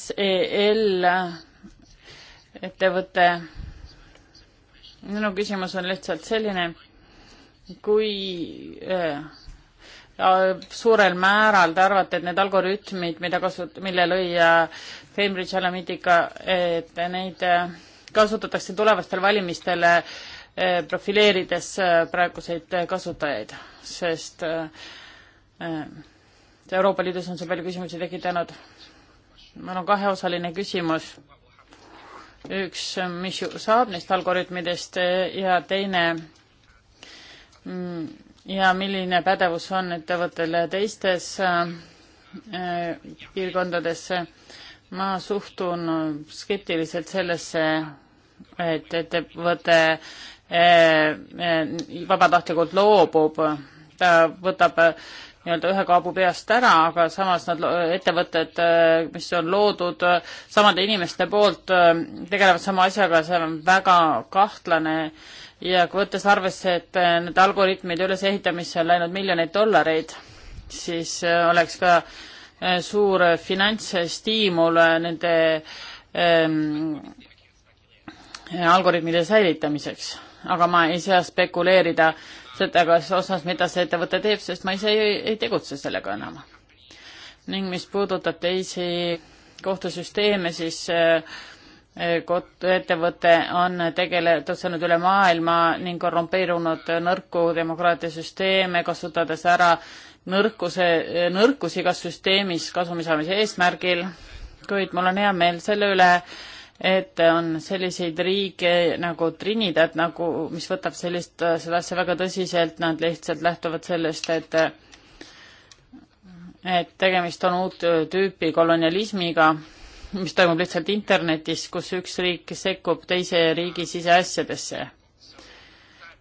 SEL ettevõte. minu küsimus on lihtsalt selline, kui äh, suurel määral te arvate, et need algoritmid, mida kasut-, mille lõi Cambridge Analytica, et neid kasutatakse tulevastel valimistel eh, profileerides eh, praeguseid eh, kasutajaid, sest Euroopa Liidus on see palju küsimusi tekitanud. mul on kaheosaline küsimus. üks, mis saab neist algoritmidest ja teine, mm, ja milline pädevus on ettevõttel teistes piirkondades äh, ma suhtun äh, skeptiliselt sellesse, et ettevõte äh, äh, vabatahtlikult loobub, ta võtab nii-öelda ühe kaabu peast ära, aga samas nad, ettevõtted, mis on loodud samade inimeste poolt, tegelevad sama asjaga, see on väga kahtlane ja kui võttes arvesse, et nende algoritmide ülesehitamisse on läinud miljoneid dollareid, siis oleks ka äh, Eh, suur finantsstiimul eh, nende ähm, algoritmide säilitamiseks, aga ma ei saa spekuleerida seda, kas osas, mida see ettevõte teeb, sest ma ise ei, ei tegutse sellega enam. ning mis puudutab teisi kohtusüsteeme, siis äh, ettevõte on tegele-, tõstnud üle maailma ning korrumpeerunud nõrku demokraatiasüsteeme, kasutades ära nõrkuse, nõrkus igas süsteemis kasumi saamise eesmärgil, kuid mul on hea meel selle üle, et on selliseid riike nagu Trinidad, nagu, mis võtab sellist, seda asja väga tõsiselt, nad lihtsalt lähtuvad sellest, et et tegemist on uut tüüpi kolonialismiga, mis toimub lihtsalt internetis, kus üks riik sekkub teise riigi siseasjadesse.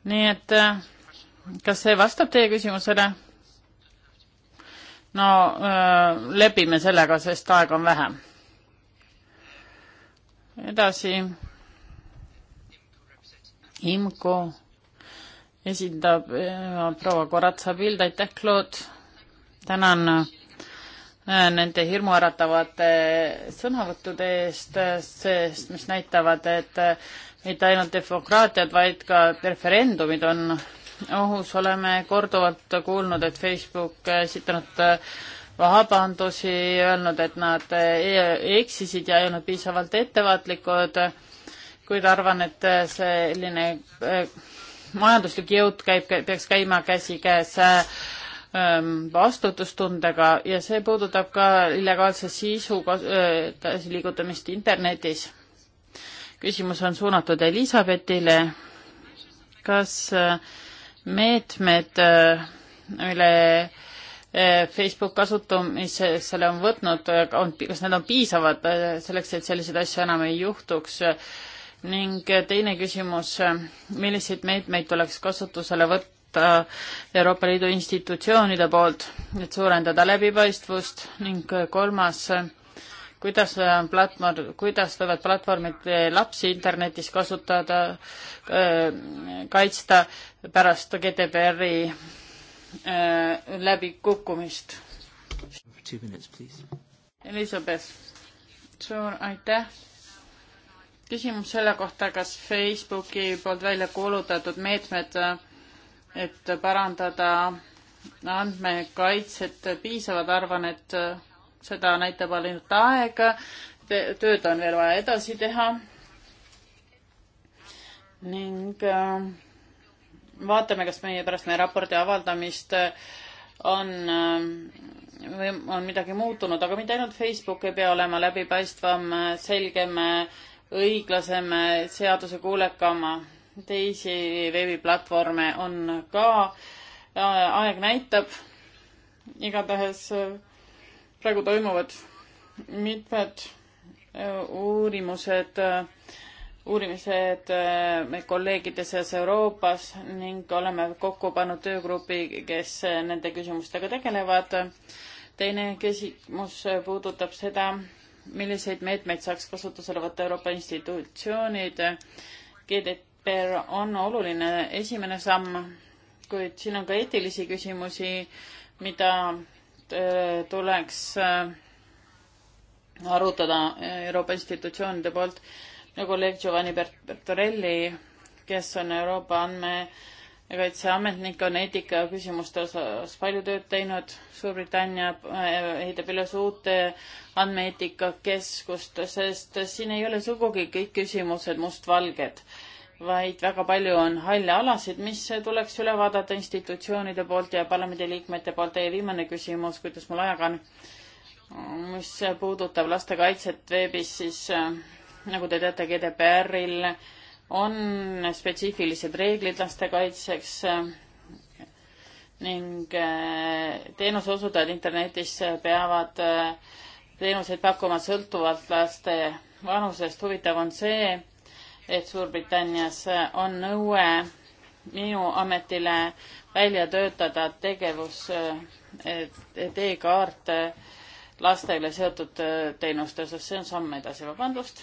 nii et kas see vastab teie küsimusele? no äh, lepime sellega, sest aega on vähe. edasi. IMCO esindab äh, proua Koratsa Pild, aitäh, Claude. tänan äh, nende hirmuäratavate sõnavõttude eest, sest mis näitavad, et mitte ainult demokraatiad, vaid ka referendumid on ohus, oleme korduvalt kuulnud, et Facebook esitanud äh, vabandusi, öelnud, et nad äh, eksisid ja ei olnud piisavalt ettevaatlikud, kuid arvan, et äh, selline majanduslik jõud käib, peaks käima käsikäes ähm, vastutustundega ja see puudutab ka illegaalse sisu liigutamist internetis. küsimus on suunatud Elizabethile. kas äh, meetmed, äh, mille äh, Facebook kasutamisele on võtnud, äh, on, kas need on piisavad selleks, et selliseid asju enam ei juhtuks? ning teine küsimus, milliseid meetmeid tuleks kasutusele võtta Euroopa Liidu institutsioonide poolt, et suurendada läbipaistvust ning kolmas äh, kuidas on äh, platvorm, kuidas võivad platvormid äh, lapsi internetis kasutada, äh, kaitsta pärast GDPR-i läbikukkumist. Elizabeth, suur aitäh. küsimus selle kohta, kas Facebooki poolt välja kuulutatud meetmed, et parandada andmekaitset, piisavad, arvan, et seda näitab ainult aeg, tööd on veel vaja edasi teha. ning äh, vaatame, kas meie pärast meie raporti avaldamist äh, on, äh, on midagi muutunud, aga mitte ainult Facebook ei pea olema läbipaistvam, selgem, õiglasem, seadusekuulekam. teisi veebiplatvorme on ka, aeg näitab. igatahes praegu toimuvad mitmed äh, uurimused, äh, uurimised äh, meie kolleegide seas Euroopas ning oleme kokku pannud töögrupi, kes nende küsimustega tegelevad. teine küsimus puudutab seda, milliseid meetmeid saaks kasutusele võtta Euroopa institutsioonid. GDPR on oluline esimene samm, kuid siin on ka eetilisi küsimusi, mida Äh, tuleks äh, arutada äh, Euroopa institutsioonide poolt nagu kolleeg Giovanni Bertorelli, kes on Euroopa andmekaitseametnik, on eetikaküsimuste osas palju tööd teinud. Suurbritannia ehitab üles uut andmeeetikakeskust, sest siin ei ole sugugi kõik küsimused mustvalged vaid väga palju on halle alasid, mis tuleks üle vaadata institutsioonide poolt ja parlamendiliikmete poolt. Teie viimane küsimus, kuidas mul ajaga on, mis puudutab lastekaitset veebis, siis äh, nagu te teate, GDPR-il on spetsiifilised reeglid laste kaitseks äh, ning äh, teenuseosutajad internetis peavad teenuseid pakkuma sõltuvalt laste vanusest. huvitav on see, et Suurbritannias on nõue minu ametile välja töötada tegevus teekaart lastele seotud teenuste osas, see on samm edasi, vabandust.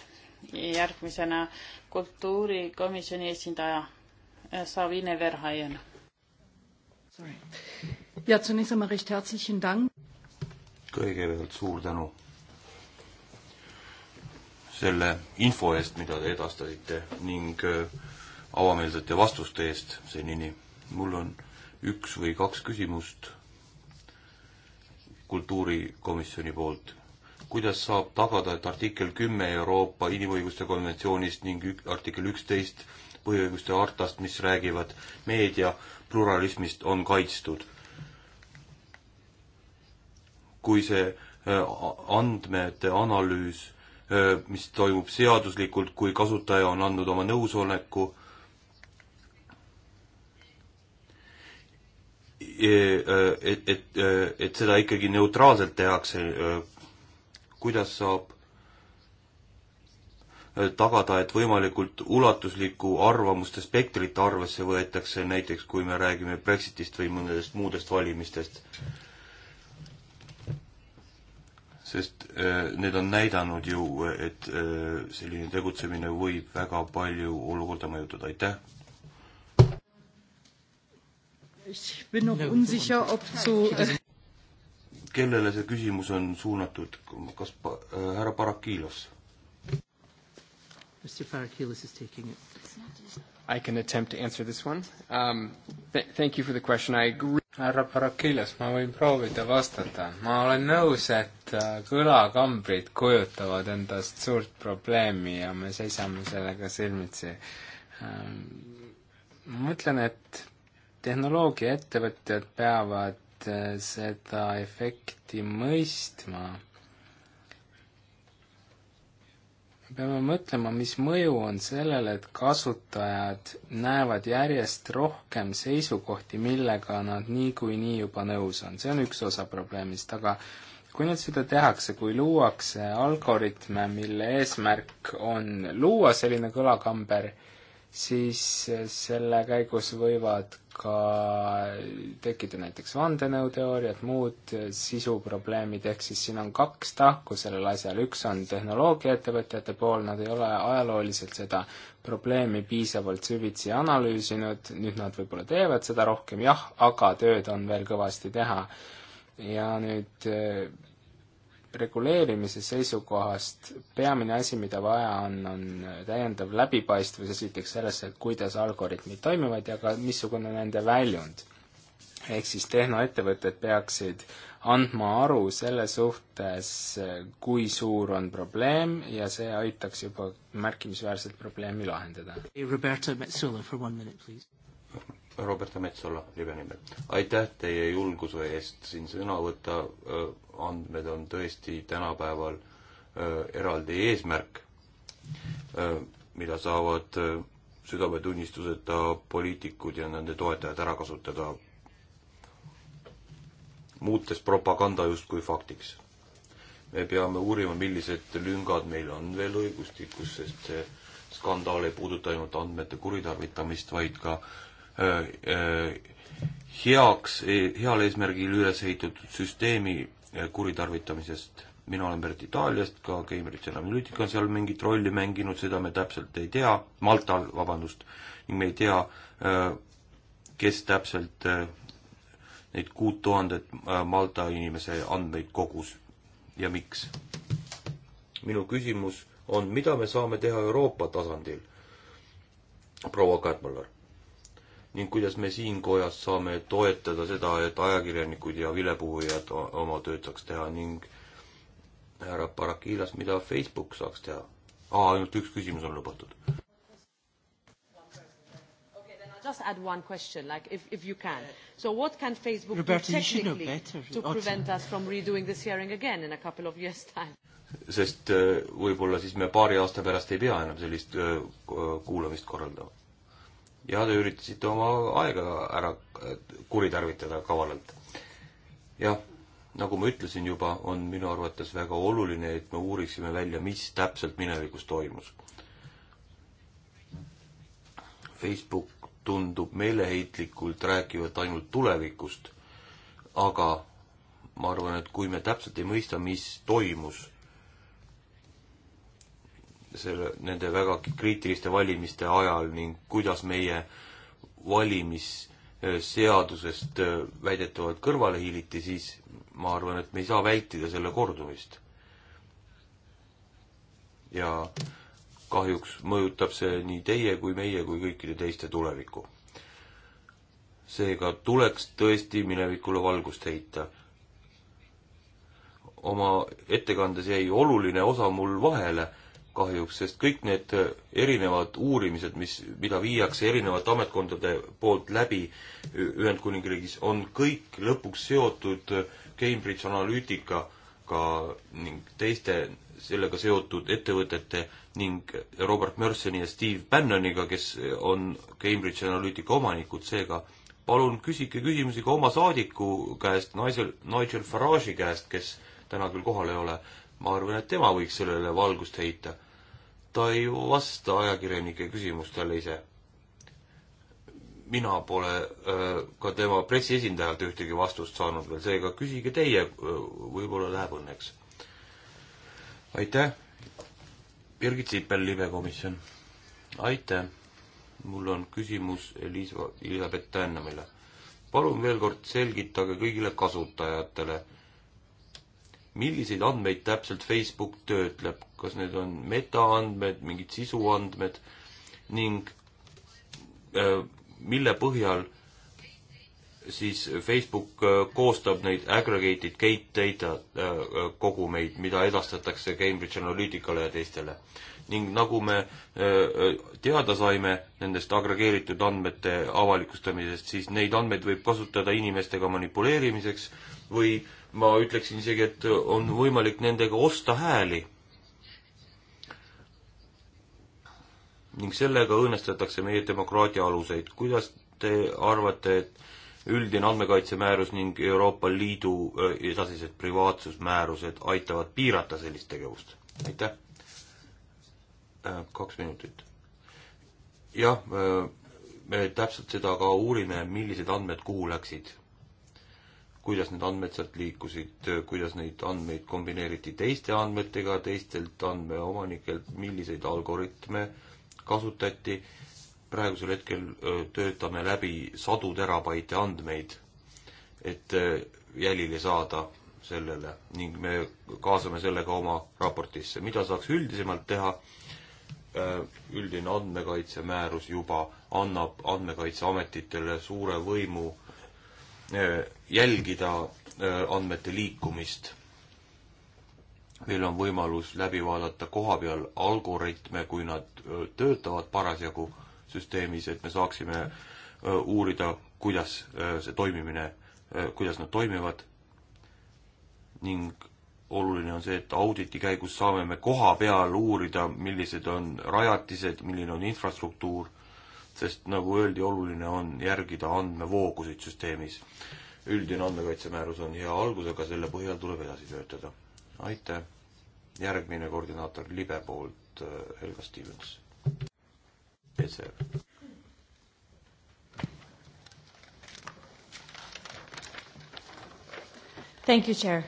järgmisena kultuurikomisjoni esindaja Savine Verhaien. ja zunächst einmal recht herzlichen Dank. kõigepealt suur tänu selle info eest, mida te edastasite ning äh, avameelsete vastuste eest senini. mul on üks või kaks küsimust kultuurikomisjoni poolt. kuidas saab tagada, et artikkel kümme Euroopa Inimõiguste konventsioonist ning ük, artikkel üksteist põhiõiguste hartast, mis räägivad meedia pluralismist, on kaitstud? kui see äh, andmete analüüs Äh, mis toimub seaduslikult, kui kasutaja on andnud oma nõusoleku e, äh, et, et, äh, et seda ikkagi neutraalselt tehakse, kuidas saab tagada, et võimalikult ulatuslikku arvamuste spektrit arvesse võetakse, näiteks kui me räägime Brexitist või mõnedest muudest valimistest? sest äh, need on näidanud ju, et äh, selline tegutsemine võib väga palju olukorda mõjutada, aitäh. Äh, kellele see küsimus on suunatud, kas pa, härra Barakilos? Mr. Barakilos is taking it. I can attempt to answer this one. Um, th thank you for the question. I agree härra Barakiles, ma võin proovida vastata. ma olen nõus, et äh, kõlakambrid kujutavad endast suurt probleemi ja me seisame sellega silmitsi. Ähm, ma mõtlen, et tehnoloogiaettevõtjad peavad äh, seda efekti mõistma peame mõtlema, mis mõju on sellel, et kasutajad näevad järjest rohkem seisukohti, millega nad niikuinii nii juba nõus on, see on üks osa probleemist, aga kui nüüd seda tehakse, kui luuakse algoritme, mille eesmärk on luua selline kõlakamber, siis selle käigus võivad ka tekkida näiteks vandenõuteooriad, muud sisuprobleemid, ehk siis siin on kaks tahku sellel asjal, üks on tehnoloogiaettevõtjate pool, nad ei ole ajalooliselt seda probleemi piisavalt süvitsi analüüsinud, nüüd nad võib-olla teevad seda rohkem, jah, aga tööd on veel kõvasti teha. ja nüüd reguleerimise seisukohast peamine asi, mida vaja on, on täiendav läbipaistvus esiteks sellesse, kuidas algoritmid toimivad ja ka missugune on nende väljund. ehk siis tehnoettevõtted peaksid andma aru selle suhtes, kui suur on probleem ja see aitaks juba märkimisväärselt probleemi lahendada. Roberta Metsola for one minute, please. Roberta Metsola Libe nimel. aitäh teie julguse eest siin sõna võtta, andmed on tõesti tänapäeval eraldi eesmärk, mida saavad südametunnistuseta poliitikud ja nende toetajad ära kasutada, muutes propaganda justkui faktiks. me peame uurima, millised lüngad meil on veel õigustikus, sest see skandaal ei puuduta ainult andmete kuritarvitamist, vaid ka äh, Äh, äh, heaks, e-, heal eesmärgil üles ehitatud süsteemi äh, kuritarvitamisest. mina olen pärit Itaaliast, ka Cambridge Analytica on seal mingit rolli mänginud, seda me täpselt ei tea, Maltal, vabandust, ning me ei tea, kes täpselt neid kuut tuhandet Malta inimese andmeid kogus ja miks. minu küsimus on, mida me saame teha Euroopa tasandil, proua Kadmalar ning kuidas me siin kojas saame toetada seda, et ajakirjanikud ja vilepuhujad oma tööd saaks teha ning härra Barakilas, mida Facebook saaks teha? aa, ainult üks küsimus on lubatud. Just add one question, like if, if you can. So what can Facebook Roberta, do technically to prevent us from redoing this hearing again in a couple of years time? sest eh, võib-olla siis me paari aasta pärast ei pea enam sellist eh, kuulamist korraldama ja te üritasite oma aega ära kuritarvitada kavalalt. jah, nagu ma ütlesin juba, on minu arvates väga oluline, et me uuriksime välja, mis täpselt minevikus toimus. Facebook tundub meeleheitlikult rääkivat ainult tulevikust, aga ma arvan, et kui me täpselt ei mõista, mis toimus selle, nende väga kriitiliste valimiste ajal ning kuidas meie valimisseadusest äh, väidetavalt kõrvale hiiliti, siis ma arvan, et me ei saa vältida selle kordumist. ja kahjuks mõjutab see nii teie kui meie kui kõikide teiste tulevikku. seega tuleks tõesti minevikule valgust heita. oma ettekandes jäi oluline osa mul vahele kahjuks, sest kõik need äh, erinevad uurimised, mis, mida viiakse erinevate ametkondade poolt läbi Ühendkuningriigis, on kõik lõpuks seotud äh, Cambridge Analyticaga ning teiste sellega seotud ettevõtete ning Robert Mersoni ja Steve Bannoniga, kes äh, on Cambridge Analytica omanikud, seega palun küsige küsimusi ka oma saadiku käest, naisel, Nigel Farage'i käest, kes täna küll kohal ei ole, ma arvan, et tema võiks sellele valgust heita ta ei vasta ajakirjanike küsimustele ise. mina pole äh, ka tema pressiesindajalt ühtegi vastust saanud veel, seega küsige teie, äh, võib-olla läheb õnneks. aitäh, Birgit Sipel, libekomisjon. aitäh, mul on küsimus Elis-, Elisabeth Tännemile. palun veel kord selgitage kõigile kasutajatele milliseid andmeid täpselt Facebook töötleb, kas need on metaandmed, mingid sisuandmed ning äh, mille põhjal siis Facebook äh, koostab neid aggregated gate data äh, kogumeid, mida edastatakse Cambridge Analyticale ja teistele. ning nagu me äh, äh, teada saime nendest agregeeritud andmete avalikustamisest, siis neid andmeid võib kasutada inimestega manipuleerimiseks või äh, ma ütleksin isegi, et on võimalik nendega osta hääli. ning sellega õõnestatakse meie demokraatia aluseid. kuidas te arvate, et üldine andmekaitsemäärus ning Euroopa Liidu äh, edasised privaatsusmäärused aitavad piirata sellist tegevust? aitäh. Äh, kaks minutit. jah, äh, me täpselt seda ka uurime, millised andmed kuhu läksid kuidas need andmed sealt liikusid, kuidas neid andmeid kombineeriti teiste andmetega, teistelt andmeomanikelt, milliseid algoritme kasutati. praegusel hetkel töötame läbi sadu terabaite andmeid, et jälile saada sellele ning me kaasame selle ka oma raportisse. mida saaks üldisemalt teha? üldine andmekaitsemäärus juba annab Andmekaitseametitele suure võimu jälgida äh, andmete liikumist. meil on võimalus läbi vaadata kohapeal algoritme, kui nad äh, töötavad parasjagu süsteemis, et me saaksime äh, uurida, kuidas see toimimine, kuidas nad toimivad ning oluline on see, et auditi käigus saame me koha peal uurida, millised on rajatised, milline on infrastruktuur, sest nagu öeldi, oluline on järgida andmevoogusid süsteemis üldine andmekaitsemäärus on hea algus, aga selle põhjal tuleb edasi töötada. aitäh. järgmine koordinaator libe poolt äh, Helga Stevens. PCR. Thank you, Chair.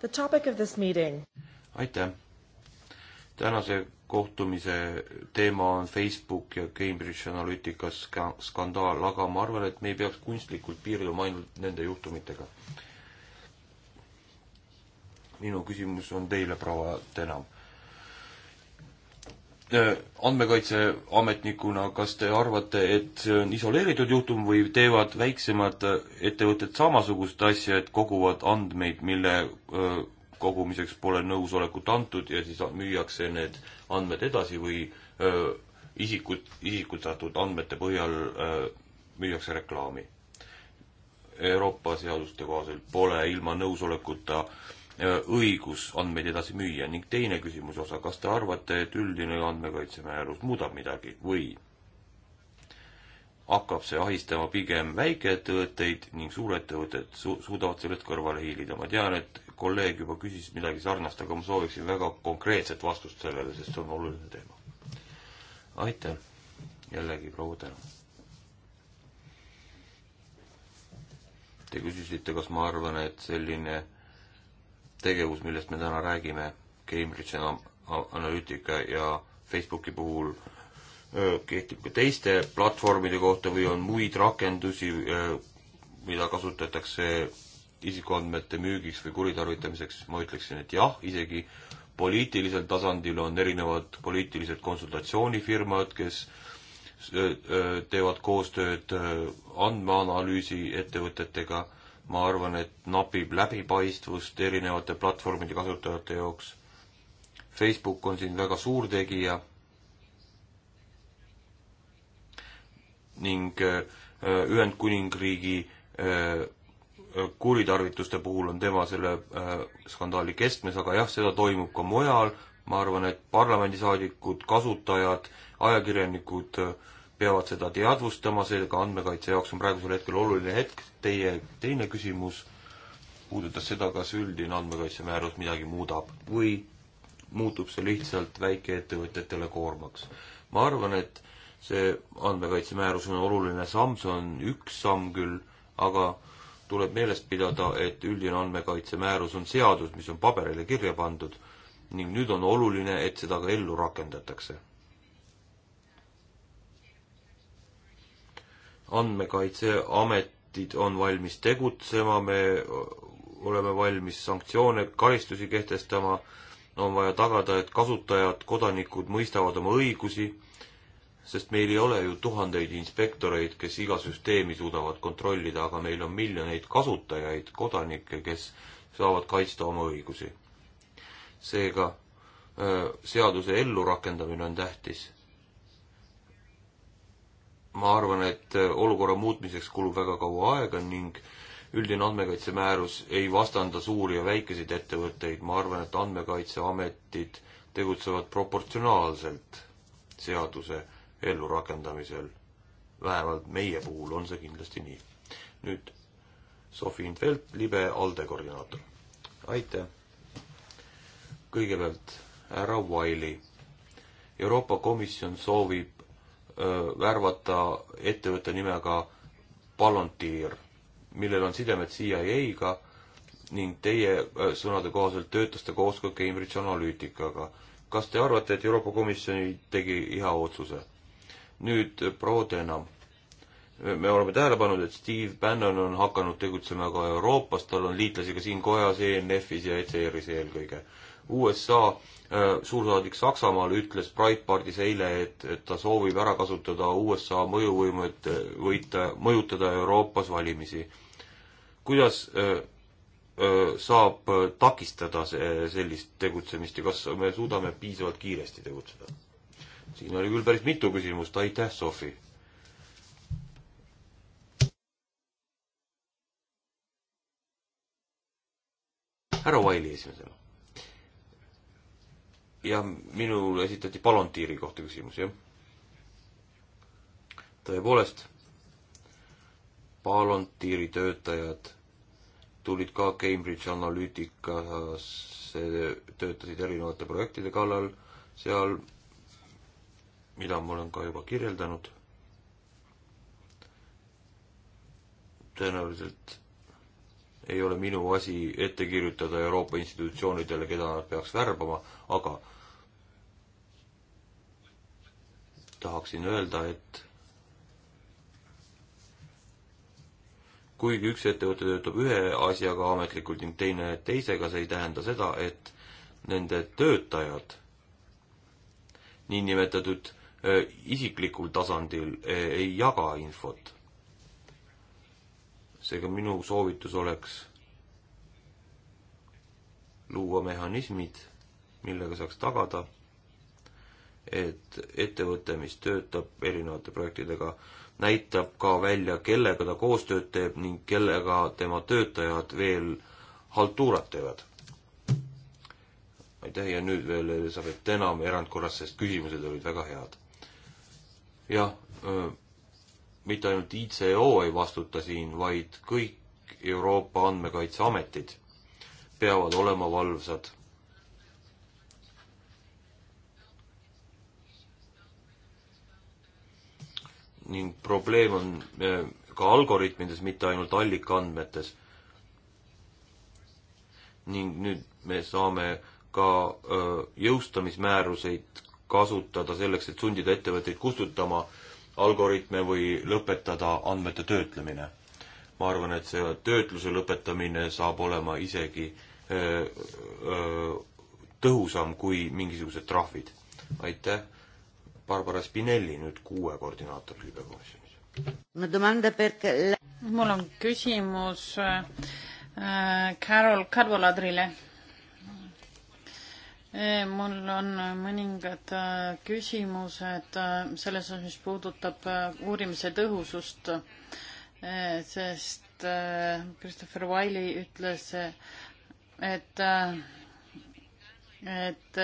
The topic of this meeting. aitäh. tänase kohtumise teema on Facebook ja Cambridge Analytica skandaal, aga ma arvan, et me ei peaks kunstlikult piirduma ainult nende juhtumitega. minu küsimus on teile, proua Tenam. Äh, andmekaitseametnikuna, kas te arvate, et see on isoleeritud juhtum või teevad väiksemad äh, ettevõtted samasugust asja, et koguvad andmeid, mille öö, äh, kogumiseks pole nõusolekut antud ja siis müüakse need andmed edasi või öö, isikut, isikutatud andmete põhjal öö, müüakse reklaami. Euroopa seaduste kohaselt pole ilma nõusolekuta õigus andmeid edasi müüa ning teine küsimuse osa, kas te arvate, et üldine andmekaitsemäärus muudab midagi või hakkab see ahistama pigem väikeettevõtteid ning suurettevõtted su suudavad sellest kõrvale hiilida. ma tean, et kolleeg juba küsis midagi sarnast, aga ma sooviksin väga konkreetset vastust sellele, sest see on oluline teema. aitäh, jällegi proua Tänu. Te küsisite, kas ma arvan, et selline tegevus, millest me täna räägime, Cambridge Analytica ja Facebooki puhul kehtib ka teiste platvormide kohta või on muid rakendusi, mida kasutatakse isikuandmete müügiks või kuritarvitamiseks, ma ütleksin, et jah, isegi poliitilisel tasandil on erinevad poliitilised konsultatsioonifirmad, kes teevad koostööd andmeanalüüsi ettevõtetega, ma arvan, et napib läbipaistvust erinevate platvormide kasutajate jaoks. Facebook on siin väga suur tegija ning Ühendkuningriigi kuritarvituste puhul on tema selle äh, skandaali keskmes, aga jah, seda toimub ka mujal, ma arvan, et parlamendisaadikud, kasutajad, ajakirjanikud äh, peavad seda teadvustama, seega andmekaitse jaoks on praegusel hetkel oluline hetk. Teie teine küsimus puudutas seda, kas üldine andmekaitsemäärus midagi muudab või muutub see lihtsalt väikeettevõtjatele koormaks. ma arvan, et see andmekaitsemäärus on oluline samm, see on üks samm küll, aga tuleb meeles pidada, et üldine andmekaitsemäärus on seadus, mis on paberile kirja pandud ning nüüd on oluline, et seda ka ellu rakendatakse. andmekaitseametid on valmis tegutsema, me oleme valmis sanktsioone, karistusi kehtestama, on vaja tagada, et kasutajad, kodanikud mõistavad oma õigusi sest meil ei ole ju tuhandeid inspektoreid, kes iga süsteemi suudavad kontrollida, aga meil on miljoneid kasutajaid, kodanikke, kes saavad kaitsta oma õigusi. seega seaduse ellurakendamine on tähtis. ma arvan, et olukorra muutmiseks kulub väga kaua aega ning üldine andmekaitsemäärus ei vastanda suuri ja väikeseid ettevõtteid, ma arvan, et andmekaitseametid tegutsevad proportsionaalselt seaduse ellurakendamisel. vähemalt meie puhul on see kindlasti nii. nüüd Sofi Infeld, libe ALDE koordinaator. aitäh! kõigepealt härra Wiley. Euroopa Komisjon soovib öö, värvata ettevõtte nimega Palantir, millel on sidemed CIA-ga ning teie öö, sõnade kohaselt töötas ta koostöö Cambridge Analyticaga. kas te arvate, et Euroopa Komisjoni tegi hea otsuse? nüüd proua Tena. me oleme tähele pannud, et Steve Bannon on hakanud tegutsema ka Euroopas, tal on liitlasi ka siin kojas, ENF-is ja ECR-is eelkõige. USA äh, suursaadik Saksamaal ütles Breitbardis eile, et, et ta soovib ära kasutada USA mõjuvõimu, et võita, mõjutada Euroopas valimisi. kuidas öö, äh, öö, äh, saab takistada see, sellist tegutsemist ja kas me suudame piisavalt kiiresti tegutseda? siin oli küll päris mitu küsimust, aitäh, Sofi. härra Vaili esimesena. ja minule esitati Palantiiri kohta küsimus, jah. tõepoolest, Palantiiri töötajad tulid ka Cambridge Analyticasse, töötasid erinevate projektide kallal, seal mida ma olen ka juba kirjeldanud. tõenäoliselt ei ole minu asi ette kirjutada Euroopa institutsioonidele, keda nad peaks värbama, aga tahaksin öelda, et kuigi üks ettevõte töötab ühe asjaga ametlikult ning teine teisega, see ei tähenda seda, et nende töötajad, niinimetatud Äh, isiklikul tasandil äh, ei jaga infot. seega minu soovitus oleks luua mehhanismid, millega saaks tagada, et ettevõte, mis töötab erinevate projektidega, näitab ka välja, kellega ta koostööd teeb ning kellega tema töötajad veel haltuurat teevad. aitäh ja nüüd veel Elizabeth Denham erandkorras, sest küsimused olid väga head jah, mitte ainult ICO ei vastuta siin, vaid kõik Euroopa andmekaitseametid peavad olema valvsad. ning probleem on ka algoritmides, mitte ainult allikaandmetes. ning nüüd me saame ka öö, jõustamismääruseid kasutada selleks, et sundida ettevõtteid kustutama algoritme või lõpetada andmete töötlemine. ma arvan, et see töötluse lõpetamine saab olema isegi öö, öö, tõhusam kui mingisugused trahvid. aitäh, Barbara Spinelli nüüd kuue koordinaator libekomisjonis. mul on küsimus äh, Carol Cadvoladrile mul on mõningad äh, küsimused äh, selles osas, mis puudutab äh, uurimise tõhusust, sest Christopher Wiley ütles, et, et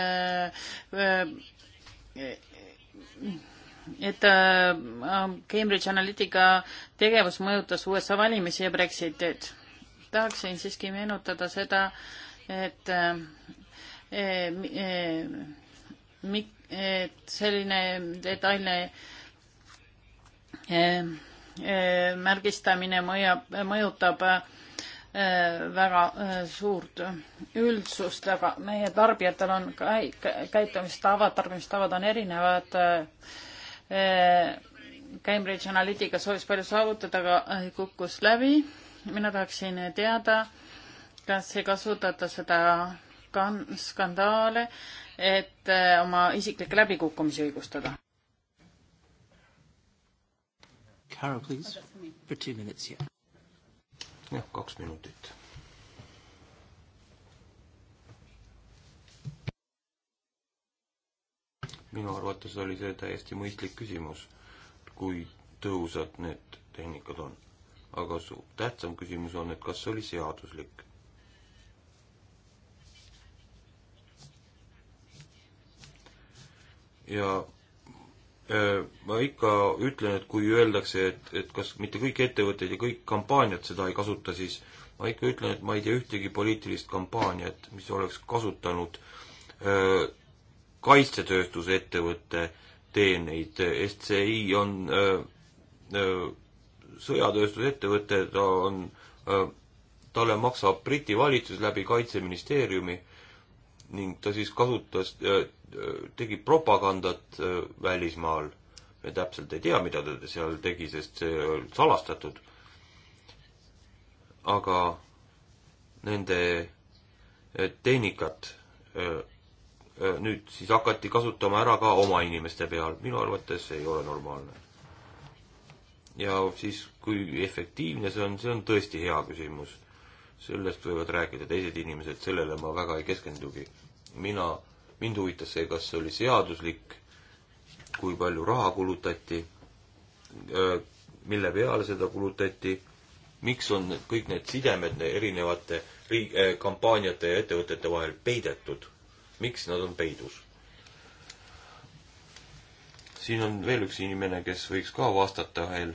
et Cambridge Analytica tegevus mõjutas USA valimisi ja Brexitit. tahaksin siiski meenutada seda, et Eh, eh, et selline detailne eh, märgistamine mõjab, mõjutab väga suurt üldsust, aga meie tarbijatel on käitumistavad, tarbimistavad on erinevad. Cambridge Analytica soovis palju saavutada, aga kukkus läbi. mina tahaksin teada, kas ei kasutata seda skandaale, et eh, oma isiklikke läbikukkumisi õigustada. Carol, please, for two minutes, yeah. jah, kaks minutit. minu arvates oli see täiesti mõistlik küsimus, kui tõhusad need tehnikad on. aga su-, tähtsam küsimus on, et kas see oli seaduslik ja äh, ma ikka ütlen, et kui öeldakse, et, et kas mitte kõik ettevõtted ja kõik kampaaniad seda ei kasuta, siis ma ikka ütlen, et ma ei tea ühtegi poliitilist kampaaniat, mis oleks kasutanud öö, äh, kaitsetööstuse ettevõtte teeneid, SCI on öö, äh, öö, sõjatööstusettevõte, ta on, talle maksab Briti valitsus läbi Kaitseministeeriumi ning ta siis kasutas, äh, äh, tegi propagandat äh, välismaal. me täpselt ei tea, mida ta seal tegi, sest see oli salastatud. aga nende tehnikat nüüd siis hakati kasutama ära ka oma inimeste peal, minu arvates see ei ole normaalne. ja siis, kui efektiivne see on, see on tõesti hea küsimus sellest võivad rääkida teised inimesed, sellele ma väga ei keskendugi. mina, mind huvitas see, kas see oli seaduslik, kui palju raha kulutati, mille peale seda kulutati, miks on kõik need sidemed erinevate riik-, kampaaniate ja ettevõtete vahel peidetud, miks nad on peidus? siin on veel üks inimene, kes võiks ka vastata veel,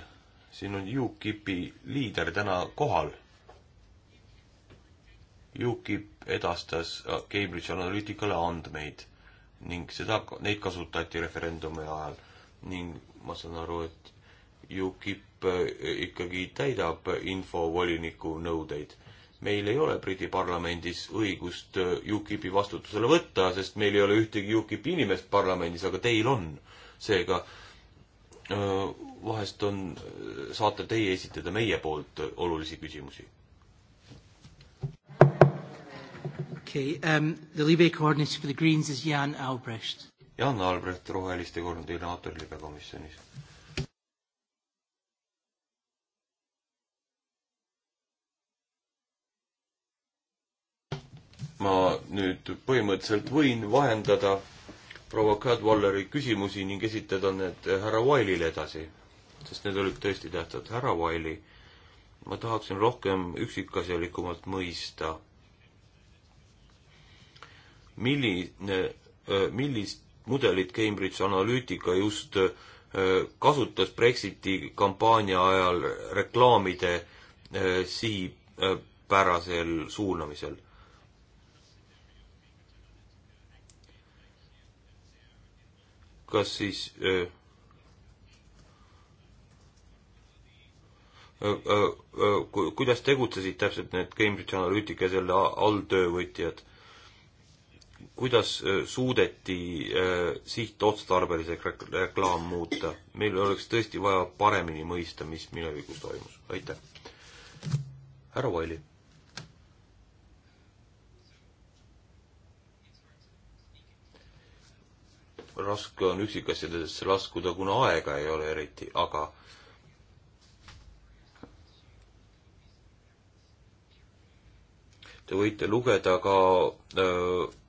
siin on UKIP-i liider täna kohal UKIP edastas äh, Cambridge Analyticale andmeid ning seda, neid kasutati referendumi ajal ning ma saan aru, et UKIP äh, ikkagi täidab infovoliniku nõudeid. meil ei ole Briti parlamendis õigust äh, UKIP-i vastutusele võtta, sest meil ei ole ühtegi UKIP-i inimest parlamendis, aga teil on. seega vahest on, saate teie esitada meie poolt olulisi küsimusi Okay, um, the Libe coordinator for the Greens is Jan Albrecht. Jan Albrecht, roheliste koordinaator Libe komisjonis. ma nüüd põhimõtteliselt võin vahendada proua Cadwalleri küsimusi ning esitada need härra Wile'ile edasi, sest need olid tõesti tähtsad. härra Wile'i, ma tahaksin rohkem üksikasjalikumalt mõista milline, äh, millist mudelit Cambridge Analytica just äh, kasutas Brexiti kampaania ajal reklaamide äh, sihipärasel suunamisel. kas siis öö, öö, öö, kuidas tegutsesid täpselt need Cambridge Analytica selle alltöövõtjad? kuidas äh, suudeti äh, sihtotstarbeliseks reklaam muuta. meil oleks tõesti vaja paremini mõista, mis minevikus toimus. aitäh. härra Vaili. raske on üksikasjadesse laskuda, kuna aega ei ole eriti, aga te võite lugeda ka öö, äh,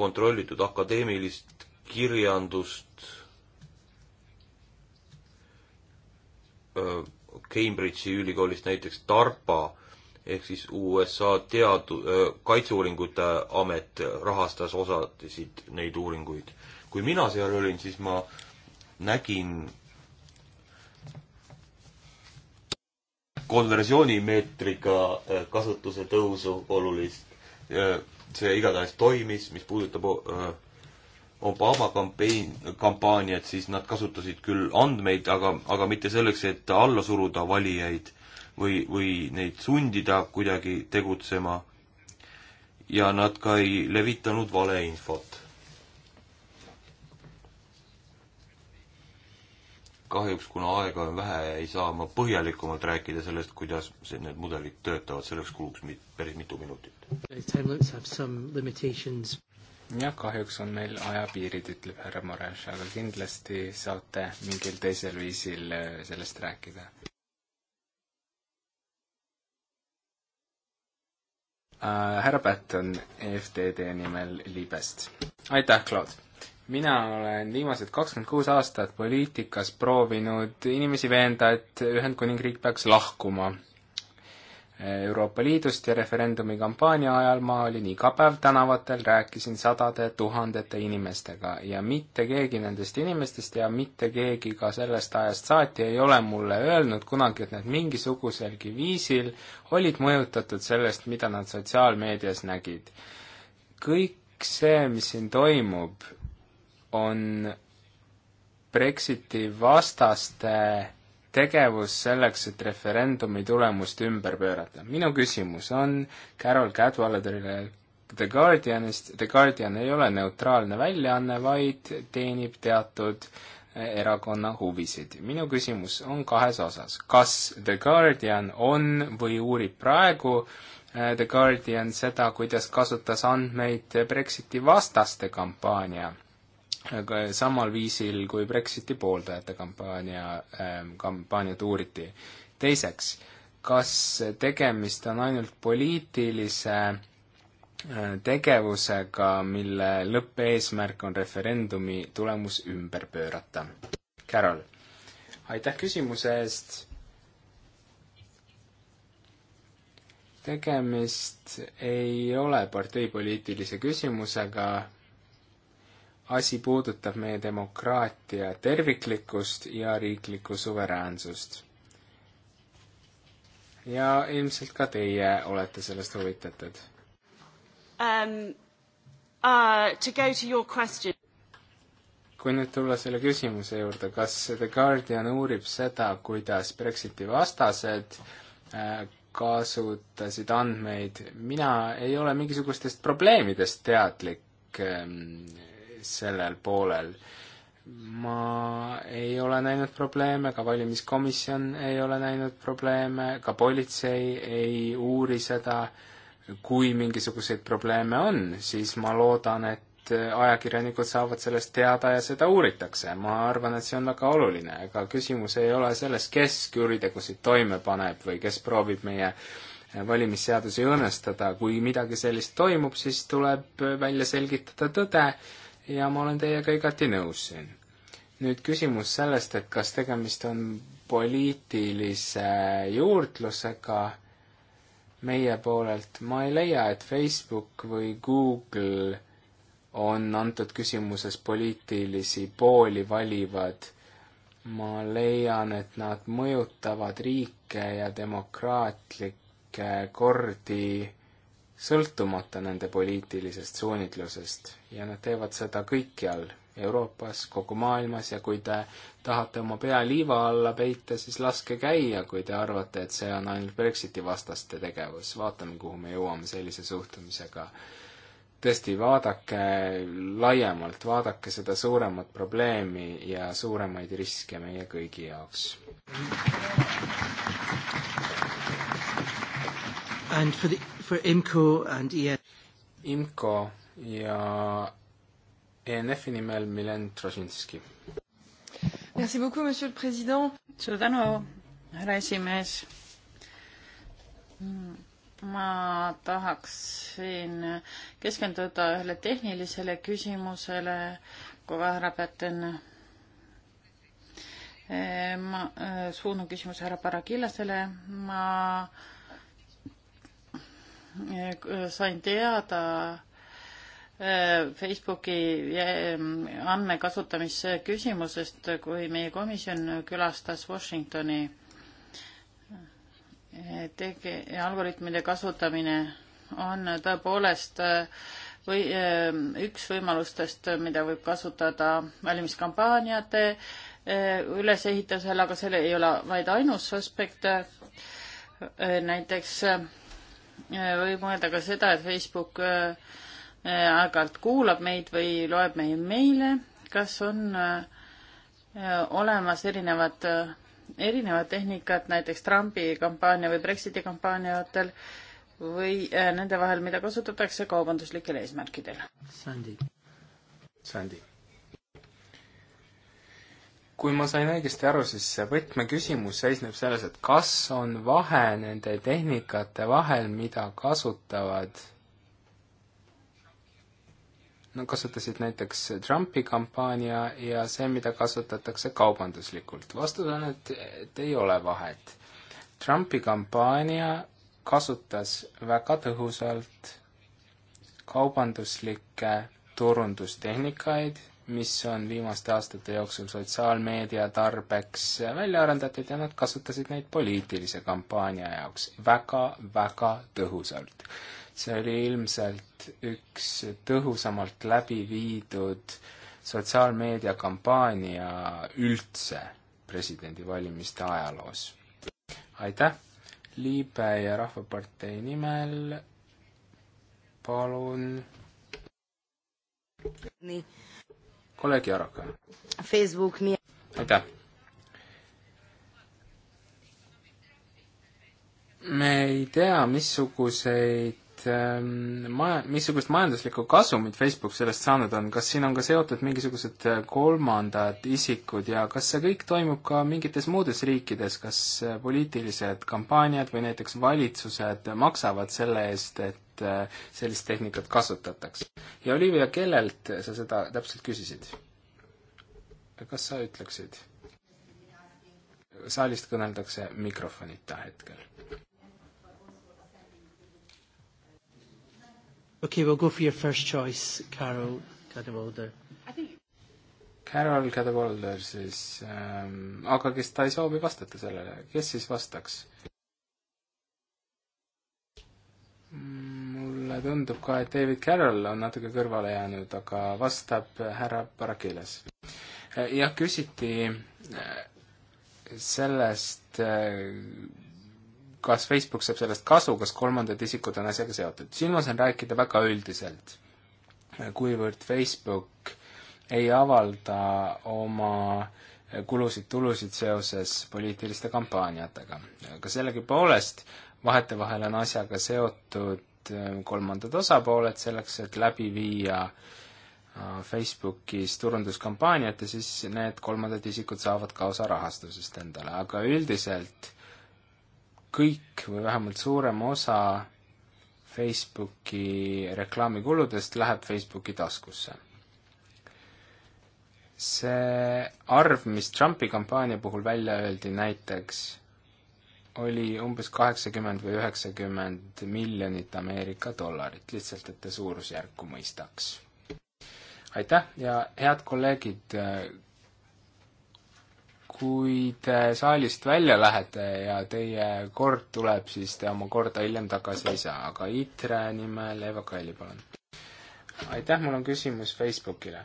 kontrollitud akadeemilist kirjandust Cambridge'i ülikoolist näiteks DARPA ehk siis USA teadu-, kaitseuuringute amet rahastas osasid neid uuringuid. kui mina seal olin, siis ma nägin konversioonimeetrika kasutuse tõusu olulist see igatahes toimis, mis puudutab äh, Obama kampeen-, kampaaniat, siis nad kasutasid küll andmeid, aga, aga mitte selleks, et alla suruda valijaid või, või neid sundida kuidagi tegutsema. ja nad ka ei levitanud valeinfot. kahjuks, kuna aega on vähe, ei saa ma põhjalikumalt rääkida sellest, kuidas see, need mudelid töötavad, selleks kuluks mit, päris mitu minutit. jah, kahjuks on meil ajapiirid, ütleb härra Moraš, aga kindlasti saate mingil teisel viisil äh, sellest rääkida. Äh, härra Pätt on EFTD nimel Liibest. aitäh, Claude! mina olen viimased kakskümmend kuus aastat poliitikas proovinud inimesi veenda, et Ühendkuningriik peaks lahkuma Euroopa Liidust ja referendumi kampaania ajal ma olin iga päev tänavatel, rääkisin sadade tuhandete inimestega ja mitte keegi nendest inimestest ja mitte keegi ka sellest ajast saati ei ole mulle öelnud kunagi, et nad mingisuguselgi viisil olid mõjutatud sellest, mida nad sotsiaalmeedias nägid. kõik see, mis siin toimub, on Brexiti vastaste tegevus selleks, et referendumi tulemust ümber pöörata. minu küsimus on Carol Cadwalladerile The Guardianist, The Guardian ei ole neutraalne väljaanne, vaid teenib teatud eh, erakonna huvisid. minu küsimus on kahes osas. kas The Guardian on või uurib praegu eh, The Guardian seda, kuidas kasutas andmeid Brexiti vastaste kampaania aga samal viisil kui Brexiti pooldajate kampaania, ähm, kampaaniat uuriti. teiseks, kas tegemist on ainult poliitilise äh, tegevusega, mille lõppeesmärk on referendumi tulemus ümber pöörata? Carol, aitäh küsimuse eest tegemist ei ole parteipoliitilise küsimusega, asi puudutab meie demokraatia terviklikkust ja riiklikku suveräänsust. ja ilmselt ka teie olete sellest huvitatud um,. Uh, to go to your question kui nüüd tulla selle küsimuse juurde, kas The Guardian uurib seda, kuidas Brexiti vastased äh, kasutasid andmeid, mina ei ole mingisugustest probleemidest teadlik ähm, sellel poolel. ma ei ole näinud probleeme, ka valimiskomisjon ei ole näinud probleeme, ka politsei ei uuri seda. kui mingisuguseid probleeme on, siis ma loodan, et ajakirjanikud saavad sellest teada ja seda uuritakse. ma arvan, et see on väga oluline, ega küsimus ei ole selles, kes kuritegusid toime paneb või kes proovib meie valimisseadusi õõnestada, kui midagi sellist toimub, siis tuleb välja selgitada tõde ja ma olen teiega igati nõus siin. nüüd küsimus sellest, et kas tegemist on poliitilise juurdlusega meie poolelt, ma ei leia, et Facebook või Google on antud küsimuses poliitilisi pooli valivad. ma leian, et nad mõjutavad riike ja demokraatlikke kordi sõltumata nende poliitilisest suunitlusest ja nad teevad seda kõikjal Euroopas, kogu maailmas ja kui te tahate oma pea liiva alla peita, siis laske käia, kui te arvate, et see on ainult Brexiti vastaste tegevus. vaatame, kuhu me jõuame sellise suhtumisega. tõesti, vaadake laiemalt, vaadake seda suuremat probleemi ja suuremaid riske meie kõigi jaoks. And for the, for IMCO and EN. IMCO ja ENF-i nimel Milen Trosinski. suur tänu, härra esimees. ma tahaksin keskenduda ühele tehnilisele küsimusele, kui härra Päten ma suunan küsimuse härra Paragillasele. ma sain teada Äh, Facebooki äh, andmekasutamise küsimusest, kui meie komisjon külastas Washingtoni. tege-, algoritmide kasutamine on tõepoolest äh, või üks võimalustest, mida võib kasutada valimiskampaaniate ülesehitusel, aga see ei ole vaid ainus aspekt. näiteks võib mõelda ka seda, et Facebook aeg-ajalt kuulab meid või loeb meie meile, kas on äh, olemas erinevad, äh, erinevad tehnikad näiteks Trumpi kampaania või Brexiti kampaaniatel või äh, nende vahel, mida kasutatakse kaubanduslikel eesmärkidel? Sandi. Sandi. kui ma sain õigesti aru, siis võtmeküsimus seisneb selles, et kas on vahe nende tehnikate vahel, mida kasutavad no kasutasid näiteks Trumpi kampaania ja see, mida kasutatakse kaubanduslikult. vastus on, et, et ei ole vahet. Trumpi kampaania kasutas väga tõhusalt kaubanduslikke turundustehnikaid, mis on viimaste aastate jooksul sotsiaalmeedia tarbeks välja arendatud ja nad kasutasid neid poliitilise kampaania jaoks väga-väga tõhusalt see oli ilmselt üks tõhusamalt läbi viidud sotsiaalmeediakampaania üldse presidendivalimiste ajaloos. aitäh, Liibe ja Rahvapartei nimel palun. nii. kolleeg Jaraka. Facebook nii. aitäh. me ei tea, missuguseid millist ähm, maja, missugust majanduslikku kasumit Facebook sellest saanud on, kas siin on ka seotud mingisugused äh, kolmandad isikud ja kas see kõik toimub ka mingites muudes riikides, kas äh, poliitilised kampaaniad või näiteks valitsused maksavad selle eest, et äh, sellist tehnikat kasutatakse? ja Olivia, kellelt sa seda täpselt küsisid? kas sa ütleksid? saalist kõneldakse mikrofonita hetkel Okay, we'll go for your first choice, Carol Cadewalder. Think... Carol Cadewalder siis ähm,, aga kes, ta ei soovi vastata sellele, kes siis vastaks? mulle tundub ka, et David Carroll on natuke kõrvale jäänud, aga vastab härra Barakiles. jah, küsiti äh, sellest äh, kas Facebook saab sellest kasu, kas kolmandad isikud on asjaga seotud. siin ma saan rääkida väga üldiselt. kuivõrd Facebook ei avalda oma kulusid-tulusid seoses poliitiliste kampaaniatega. aga sellegipoolest vahetevahel on asjaga seotud äh, kolmandad osapooled selleks, et läbi viia äh, Facebookis turunduskampaaniat ja siis need kolmandad isikud saavad ka osa rahastusest endale, aga üldiselt kõik või vähemalt suurem osa Facebooki reklaamikuludest läheb Facebooki taskusse. see arv, mis Trumpi kampaania puhul välja öeldi näiteks, oli umbes kaheksakümmend või üheksakümmend miljonit Ameerika dollarit, lihtsalt et te suurusjärku mõistaks. aitäh ja head kolleegid, kui te saalist välja lähete ja teie kord tuleb, siis te oma korda hiljem tagasi ei saa, aga ITRE nimel Eva Kaili, palun. aitäh, mul on küsimus Facebookile.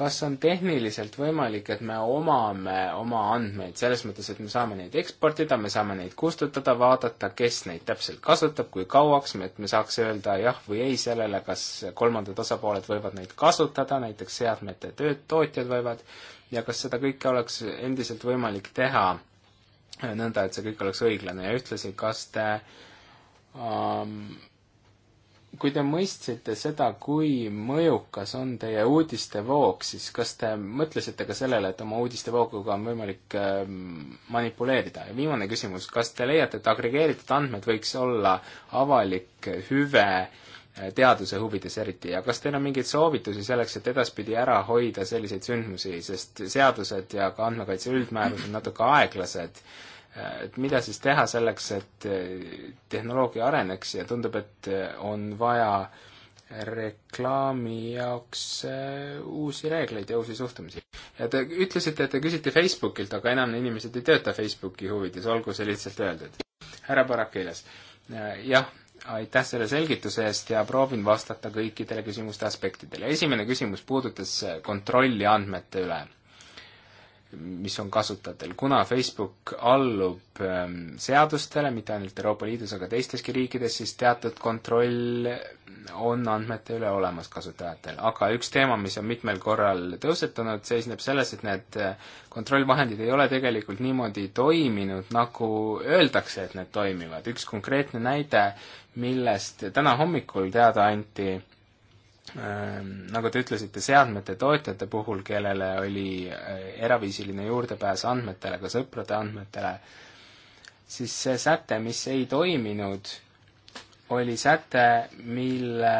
kas on tehniliselt võimalik, et me omame oma andmeid selles mõttes, et me saame neid eksportida, me saame neid kustutada, vaadata, kes neid täpselt kasutab, kui kauaks, et me saaks öelda jah või ei sellele, kas kolmandad osapooled võivad neid kasutada, näiteks seadmete tööd, tootjad võivad ja kas seda kõike oleks endiselt võimalik teha nõnda, et see kõik oleks õiglane ja ühtlasi, kas te um, kui te mõistsite seda, kui mõjukas on teie uudistevoog, siis kas te mõtlesite ka sellele, et oma uudistevooguga on võimalik ähm, manipuleerida? ja viimane küsimus, kas te leiate, et agregeeritud andmed võiks olla avalik hüve Äh, teaduse huvides eriti ja kas teil on mingeid soovitusi selleks, et edaspidi ära hoida selliseid sündmusi, sest seadused ja ka andmekaitse üldmäärus on natuke aeglased. Äh, et mida siis teha selleks, et äh, tehnoloogia areneks ja tundub, et on vaja reklaami jaoks uusi reegleid ja uusi suhtumisi. ja te ütlesite, et te küsite Facebookilt, aga enam inimesed ei tööta Facebooki huvides, olgu see lihtsalt öeldud. härra Barakiles jah, aitäh selle selgituse eest ja proovin vastata kõikidele küsimuste aspektidele. esimene küsimus puudutas kontrolli andmete üle mis on kasutajatel. kuna Facebook allub ähm, seadustele, mitte ainult Euroopa Liidus, aga teisteski riikides, siis teatud kontroll on andmete üle olemas kasutajatel. aga üks teema, mis on mitmel korral tõusetunud, seisneb selles, et need äh, kontrollvahendid ei ole tegelikult niimoodi toiminud, nagu öeldakse, et need toimivad. üks konkreetne näide, millest täna hommikul teada anti, Ehm, nagu te ütlesite, seadmete tootjate puhul, kellele oli eh, eraviisiline juurdepääs andmetele, ka sõprade andmetele, siis see säte, mis ei toiminud, oli säte, mille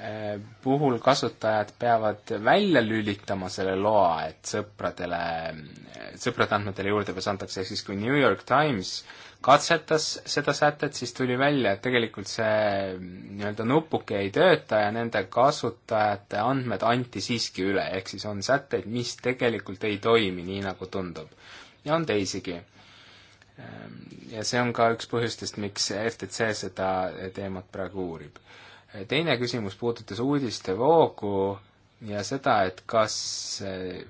eh, puhul kasutajad peavad välja lülitama selle loa, et sõpradele, eh, sõprade andmetele juurdepääs antakse, ehk siis kui New York Times katsetas seda sätet, siis tuli välja, et tegelikult see mm, nii-öelda nupuke ei tööta ja nende kasutajate andmed anti siiski üle, ehk siis on sätteid, mis tegelikult ei toimi nii, nagu tundub. ja on teisigi. Ehm, ja see on ka üks põhjustest, miks FTC seda teemat praegu uurib. teine küsimus puudutas uudistevoogu ja seda, et kas eh,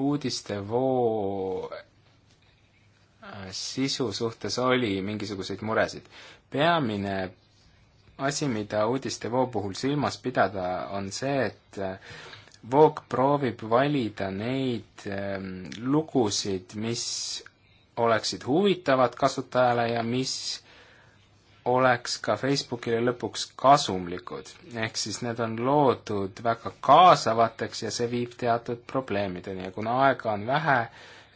uudistevoo sisu suhtes oli mingisuguseid muresid. peamine asi, mida uudistevoo puhul silmas pidada, on see, et äh, Voog proovib valida neid ähm, lugusid, mis oleksid huvitavad kasutajale ja mis oleks ka Facebookile lõpuks kasumlikud. ehk siis need on loodud väga kaasavateks ja see viib teatud probleemideni ja kuna aega on vähe,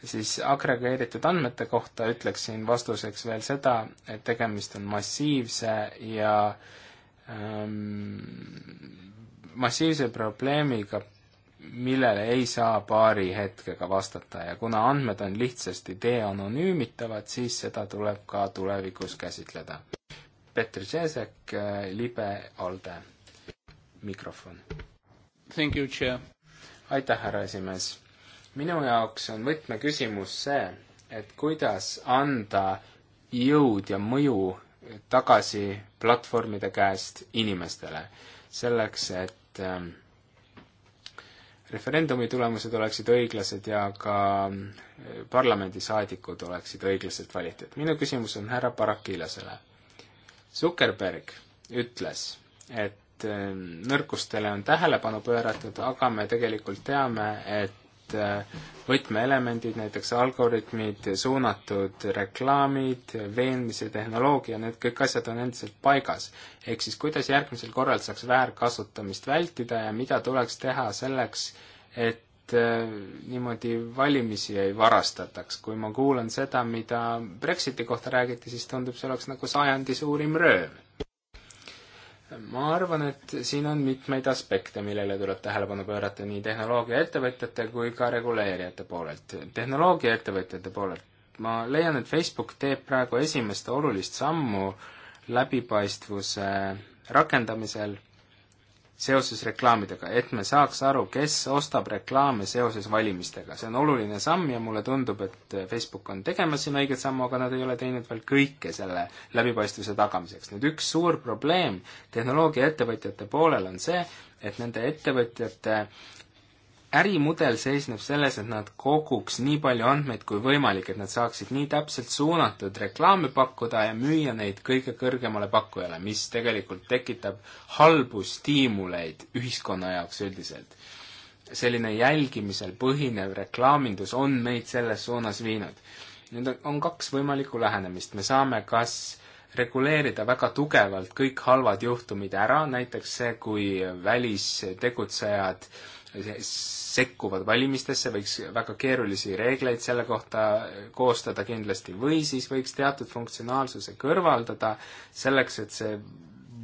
siis agregeeritud andmete kohta ütleksin vastuseks veel seda, et tegemist on massiivse ja ähm, massiivse probleemiga, millele ei saa paari hetkega vastata ja kuna andmed on lihtsasti deanonüümitavad, siis seda tuleb ka tulevikus käsitleda. Petr Žesek, äh, libe ALDE mikrofon. aitäh, härra esimees minu jaoks on võtmeküsimus see, et kuidas anda jõud ja mõju tagasi platvormide käest inimestele, selleks et ähm, referendumi tulemused oleksid õiglased ja ka äh, parlamendisaadikud oleksid õiglaselt valitud. minu küsimus on härra Barakilasele. Zuckerberg ütles, et ähm, nõrkustele on tähelepanu pööratud, aga me tegelikult teame, et Äh, võtmeelemendid, näiteks algoritmid, suunatud reklaamid, veenmise tehnoloogia, need kõik asjad on endiselt paigas. ehk siis kuidas järgmisel korral saaks väärkasutamist vältida ja mida tuleks teha selleks, et äh, niimoodi valimisi ei varastataks. kui ma kuulan seda, mida Brexiti kohta räägiti, siis tundub, see oleks nagu sajandi suurim rööv ma arvan, et siin on mitmeid aspekte, millele tuleb tähelepanu pöörata nii tehnoloogiaettevõtjate kui ka reguleerijate poolelt. tehnoloogiaettevõtjate poolelt ma leian, et Facebook teeb praegu esimest olulist sammu läbipaistvuse rakendamisel seoses reklaamidega, et me saaks aru, kes ostab reklaame seoses valimistega. see on oluline samm ja mulle tundub, et Facebook on tegemas siin õiget sammu, aga nad ei ole teinud veel kõike selle läbipaistvuse tagamiseks. nüüd üks suur probleem tehnoloogiaettevõtjate poolel on see, et nende ettevõtjate äh, ärimudel seisneb selles, et nad koguks nii palju andmeid kui võimalik, et nad saaksid nii täpselt suunatud reklaame pakkuda ja müüa neid kõige kõrgemale pakkujale, mis tegelikult tekitab halbu stiimuleid ühiskonna jaoks üldiselt. selline jälgimisel põhinev reklaamindus on meid selles suunas viinud. nüüd on kaks võimalikku lähenemist, me saame kas reguleerida väga tugevalt kõik halvad juhtumid ära, näiteks see, kui välistegutsejad sekkuvad valimistesse, võiks väga keerulisi reegleid selle kohta koostada kindlasti või siis võiks teatud funktsionaalsuse kõrvaldada selleks, et see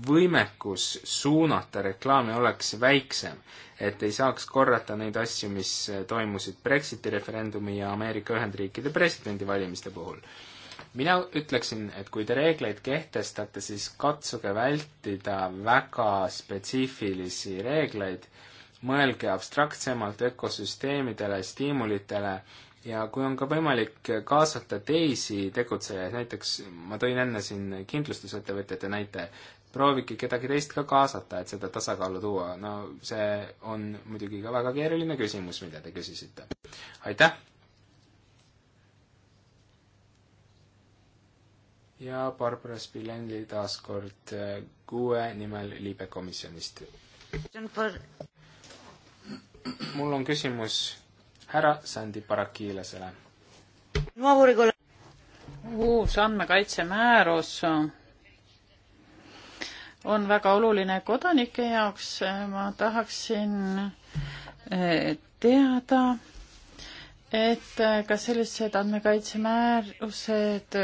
võimekus suunata reklaami oleks väiksem, et ei saaks korrata neid asju, mis toimusid Brexiti referendumi ja Ameerika Ühendriikide presidendivalimiste puhul. mina ütleksin, et kui te reegleid kehtestate, siis katsuge vältida väga spetsiifilisi reegleid mõelge abstraktsemalt ökosüsteemidele, stiimulitele ja kui on ka võimalik kaasata teisi tegutsejaid, näiteks ma tõin enne siin kindlustusettevõtjate näite, proovige kedagi teist ka kaasata, et seda tasakaalu tuua. no see on muidugi ka väga keeruline küsimus, mida te küsisite. aitäh! ja Barbara Spilendi taas kord eh, kuue nimel liibekomisjonist mul on küsimus härra Sandi Parakiilasele. uus andmekaitsemäärus on väga oluline kodanike jaoks. ma tahaksin eh, teada, et eh, kas sellised andmekaitsemäärused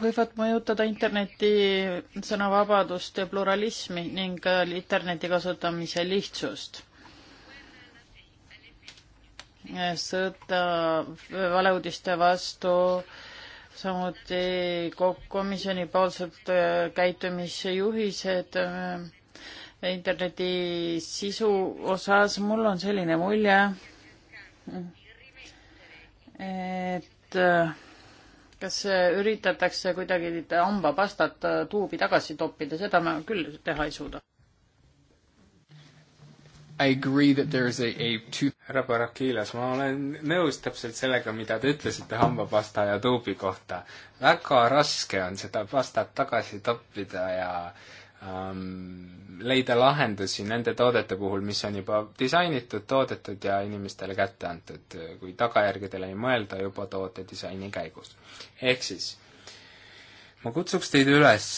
võivad mõjutada interneti sõnavabadust ja pluralismi ning eh, interneti kasutamise lihtsust sõda valeuudiste vastu, samuti komisjoni poolsed äh, käitumisjuhised äh, interneti sisu osas. mul on selline mulje, et äh, kas üritatakse kuidagi hambapastat tuubi tagasi toppida, seda ma küll teha ei suuda. I agree that there is a, a two härra Barakilas, ma olen nõus täpselt sellega, mida te ütlesite hambapasta ja tuubi kohta. väga raske on seda pastat tagasi toppida ja ähm, leida lahendusi nende toodete puhul, mis on juba disainitud, toodetud ja inimestele kätte antud, kui tagajärgedele ei mõelda juba toote disaini käigus. ehk siis, ma kutsuks teid üles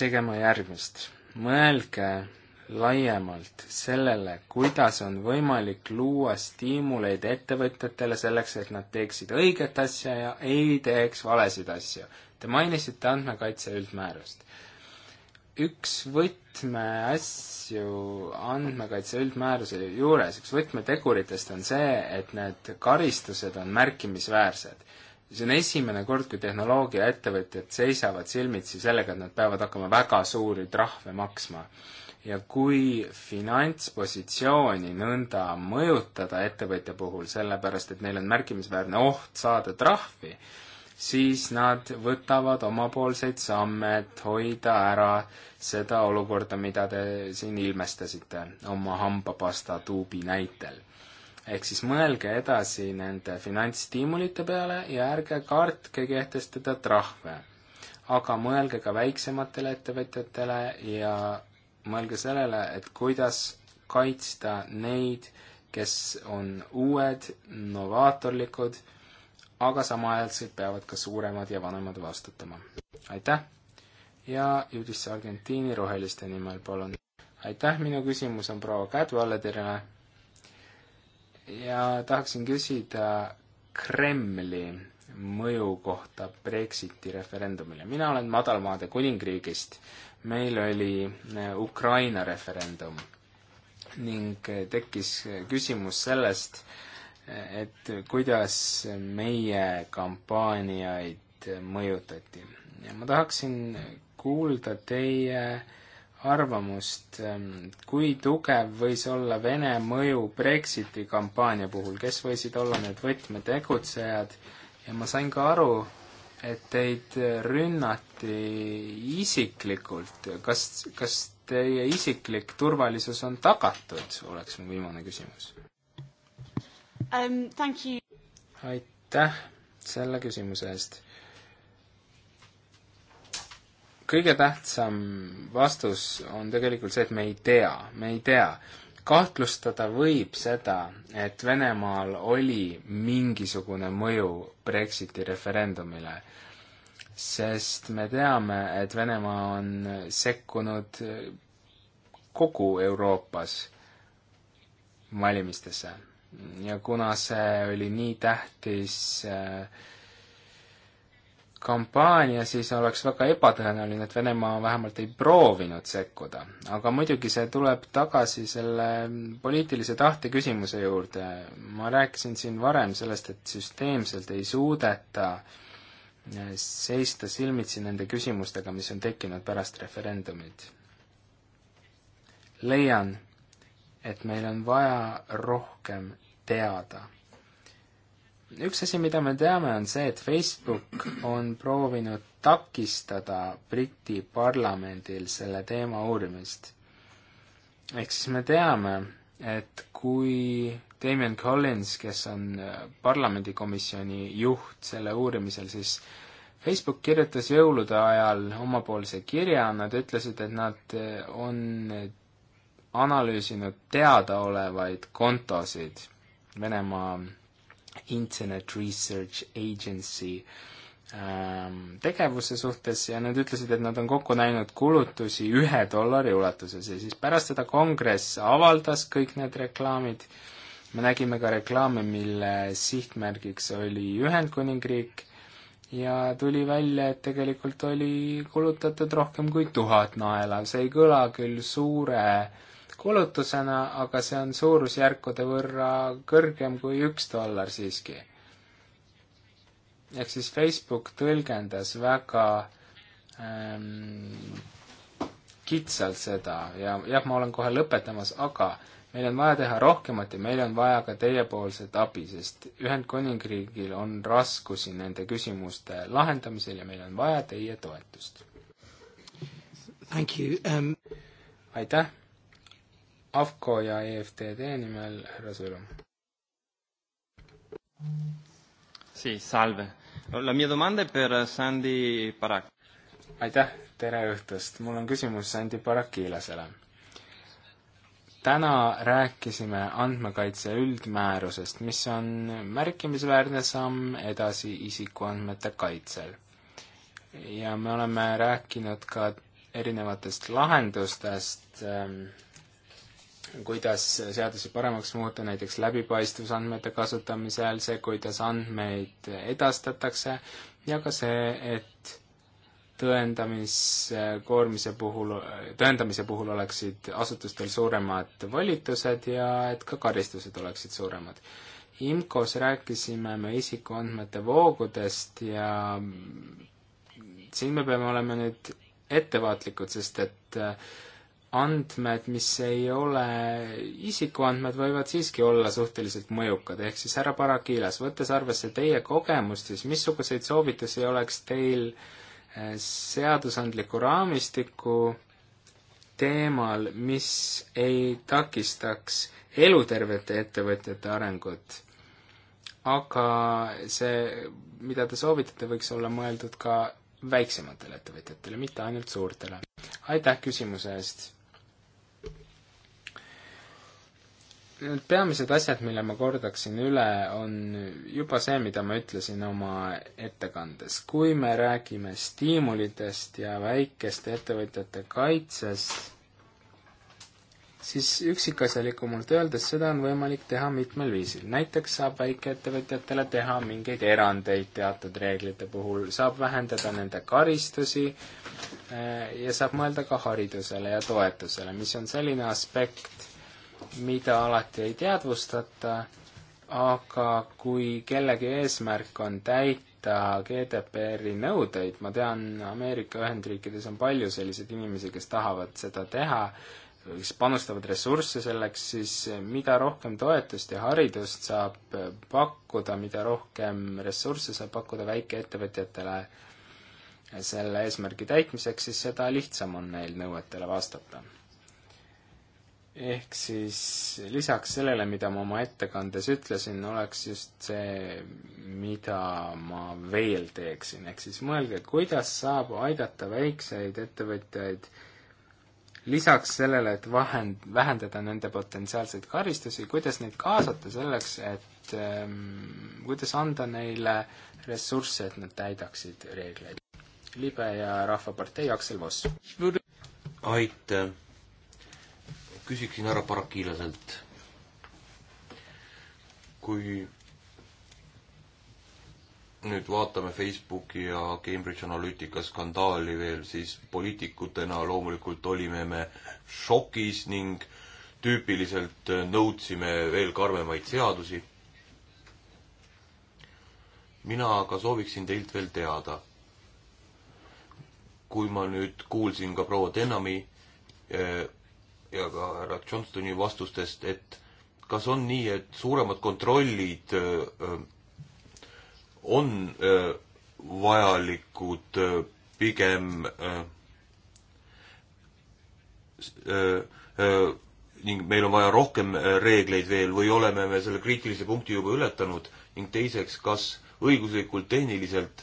tegema järgmist. mõelge laiemalt sellele, kuidas on võimalik luua stiimuleid ettevõtjatele selleks, et nad teeksid õiget asja ja ei teeks valesid asju. Te mainisite andmekaitse üldmäärust. üks võtmeasju andmekaitse üldmääruse juures, üks võtmeteguritest on see, et need karistused on märkimisväärsed see on esimene kord, kui tehnoloogiaettevõtjad seisavad silmitsi sellega, et nad peavad hakkama väga suuri trahve maksma ja kui finantspositsiooni nõnda mõjutada ettevõtja puhul, sellepärast et neil on märkimisväärne oht saada trahvi, siis nad võtavad omapoolseid samme, et hoida ära seda olukorda, mida te siin ilmestasite oma hambapasta tuubi näitel. ehk siis mõelge edasi nende finantsstiimulite peale ja ärge kartke kehtestada trahve. aga mõelge ka väiksematele ettevõtjatele ja mõelge sellele, et kuidas kaitsta neid, kes on uued, novaatorlikud, aga samaaegselt peavad ka suuremad ja vanemad vastutama. aitäh! ja Judisse Argentiini roheliste nimel, palun. aitäh, minu küsimus on proua Kädvalederile ja tahaksin küsida Kremli mõju kohta Brexiti referendumile. mina olen madalmaade kuningriigist, meil oli äh, Ukraina referendum ning äh, tekkis äh, küsimus sellest, et kuidas meie kampaaniaid mõjutati. ja ma tahaksin kuulda teie arvamust, ähm, kui tugev võis olla Vene mõju Brexiti kampaania puhul, kes võisid olla need võtmetegutsejad ja ma sain ka aru, et teid rünnati isiklikult, kas, kas teie isiklik turvalisus on tagatud, oleks mu viimane küsimus um,. aitäh selle küsimuse eest. kõige tähtsam vastus on tegelikult see, et me ei tea, me ei tea kahtlustada võib seda, et Venemaal oli mingisugune mõju Brexiti referendumile, sest me teame, et Venemaa on sekkunud kogu Euroopas valimistesse ja kuna see oli nii tähtis äh, kampaania, siis oleks väga ebatõenäoline, et Venemaa vähemalt ei proovinud sekkuda. aga muidugi see tuleb tagasi selle poliitilise tahte küsimuse juurde. ma rääkisin siin varem sellest, et süsteemselt ei suudeta eh, seista silmitsi nende küsimustega, mis on tekkinud pärast referendumit. leian, et meil on vaja rohkem teada üks asi, mida me teame, on see, et Facebook on proovinud takistada Briti parlamendil selle teema uurimist. ehk siis me teame, et kui Damien Collins, kes on äh, parlamendikomisjoni juht selle uurimisel, siis Facebook kirjutas jõulude ajal omapoolse kirja, nad ütlesid, et nad äh, on analüüsinud teadaolevaid kontosid Venemaa Internet Research Agency ähm, tegevuse suhtes ja nad ütlesid, et nad on kokku näinud kulutusi ühe dollari ulatuses ja siis pärast seda kongress avaldas kõik need reklaamid. me nägime ka reklaame, mille sihtmärgiks oli Ühendkuningriik ja tuli välja, et tegelikult oli kulutatud rohkem kui tuhat naela, see ei kõla küll suure äh, kulutusena, aga see on suurusjärkude võrra kõrgem kui üks dollar siiski. ehk siis Facebook tõlgendas väga ähm, kitsalt seda ja jah, ma olen kohe lõpetamas, aga meil on vaja teha rohkemat ja meil on vaja ka teiepoolset abi, sest Ühendkuningriigil on raskusi nende küsimuste lahendamisel ja meil on vaja teie toetust. Um... aitäh AFCO ja EFTD nimel härra Sõõrum. Sì, salve. La mia domanda è per Sandy Parak. aitäh, tere õhtust, mul on küsimus Sandy Parakilasele. täna rääkisime andmekaitse üldmäärusest, mis on märkimisväärne samm edasi isikuandmete kaitsel. ja me oleme rääkinud ka erinevatest lahendustest ähm, kuidas seadusi paremaks muuta, näiteks läbipaistvus andmete kasutamisel, see, kuidas andmeid edastatakse ja ka see, et tõendamiskoormise puhul, tõendamise puhul oleksid asutustel suuremad volitused ja et ka karistused oleksid suuremad. IMCO-s rääkisime me isikuandmete voogudest ja siin me peame olema nüüd ettevaatlikud, sest et äh, andmed, mis ei ole isikuandmed, võivad siiski olla suhteliselt mõjukad, ehk siis härra Barakilas, võttes arvesse teie kogemust, siis missuguseid soovitusi oleks teil eh, seadusandliku raamistiku teemal, mis ei takistaks elutervete ettevõtjate arengut? aga see, mida te soovitate, võiks olla mõeldud ka väiksematele ettevõtjatele, mitte ainult suurtele. aitäh küsimuse eest! Need peamised asjad, mille ma kordaksin üle, on juba see, mida ma ütlesin oma ettekandes. kui me räägime stiimulitest ja väikeste ettevõtjate kaitsest, siis üksikasjalikumalt öeldes seda on võimalik teha mitmel viisil. näiteks saab väikeettevõtjatele teha mingeid erandeid teatud reeglite puhul, saab vähendada nende karistusi eh, ja saab mõelda ka haridusele ja toetusele, mis on selline aspekt, mida alati ei teadvustata, aga kui kellegi eesmärk on täita GDPR-i nõudeid, ma tean, Ameerika Ühendriikides on palju selliseid inimesi, kes tahavad seda teha, kes panustavad ressursse selleks, siis mida rohkem toetust ja haridust saab pakkuda, mida rohkem ressursse saab pakkuda väikeettevõtjatele selle eesmärgi täitmiseks, siis seda lihtsam on neil nõuetele vastata ehk siis lisaks sellele, mida ma oma ettekandes ütlesin, oleks just see, mida ma veel teeksin, ehk siis mõelge, kuidas saab aidata väikseid ettevõtjaid lisaks sellele, et vahend, vähendada nende potentsiaalseid karistusi, kuidas neid kaasata selleks, et ähm, kuidas anda neile ressursse, et nad täidaksid reegleid. libe ja Rahvapartei Aksel Voss. aitäh küsiksin härra Barakilaselt, kui nüüd vaatame Facebooki ja Cambridge Analytica skandaali veel, siis poliitikutena loomulikult olime me šokis ning tüüpiliselt nõudsime veel karmemaid seadusi. mina aga sooviksin teilt veel teada. kui ma nüüd kuulsin ka proua Denami eh, ja ka härra Johnstoni vastustest, et kas on nii, et suuremad kontrollid öö, äh, äh, on öö, äh, vajalikud öö, pigem ning meil on vaja rohkem reegleid veel või oleme me selle kriitilise punkti juba ületanud ning teiseks, kas õiguslikult, tehniliselt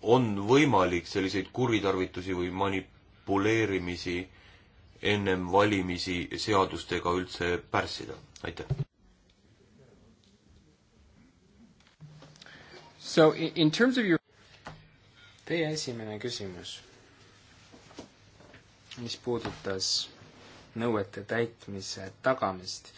on võimalik selliseid kuritarvitusi või manipuleerimisi ennem valimisi seadustega üldse pärssida, aitäh. So in terms of your Teie esimene küsimus, mis puudutas nõuete täitmise tagamist.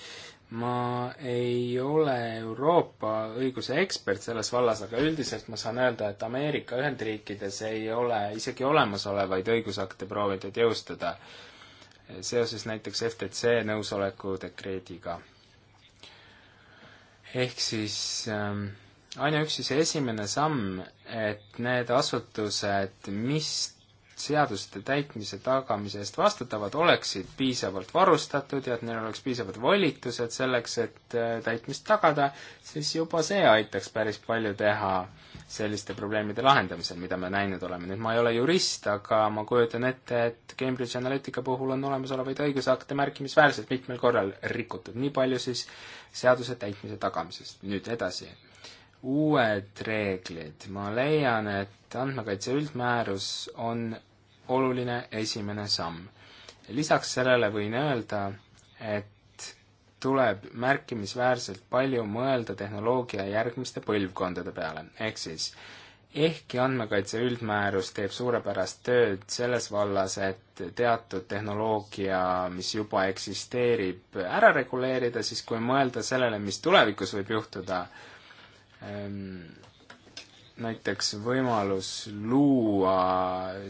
ma ei ole Euroopa õiguse ekspert selles vallas, aga üldiselt ma saan öelda, et Ameerika Ühendriikides ei ole isegi olemasolevaid õigusakte proovitud jõustada äh, seoses näiteks FTC nõusoleku dekreediga. ehk siis ähm, ainuüksi see esimene samm, et need asutused, mis seaduste täitmise tagamise eest vastutavad, oleksid piisavalt varustatud ja et neil oleks piisavad volitused selleks, et äh, täitmist tagada, siis juba see aitaks päris palju teha selliste probleemide lahendamisel, mida me näinud oleme. nüüd ma ei ole jurist, aga ma kujutan ette, et Cambridge Analytica puhul on olemasolevaid õigusakte märkimisväärselt mitmel korral rikutud, nii palju siis seaduse täitmise tagamisest. nüüd edasi uued reeglid. ma leian, et andmekaitse üldmäärus on oluline esimene samm. lisaks sellele võin öelda, et tuleb märkimisväärselt palju mõelda tehnoloogia järgmiste põlvkondade peale, ehk siis ehkki andmekaitse üldmäärus teeb suurepärast tööd selles vallas, et teatud tehnoloogia, mis juba eksisteerib, ära reguleerida, siis kui mõelda sellele, mis tulevikus võib juhtuda ähm,, näiteks võimalus luua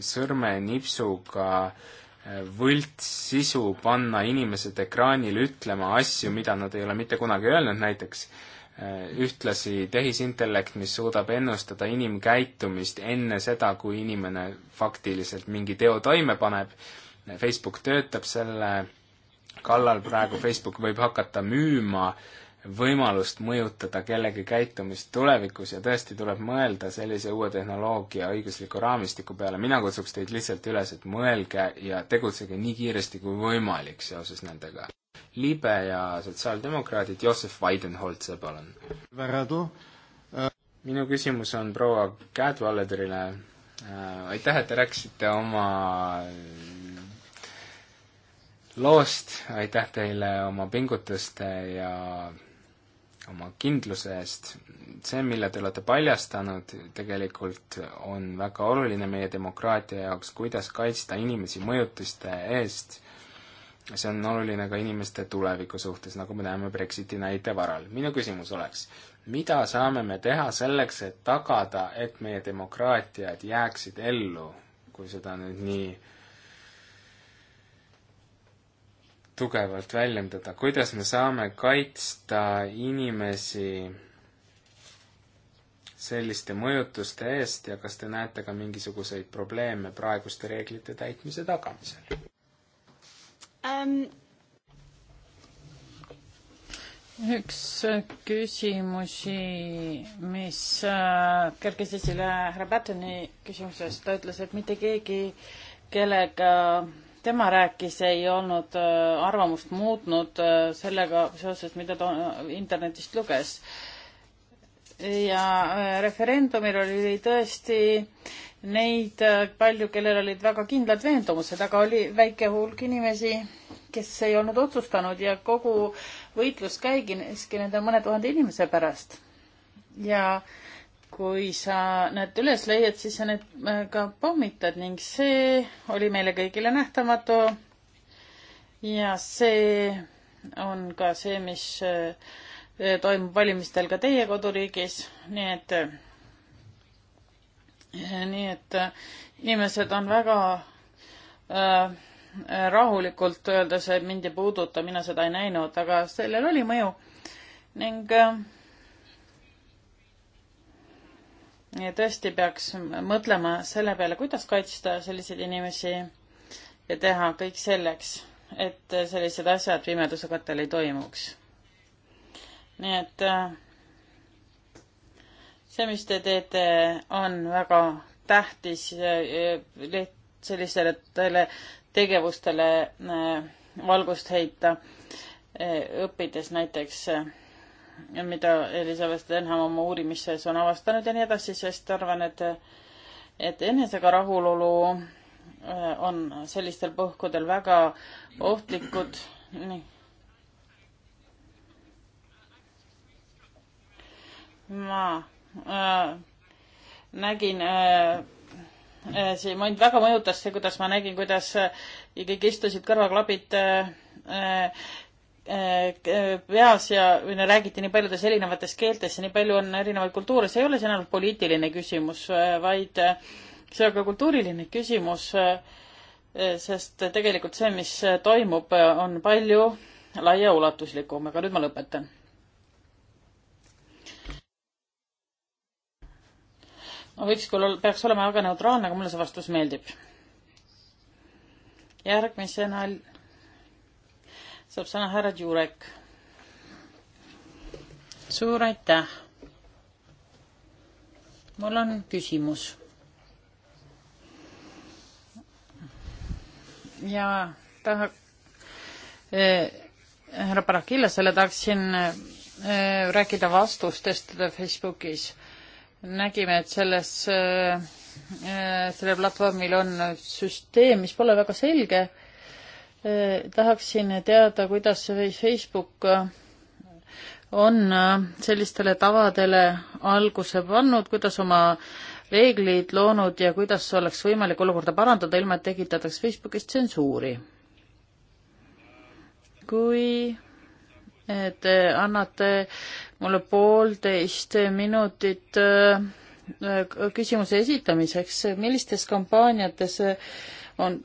sõrmenipsuga eh, võltssisu, panna inimesed ekraanil ütlema asju, mida nad ei ole mitte kunagi öelnud, näiteks eh, ühtlasi tehisintellekt, mis suudab ennustada inimkäitumist enne seda, kui inimene faktiliselt mingi teo toime paneb. Facebook töötab selle kallal praegu, Facebook võib hakata müüma äh, võimalust mõjutada kellegi käitumist tulevikus ja tõesti tuleb mõelda sellise uue tehnoloogia õigusliku raamistiku peale. mina kutsuks teid lihtsalt üles, et mõelge ja tegutsege nii kiiresti kui võimalik seoses nendega. libe ja sotsiaaldemokraadid, Josef Weidenholzer, palun. minu küsimus on proua Käed Vallerile. Äh, aitäh, et te rääkisite oma äh, loost, aitäh teile oma pingutuste ja oma kindluse eest. see, mille te olete paljastanud, tegelikult on väga oluline meie demokraatia jaoks, kuidas kaitsta inimesi mõjutuste eest. see on oluline ka inimeste tuleviku suhtes, nagu me näeme Brexiti näite varal. minu küsimus oleks, mida saame me teha selleks, et tagada, et meie demokraatiad jääksid ellu, kui seda nüüd nii äh, tugevalt väljendada, kuidas me saame kaitsta inimesi selliste mõjutuste eest ja kas te näete ka mingisuguseid probleeme praeguste reeglite täitmise tagamisel um...? üks küsimusi, mis äh, kerkis esile härra Pattoni küsimuses, ta ütles, et mitte keegi, kellega tema rääkis, ei olnud äh, arvamust muutnud äh, sellega seoses, mida ta internetist luges. ja äh, referendumil oli tõesti neid palju, kellel olid väga kindlad veendumused, aga oli väike hulk inimesi, kes ei olnud otsustanud ja kogu võitlus käigiski nende mõne tuhande inimese pärast. ja äh, kui sa need üles leiad, siis sa need äh, ka pommitad ning see oli meile kõigile nähtamatu. ja see on ka see, mis äh, toimub valimistel ka teie koduriigis, nii et, äh, nii et inimesed on väga äh, rahulikult öeldes, et mind ei puuduta, mina seda ei näinud, aga sellel oli mõju ning äh, Ja tõesti peaks mõtlema selle peale, kuidas kaitsta selliseid inimesi ja teha kõik selleks, et sellised asjad pimeduse kattel ei toimuks. nii et äh, see, mis te teete, on väga tähtis äh, äh, sellistele tegevustele valgust heita, õppides näiteks mida Elizabeth Denham oma uurimises on avastanud ja nii edasi, sest arvan, et, et enesega rahulolu äh, on sellistel põhkudel väga ohtlikud. ma äh, nägin äh, äh, see mind väga mõjutas see, kuidas ma nägin, kuidas ikkagi istusid kõrvaklapid äh, äh Äh, peas ja räägiti nii paljudes erinevates keeltes ja nii palju on erinevaid kultuure, see ei ole see ainult poliitiline küsimus, äh, vaid äh, see on ka kultuuriline küsimus, sest tegelikult see, mis toimub, on palju laiaulatuslikum, aga nüüd ma lõpetan. ma võiks küll, peaks olema väga neutraalne, aga mulle see vastus meeldib. järgmisena saab sõna härra Jurek. suur aitäh. mul on küsimus. ja taha- eh,, härra Barakillasele tahaksin eh, rääkida vastustest Facebookis. nägime, et selles eh,, e, sellel platvormil on süsteem, mis pole väga selge tahaksin teada, kuidas Facebook äh, on äh, sellistele tavadele alguse pannud, kuidas oma reeglid loonud ja kuidas oleks võimalik olukorda parandada, ilma et tekitataks Facebookis tsensuuri? kui te annate mulle poolteist minutit äh, küsimuse esitamiseks, millistes kampaaniates on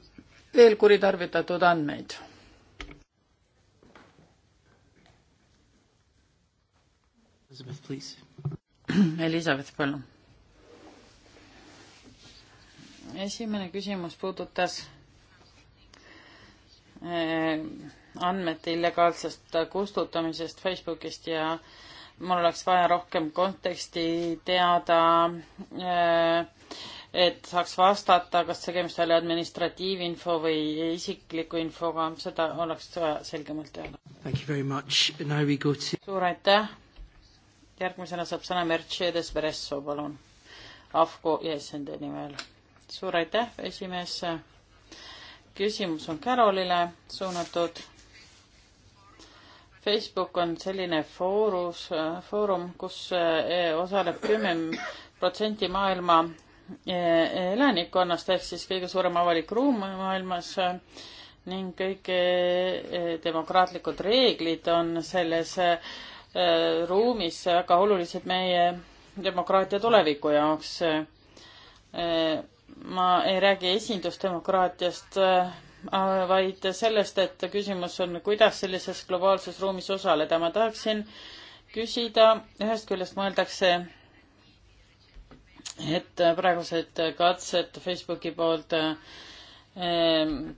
veel kuritarvitatud andmeid. Elizabeth, palun. esimene küsimus puudutas eh, andmete illegaalsest kustutamisest Facebookist ja mul oleks vaja rohkem konteksti teada äh, et saaks vastata, kas tegemist oli administratiivinfo või isikliku infoga, seda oleks vaja selgemalt teada. To... suur aitäh. järgmisena saab sõna Mercedes Bresso, palun. Afko ja SND nimel. suur aitäh, esimees. küsimus on Carolile suunatud. Facebook on selline foorus, äh, foorum, kus äh, osaleb kümme protsenti maailma elanikkonnast ehk siis kõige suurem avalik ruum maailmas äh, ning kõik äh, demokraatlikud reeglid on selles äh, ruumis väga olulised meie demokraatia tuleviku jaoks. ma ei räägi esindusdemokraatiast, vaid sellest, et küsimus on, kuidas sellises globaalses ruumis osaleda. ma tahaksin küsida, ühest küljest mõeldakse et äh, praegused katsed Facebooki poolt äh,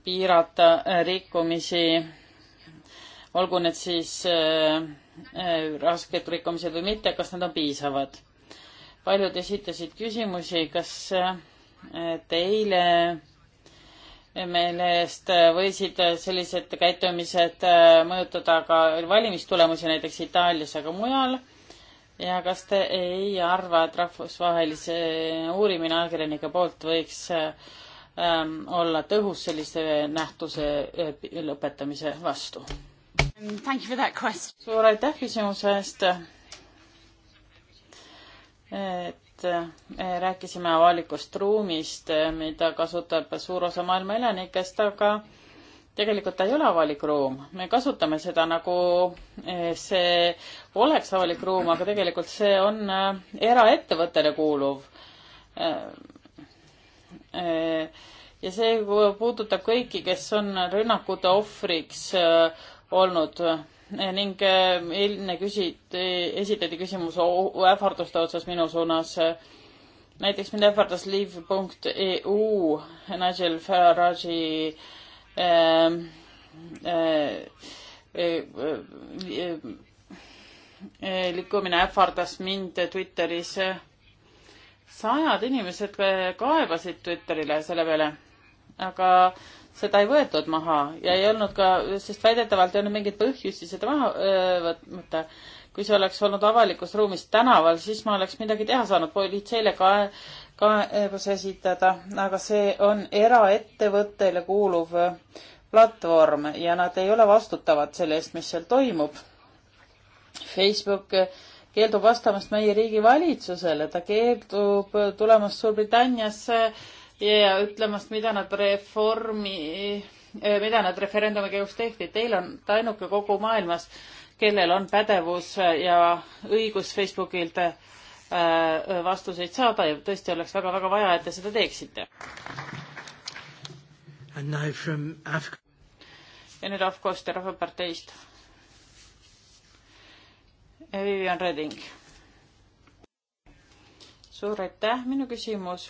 piirata äh, rikkumisi, olgu need siis rasked rikkumised või mitte, kas need on piisavad? paljud esitasid küsimusi, kas teile meelest võisid sellised käitumised mõjutada ka valimistulemusi näiteks Itaalias, aga mujal ja kas te ei arva, et rahvusvahelise uurimine ajakirjanike poolt võiks ähm, olla tõhus sellise nähtuse äh, lõpetamise vastu? suur aitäh küsimuse eest. et äh, rääkisime avalikust ruumist, äh, mida kasutab suur osa maailma elanikest, aga tegelikult ta ei ole avalik ruum, me kasutame seda nagu eh, see oleks avalik ruum, aga tegelikult see on eh, eraettevõttele kuuluv. Eh, ja see puudutab kõiki, kes on rünnakute ohvriks olnud ning eilne küsiti, esitati küsimus ähvarduste otsas minu suunas näiteks mind ähvardas liiv.eu Nigel Farage'i Ähm, äh, äh, äh, liikumine ähvardas mind Twitteris. sajad inimesed kaebasid Twitterile selle peale, aga seda ei võetud maha ja ei olnud ka, sest väidetavalt ei olnud mingeid põhjusi seda maha võtta kui see oleks olnud avalikus ruumis tänaval, siis ma oleks midagi teha saanud, politseile ka kaebus esitada, aga see on eraettevõttele kuuluv äh, platvorm ja nad ei ole vastutavad selle eest, mis seal toimub. Facebook äh, keeldub vastamast meie riigi valitsusele, ta keeldub äh, tulemast Suurbritanniasse ja ütlemast, mida nad reformi, mida nad referendumi käigus tehti. Teil on ta ainuke kogu maailmas, kellel on pädevus ja õigus Facebookilt äh, äh, vastuseid saada ja tõesti oleks väga-väga vaja, et te seda teeksite. ja nüüd Afgoste Rahvaparteist. Vivian Reding. suur aitäh, minu küsimus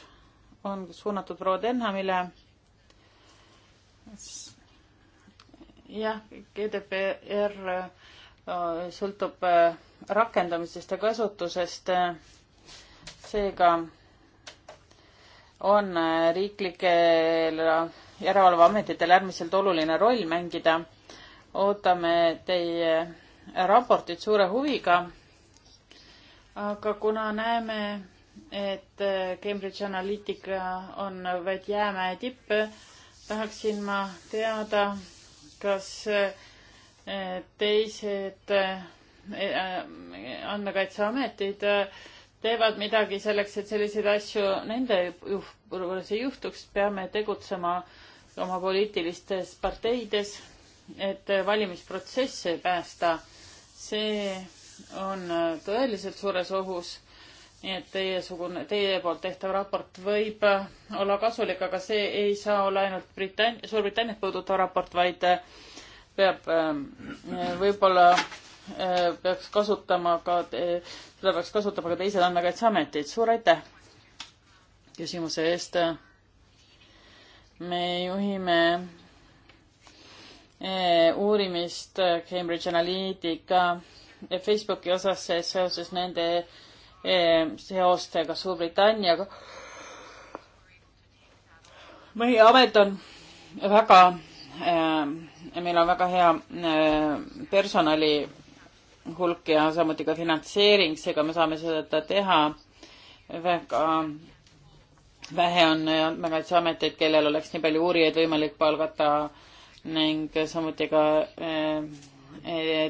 on suunatud proua Denhamile. jah, GDPR Äh, sõltub äh, rakendamisest ja kasutusest. Äh, seega on riiklikel järelevalveametitel äärmiselt oluline roll mängida. ootame teie raportit suure huviga. aga kuna näeme, et Cambridge Analytica on vaid jäämäe tipp, tahaksin ma teada, kas äh, teised eh, andmekaitseametid eh, teevad midagi selleks, et selliseid asju nende juhtumis ei juhtuks, peame tegutsema oma poliitilistes parteides, et valimisprotsesse päästa. see on tõeliselt suures ohus. nii et teiesugune, teie poolt tehtav raport võib olla kasulik, aga see ei saa olla ainult Britann-, Suurbritanniat puudutav raport, vaid äh, peab ähm, võib-olla äh, peaks kasutama ka, seda peaks kasutama ka teised andmekaitseametid. suur aitäh küsimuse eest. me juhime äh, uurimist äh, Cambridge Analytica Facebooki osas seoses nende seostega Suurbritanniaga. meie amet on väga äh, meil on väga hea äh, personali hulk ja samuti ka finantseering, seega me saame seda teha väga vähe on andmekaitseameteid, kellel oleks nii palju uurijaid võimalik palgata ning samuti ka eh,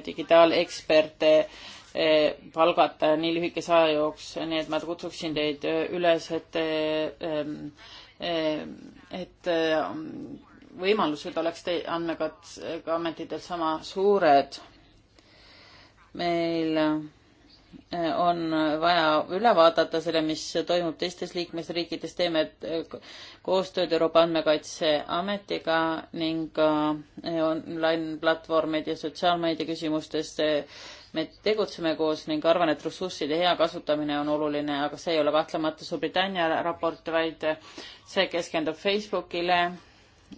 digitaaleksperte eh, palgata nii lühikese aja jooks, nii et ma kutsuksin teid üles, et eh, et võimalused oleks andmekaitseametitel sama suured. meil äh, on vaja üle vaadata selle, mis toimub teistes liikmesriikides, teeme äh, koostööd Euroopa Andmekaitseametiga ning äh, online platvormid ja sotsiaalmeedia küsimustes me tegutseme koos ning arvan, et ressursside hea kasutamine on oluline, aga see ei ole kahtlemata Suurbritannia raport, vaid see keskendub Facebookile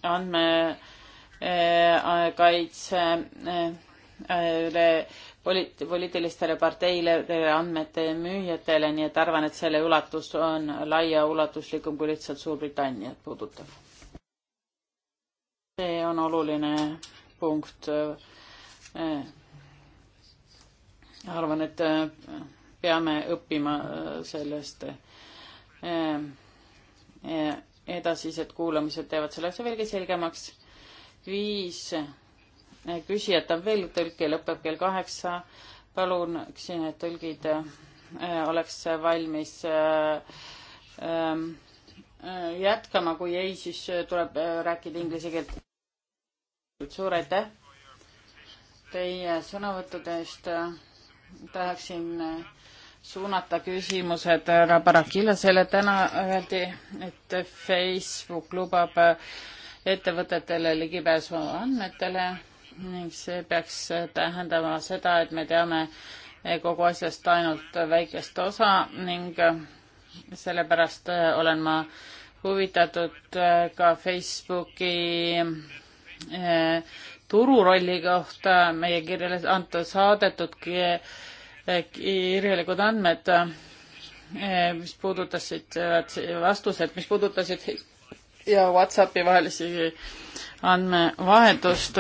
andmekaitsele eh, eh, eh, poliit-, poliitilistele parteile, andmete müüjatele, nii et arvan, et selle ulatus on laiaulatuslikum kui lihtsalt Suurbritanniat puudutav. see on oluline punkt. arvan, et peame õppima sellest edasised kuulamised teevad selle asja veelgi selgemaks. viis küsijat on veel, tõlke lõpeb kell kaheksa. palun, siin need tõlgid äh, oleks valmis äh, ähm, äh, jätkama, kui ei, siis tuleb rääkida inglise keelt. suur aitäh teie sõnavõttude eest. tahaksin suunata küsimused äh, härra Barakilasele. täna öeldi, et Facebook lubab äh, ettevõtetele ligipääsu andmetele ning see peaks äh, tähendama seda, et me teame kogu asjast ainult väikest osa ning sellepärast olen ma huvitatud ka Facebooki tururolli kohta meie kirjale antud saadetud kirjalikud andmed, eh, mis puudutasid, eh, vastused, mis puudutasid ja Whatsappi vahelisi andmevahetust.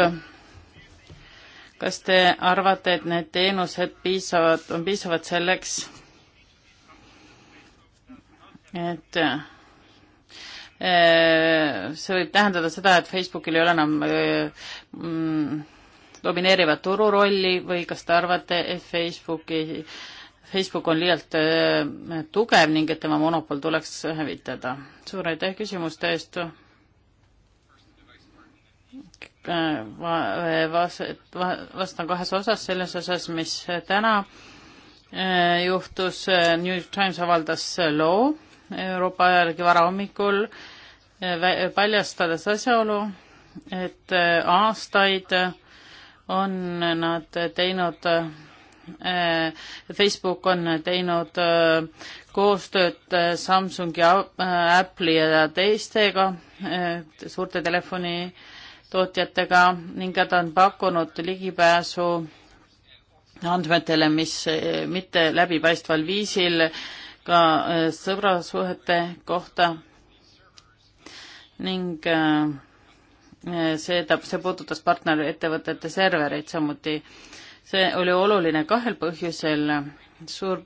kas te arvate, et need teenused piisavad, on piisavad selleks, et eh, see võib tähendada seda, et Facebookil ei ole enam mm, domineerivat tururolli või kas te arvate, et Facebooki, Facebook on liialt äh, tugev ning et tema monopol tuleks hävitada? suur aitäh küsimuste eest vastan kahes osas, selles osas, mis täna äh, juhtus, äh, New York Times avaldas loo Euroopa ajalegi varahommikul, paljastades asjaolu, et aastaid äh, on nad teinud äh, Facebook on teinud äh, koostööd äh, Samsungi, Apple'i ja teistega, suurte telefonitootjatega ning nad on pakkunud ligipääsu andmetele, mis mitte läbipaistval viisil ka sõbrasuhete kohta ning äh, Eh, seda, see puudutas partnerettevõtete servereid samuti. see oli oluline kahel põhjusel. suur,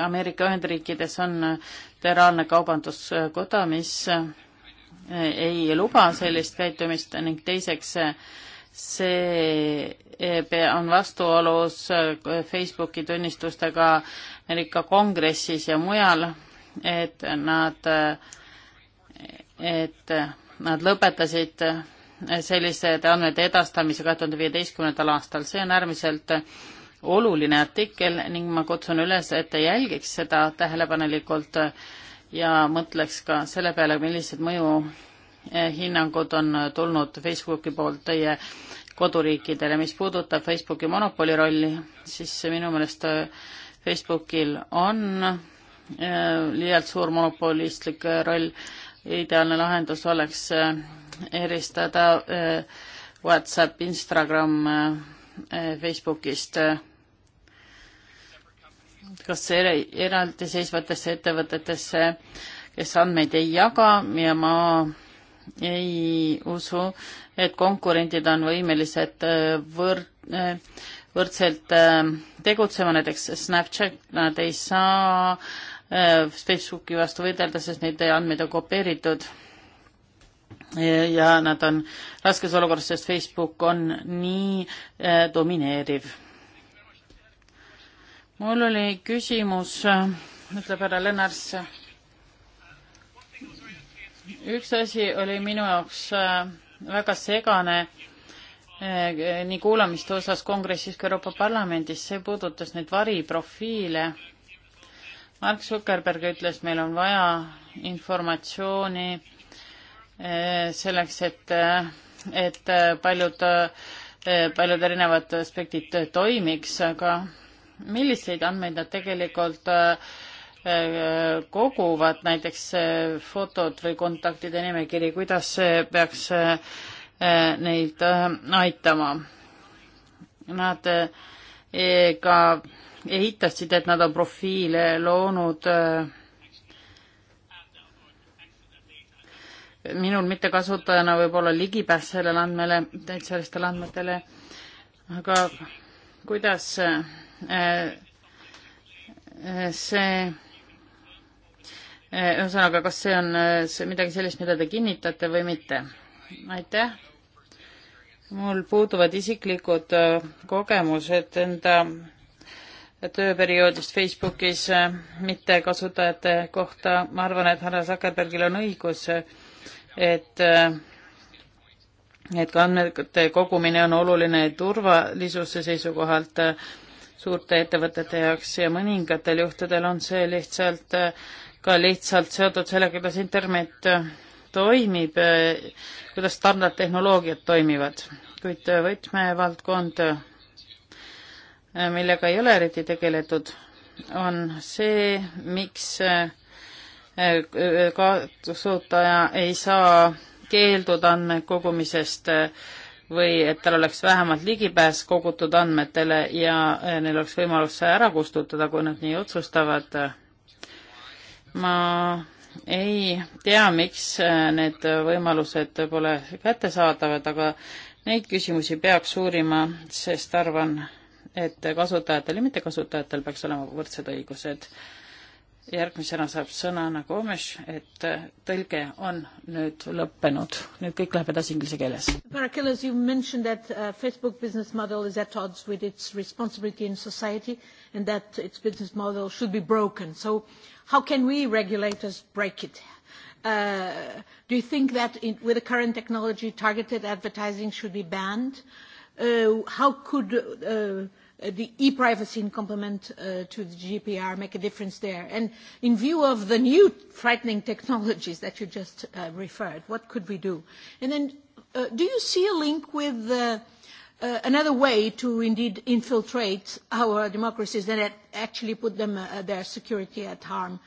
Ameerika Ühendriikides on Föderaalne Kaubanduskoda, mis eh, ei luba sellist käitumist ning teiseks see eh, on vastuolus Facebooki tunnistustega Ameerika Kongressis ja mujal, et nad, et nad lõpetasid selliste andmete edastamise kahe tuhande viieteistkümnendal aastal. see on äärmiselt oluline artikkel ning ma kutsun üles, et te jälgiks seda tähelepanelikult ja mõtleks ka selle peale, millised mõjuhinnangud eh, on tulnud Facebooki poolt teie koduriikidele. mis puudutab Facebooki monopoli rolli, siis minu meelest eh, Facebookil on eh, liialt suur monopolistlik roll. ideaalne lahendus oleks eristada äh, Whatsapp, Instagram äh, äh, Facebookist. kas eraldiseisvatesse ettevõtetesse, kes andmeid ei jaga ja ma ei usu, et konkurendid on võimelised võrd-, võrdselt tegutsema, näiteks Snapchat, nad ei saa Facebooki vastu võidelda, sest neid andmeid on kopeeritud ja nad on raskes olukorras, sest Facebook on nii äh, domineeriv. mul oli küsimus, äh, ütleb härra Lennarts. üks asi oli minu jaoks äh, väga segane nii kuulamiste osas kongressis kui Euroopa Parlamendis, see puudutas neid variprofiile. Mark Zuckerberg ütles, meil on vaja informatsiooni Eh, selleks, et, eh, et eh, paljud, paljud erinevad aspektid toimiks, aga milliseid andmeid nad tegelikult koguvad, näiteks fotod või kontaktide nimekiri, kuidas see peaks neid aitama? Nad ka ehitasid, et nad on profiile loonud äh, minul mittekasutajana võib olla ligipääs sellele andmele, sellistele andmetele, aga kuidas äh, äh, see äh, ühesõnaga, kas see on see midagi sellist, mida te kinnitate või mitte? aitäh. mul puuduvad isiklikud kogemused enda tööperioodist Facebookis mittekasutajate kohta. ma arvan, et härra Zuckerbergil on õigus et et ka andmete kogumine on oluline turvalisuse seisukohalt suurte ettevõtete jaoks ja mõningatel juhtudel on see lihtsalt ka lihtsalt seotud sellega, kuidas internet toimib, kuidas standardtehnoloogiad toimivad, kuid võtmevaldkond, millega ei ole eriti tegeletud, on see, miks kasutaja ei saa keelduda andmekogumisest või et tal oleks vähemalt ligipääs kogutud andmetele ja e, neil oleks võimalus see ära kustutada, kui nad nii otsustavad. ma ei tea, miks e, need võimalused pole kättesaadavad, aga neid küsimusi peaks uurima, sest arvan, et kasutajatel ja mittekasutajatel peaks olema võrdsed õigused järgmisena saab sõna nagu Omes, et äh, tõlge on nüüd lõppenud, nüüd kõik läheb edasi inglise keeles. Parakelis, you mentioned that uh, Facebook business model is at odds with its responsibility in society and that its business model should be broken. So how can we regulators break it? Uh, do you think that in, with the current technology, targeted advertising should be banned? Uh, how could uh, uh, the e-privacy in complement uh, to the GDPR make a difference there? And in view of the new frightening technologies that you just uh, referred, what could we do? And then uh, do you see a link with uh, uh, another way to indeed infiltrate our democracies and actually put them, uh, their security at harm uh,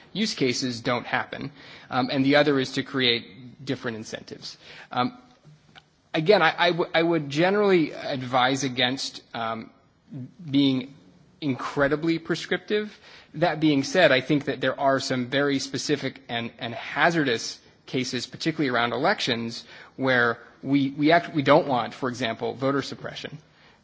use cases don't happen. Um, and the other is to create different incentives. Um, again, I, I, w- I would generally advise against um, being incredibly prescriptive. That being said, I think that there are some very specific and, and hazardous cases, particularly around elections, where we, we, act, we don't want, for example, voter suppression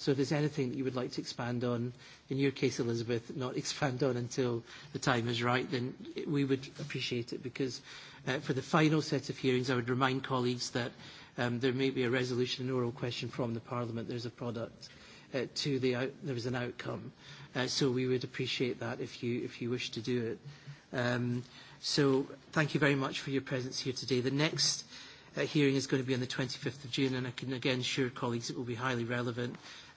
So if there's anything that you would like to expand on, in your case, Elizabeth, not expand on until the time is right, then we would appreciate it because uh, for the final set of hearings, I would remind colleagues that um, there may be a resolution, an oral question from the Parliament. There's a product uh, to the out, there is an outcome. Uh, so we would appreciate that if you, if you wish to do it. Um, so thank you very much for your presence here today. The next uh, hearing is going to be on the 25th of June, and I can again assure colleagues it will be highly relevant